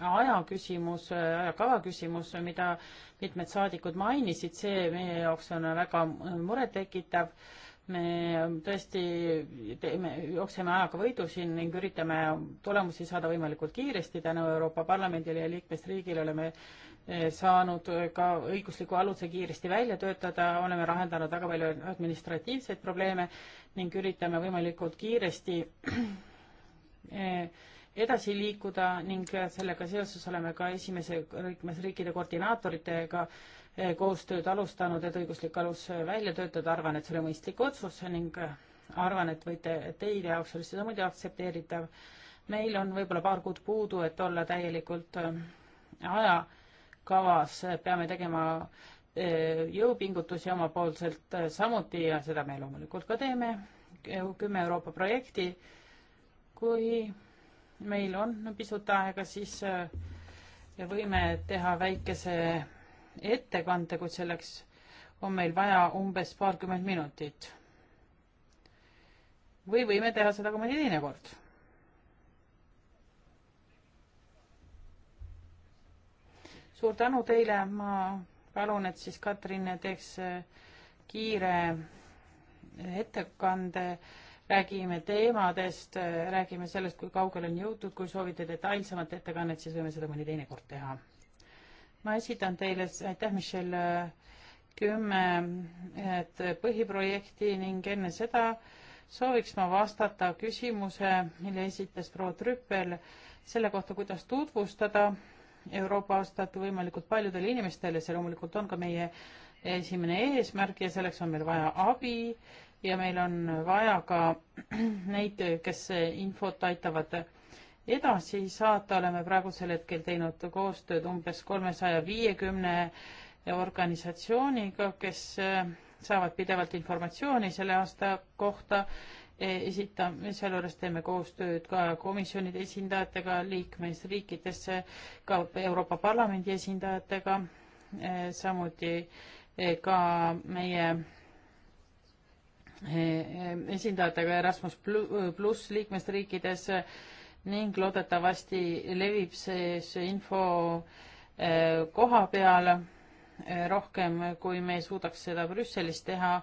aja küsimus, äh, ajakava küsimus, mida mitmed saadikud mainisid, see meie jaoks on väga murettekitav. me tõesti teeme, jookseme ajaga võidu siin ning üritame tulemusi saada võimalikult kiiresti. tänu Euroopa Parlamendile ja liikmesriigile oleme äh, saanud ka õigusliku aluse kiiresti välja töötada, oleme lahendanud väga palju administratiivseid probleeme ning üritame võimalikult kiiresti <clears throat> edasi liikuda ning sellega seoses oleme ka esimese liikmesriikide koordinaatoritega eh, koostööd alustanud, et õiguslik alus välja töötada, arvan, et see oli mõistlik otsus ning arvan, et võite, teie jaoks oli see samuti aktsepteeritav. meil on võib-olla paar kuud puudu, et olla täielikult eh, ajakavas, peame tegema eh, jõupingutusi omapoolselt samuti ja seda me loomulikult ka teeme, kümme Euroopa projekti, kui meil on pisut aega, siis äh, võime teha väikese ettekande, kuid selleks on meil vaja umbes paarkümmend minutit. või võime teha seda ka mõni teine kord. suur tänu teile, ma palun, et siis Katrin teeks äh, kiire äh, ettekande räägime teemadest, räägime sellest, kui kaugele on jõutud, kui soovite detailsemat ettekannet, siis võime seda mõni teinekord teha. ma esitan teile, aitäh, Michelle, kümme põhiprojekti ning enne seda sooviks ma vastata küsimuse, mille esitas proua Trüppel selle kohta, kuidas tutvustada Euroopa aastat võimalikult paljudele inimestele, see loomulikult on ka meie esimene eesmärk ja selleks on meil vaja abi ja meil on vaja ka <clears throat> neid, kes infot aitavad edasi saata, oleme praegusel hetkel teinud koostööd umbes kolmesaja viiekümne organisatsiooniga, kes äh, saavad pidevalt informatsiooni selle aasta kohta e, esita-, sealjuures teeme koostööd ka komisjonide esindajatega, liikmesriikidesse, ka Euroopa Parlamendi esindajatega, e, samuti e, ka meie Eh, eh, esindajatega Erasmus pluss liikmesriikides ning loodetavasti levib see, see info eh, koha peal rohkem, kui me suudaks seda Brüsselis teha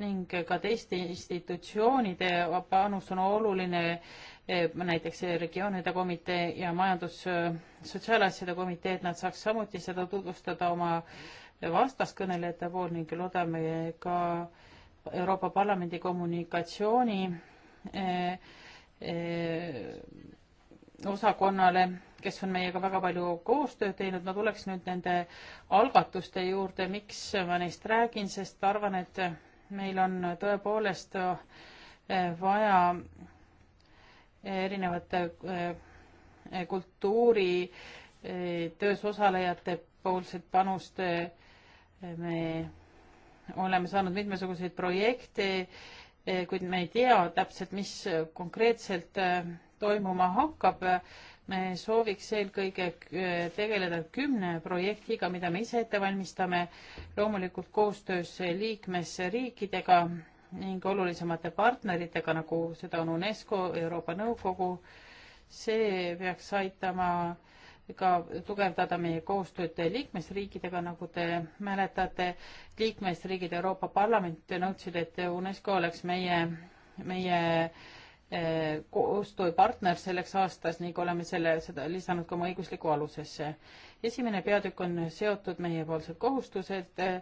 ning ka teiste institutsioonide panus on oluline, näiteks regioonide komitee ja majandus- sotsiaalasjade komitee, et nad saaks samuti seda tutvustada oma vastaskõnelejate pool ning loodame ka äh, Euroopa Parlamendi kommunikatsiooni eh, eh, osakonnale, kes on meiega väga palju koostööd teinud, ma tuleks nüüd nende algatuste juurde, miks ma neist räägin, sest arvan, et meil on tõepoolest eh, vaja erinevate kultuuri töös osalejate poolset panust me oleme saanud mitmesuguseid projekte, eh, kuid me ei tea täpselt, mis konkreetselt eh, toimuma hakkab. me sooviks eelkõige eh, tegeleda kümne projektiga, mida me ise ette valmistame, loomulikult koostöös liikmesriikidega ning olulisemate partneritega, nagu seda on UNESCO, Euroopa Nõukogu. see peaks aitama äh, ka tugevdada meie koostööd liikmesriikidega, nagu te mäletate, liikmesriigid Euroopa Parlament nõudsid, et UNESCO oleks meie, meie eh, koostööpartner selleks aastas ning oleme selle, seda lisanud ka oma õiguslikku alusesse. esimene peatükk on seotud meiepoolsed kohustused eh,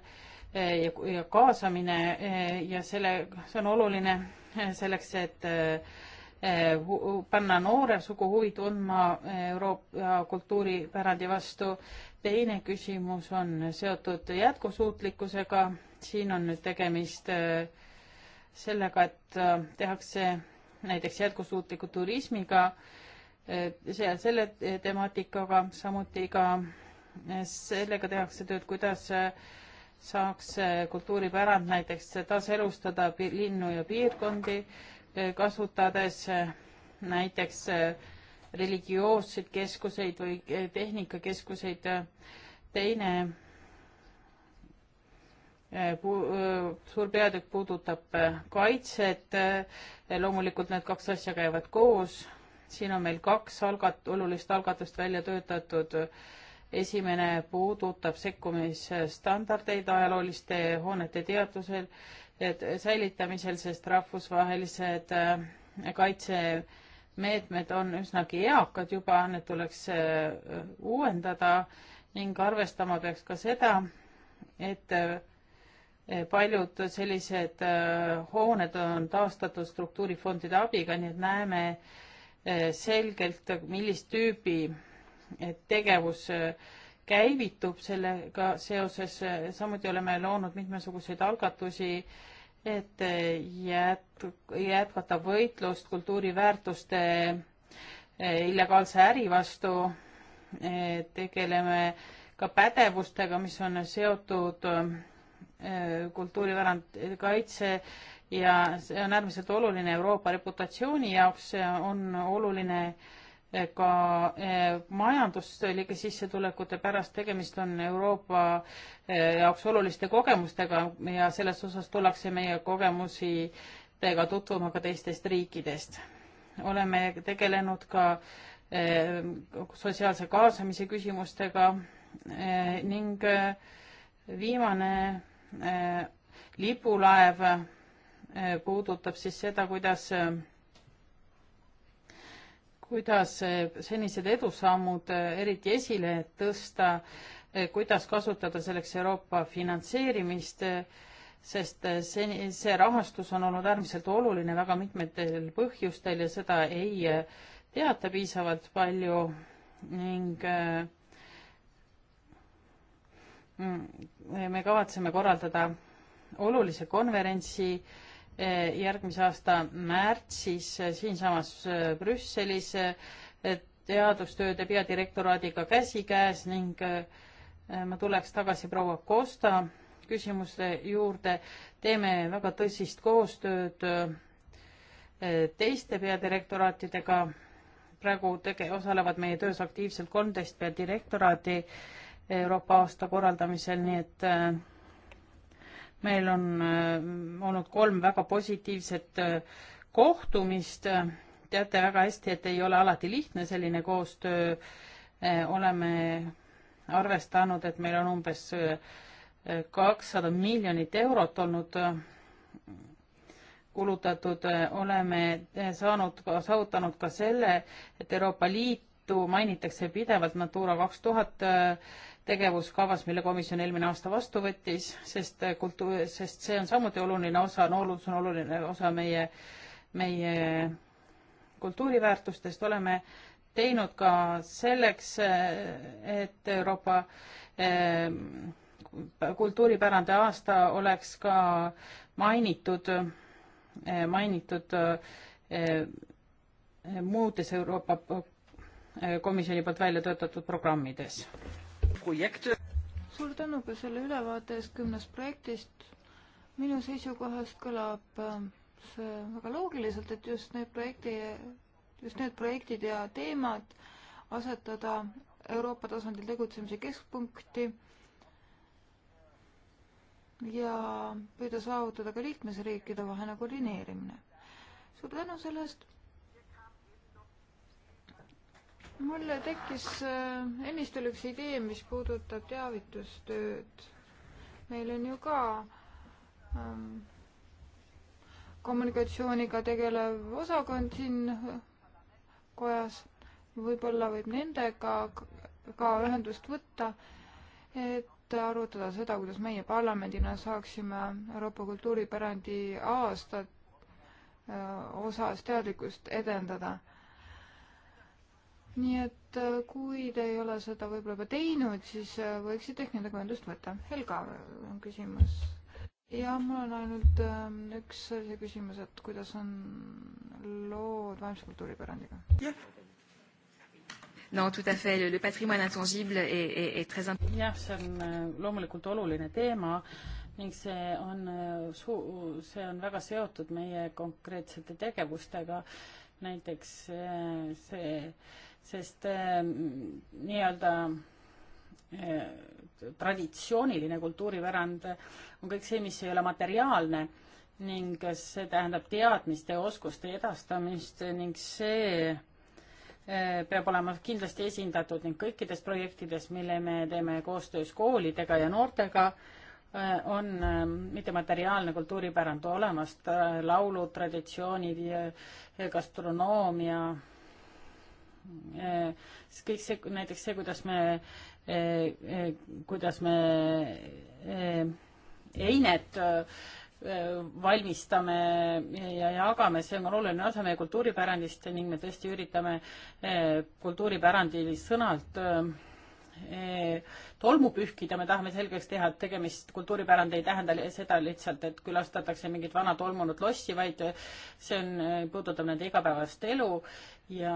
ja, ja kaasamine eh, ja selle, see on oluline selleks, et Eh, panna noorem sugu huvi tundma eh, Euroopa kultuuripärandi vastu. teine küsimus on seotud jätkusuutlikkusega. siin on nüüd tegemist eh, sellega, et tehakse näiteks jätkusuutliku turismiga, see, selle temaatikaga, samuti ka sellega tehakse tööd, kuidas saaks kultuuripärand näiteks taaselustada linnu ja piirkondi kasutades äh, näiteks äh, religioosseid keskuseid või äh, tehnikakeskuseid. teine suur peatükk puudutab kaitset. loomulikult need kaks asja käivad koos. siin on meil kaks algat-, olulist algatust välja töötatud. esimene puudutab sekkumisstandardeid ajalooliste hoonete teadvusel säilitamisel, sest rahvusvahelised äh, kaitsemeetmed on üsnagi eakad juba, need tuleks äh, uuendada ning arvestama peaks ka seda, et äh, paljud sellised hooned on taastatud struktuurifondide abiga, nii et näeme selgelt, millist tüüpi tegevus käivitub sellega seoses, samuti oleme loonud mitmesuguseid algatusi, et jät-, jätkata võitlust kultuuriväärtuste eh, illegaalse äri vastu, eh, tegeleme ka pädevustega, mis on seotud eh, kultuuripärandi kaitse ja see on äärmiselt oluline Euroopa reputatsiooni jaoks, see on oluline äh, ka eh, majanduslike sissetulekute pärast, tegemist on Euroopa eh, jaoks oluliste kogemustega ja selles osas tullakse meie kogemustega tutvuma ka teistest riikidest. oleme tegelenud ka eh, sotsiaalse kaasamise küsimustega ning viimane lipulaev puudutab siis seda, kuidas kuidas eh, senised edusammud eh, eriti esile tõsta, eh, kuidas kasutada selleks Euroopa finantseerimist, sest seni see rahastus on olnud äärmiselt oluline väga mitmetel põhjustel ja seda ei teata piisavalt palju ning mm, me kavatseme korraldada olulise konverentsi äh, Eh, järgmise aasta märtsis eh, siinsamas eh, Brüsselis teadustööde peadirektoraadiga käsikäes ning ma tuleks tagasi proua Costa küsimuste juurde. teeme väga tõsist koostööd teiste peadirektoraatidega. praegu tege-, osalevad meie töös aktiivselt kolmteist peadirektoraati Euroopa aasta korraldamisel, nii et meil on äh, olnud kolm väga positiivset äh, kohtumist. teate väga hästi, et ei ole alati lihtne selline koostöö. Äh, oleme arvestanud, et meil on umbes kakssada miljonit eurot olnud kulutatud, oleme saanud, saavutanud ka selle, et Euroopa Liitu mainitakse pidevalt Natura kaks tuhat tegevuskavas, mille komisjon eelmine aasta vastu võttis, sest kultuur, sest see on samuti oluline osa, noorlus on oluline osa meie, meie kultuuriväärtustest, oleme teinud ka selleks, et Euroopa ehm, kultuuripärandi aasta oleks ka mainitud, ehm, mainitud ehm, muudes Euroopa Komisjoni poolt välja töötatud programmides suur tänu ka selle ülevaate eest kümnest projektist. minu seisukohast kõlab ähm, see väga loogiliselt, et just need projekti, just need projektid ja teemad asetada Euroopa tasandil tegutsemise keskpunkti ja püüda saavutada ka liikmesriikide vahene koordineerimine. suur tänu selle eest mul tekkis äh, ennist veel üks idee, mis puudutab teavitustööd. meil on ju ka ähm, kommunikatsiooniga tegelev osakond siin äh, kojas, võib-olla võib nendega ka ühendust võtta, et arutada seda, kuidas meie parlamendina saaksime Euroopa kultuuripärandi aastat äh, osas teadlikkust edendada nii et äh, kui te ei ole seda võib-olla juba teinud, siis äh, võiksite ehk nendega ühendust võtta. Helga äh, on küsimus. jah, mul on ainult ähm, üks see küsimus, et kuidas on lood vaimse kultuuripärandiga? No tout à fait, le, le patrimoine intangible est, est, est très important. jah, see on loomulikult oluline teema ning see on suu-, see on väga seotud meie konkreetsete tegevustega, näiteks see sest äh, nii-öelda äh, traditsiooniline kultuuripärand on kõik see, mis ei ole materiaalne ning see tähendab teadmiste ja oskuste edastamist ning see ehm, peab olema kindlasti esindatud ning kõikides projektides, mille me teeme koostöös koolidega ja noortega, on mittemateriaalne kultuuripärand olemas, laulud, traditsioonid, gastronoomia Äh, kõik see, näiteks see, kuidas me, äh, äh, kuidas me einet valmistame ja jagame, see on oluline osa meie kultuuripärandist ning me tõesti üritame kultuuripärandi sõnalt tolmu pühkida, me tahame selgeks teha, et tegemist, kultuuripärand ei tähenda seda lihtsalt, et külastatakse mingit vana tolmunud lossi, vaid see on, puudutab nende igapäevast elu ja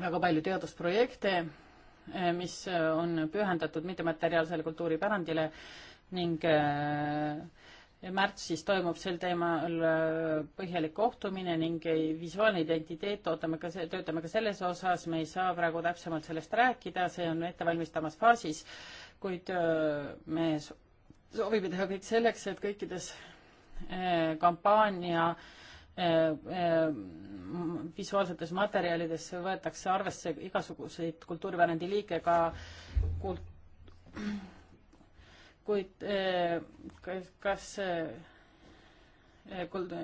väga palju teadusprojekte, eh, mis eh, on pühendatud mittemateriaalsele kultuuripärandile ning eh, märtsis toimub sel teemal põhjalik kohtumine ning visuaalne identiteet ootame ka, töötame ka selles osas, me ei saa praegu täpsemalt sellest rääkida, see on ettevalmistamas faasis, kuid me soovime teha kõik selleks, et kõikides kampaania äh, Äh, äh, visuaalsetes materjalides võetakse arvesse igasuguseid kultuuripärandi liike, ka kult-, kuid äh, kas kuld-,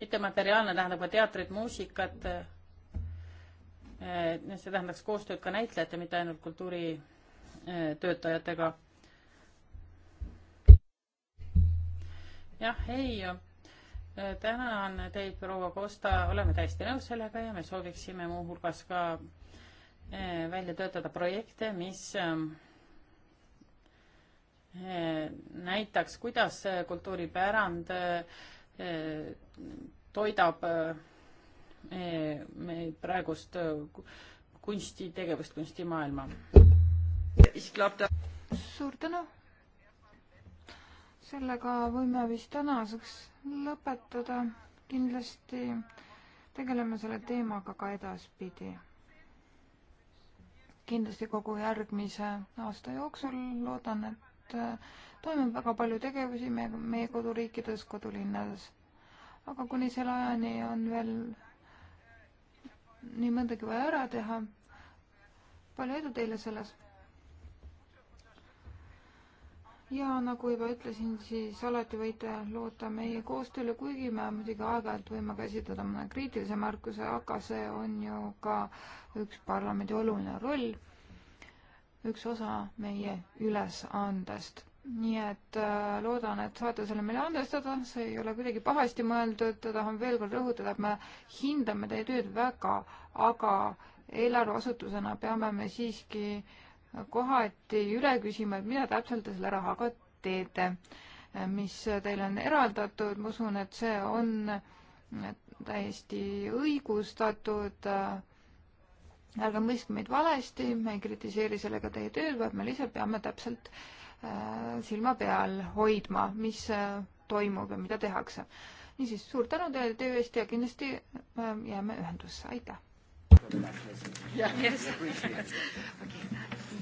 mittemateriaalne tähendab ka teatrit, muusikat, see tähendaks koostööd ka näitlejate, mitte ainult kultuuritöötajatega. jah, ei tänan teid, proua Kosta, oleme täiesti nõus sellega ja me sooviksime muuhulgas ka eh, välja töötada projekte, mis eh, näitaks, kuidas kultuuripärand eh, toidab meil praegust kunstitegevust, kunstimaailma. suur tänu sellega võime vist tänaseks lõpetada. kindlasti tegeleme selle teemaga ka edaspidi. kindlasti kogu järgmise aasta jooksul loodan, et äh, toimub väga palju tegevusi meie, meie koduriikides, kodulinnades. aga kuni selle ajani on veel nii mõndagi vaja ära teha. palju edu teile selles! ja nagu juba ütlesin, siis alati võite loota meie koostööle, kuigi me muidugi aeg-ajalt võime ka esitada mõne kriitilise märkuse, aga see on ju ka üks parlamendi oluline roll, üks osa meie ülesandest. nii et äh, loodan, et saate selle meile andestada, see ei ole kuidagi pahasti mõeldud, tahan veel kord rõhutada, et me hindame teie tööd väga, aga eelarveasutusena peame me siiski äh, kohati üle küsima, et mida täpselt te selle rahaga teete, mis teile on eraldatud, ma usun, et see on täiesti õigustatud. ärge mõistke meid valesti, me ei kritiseeri sellega teie tööd, vaid me lihtsalt peame täpselt äh, silma peal hoidma, mis äh, toimub ja mida tehakse. niisiis, suur tänu teile töö eest ja kindlasti äh, jääme ühendusse, aitäh! Yeah. Yes. <laughs> okay.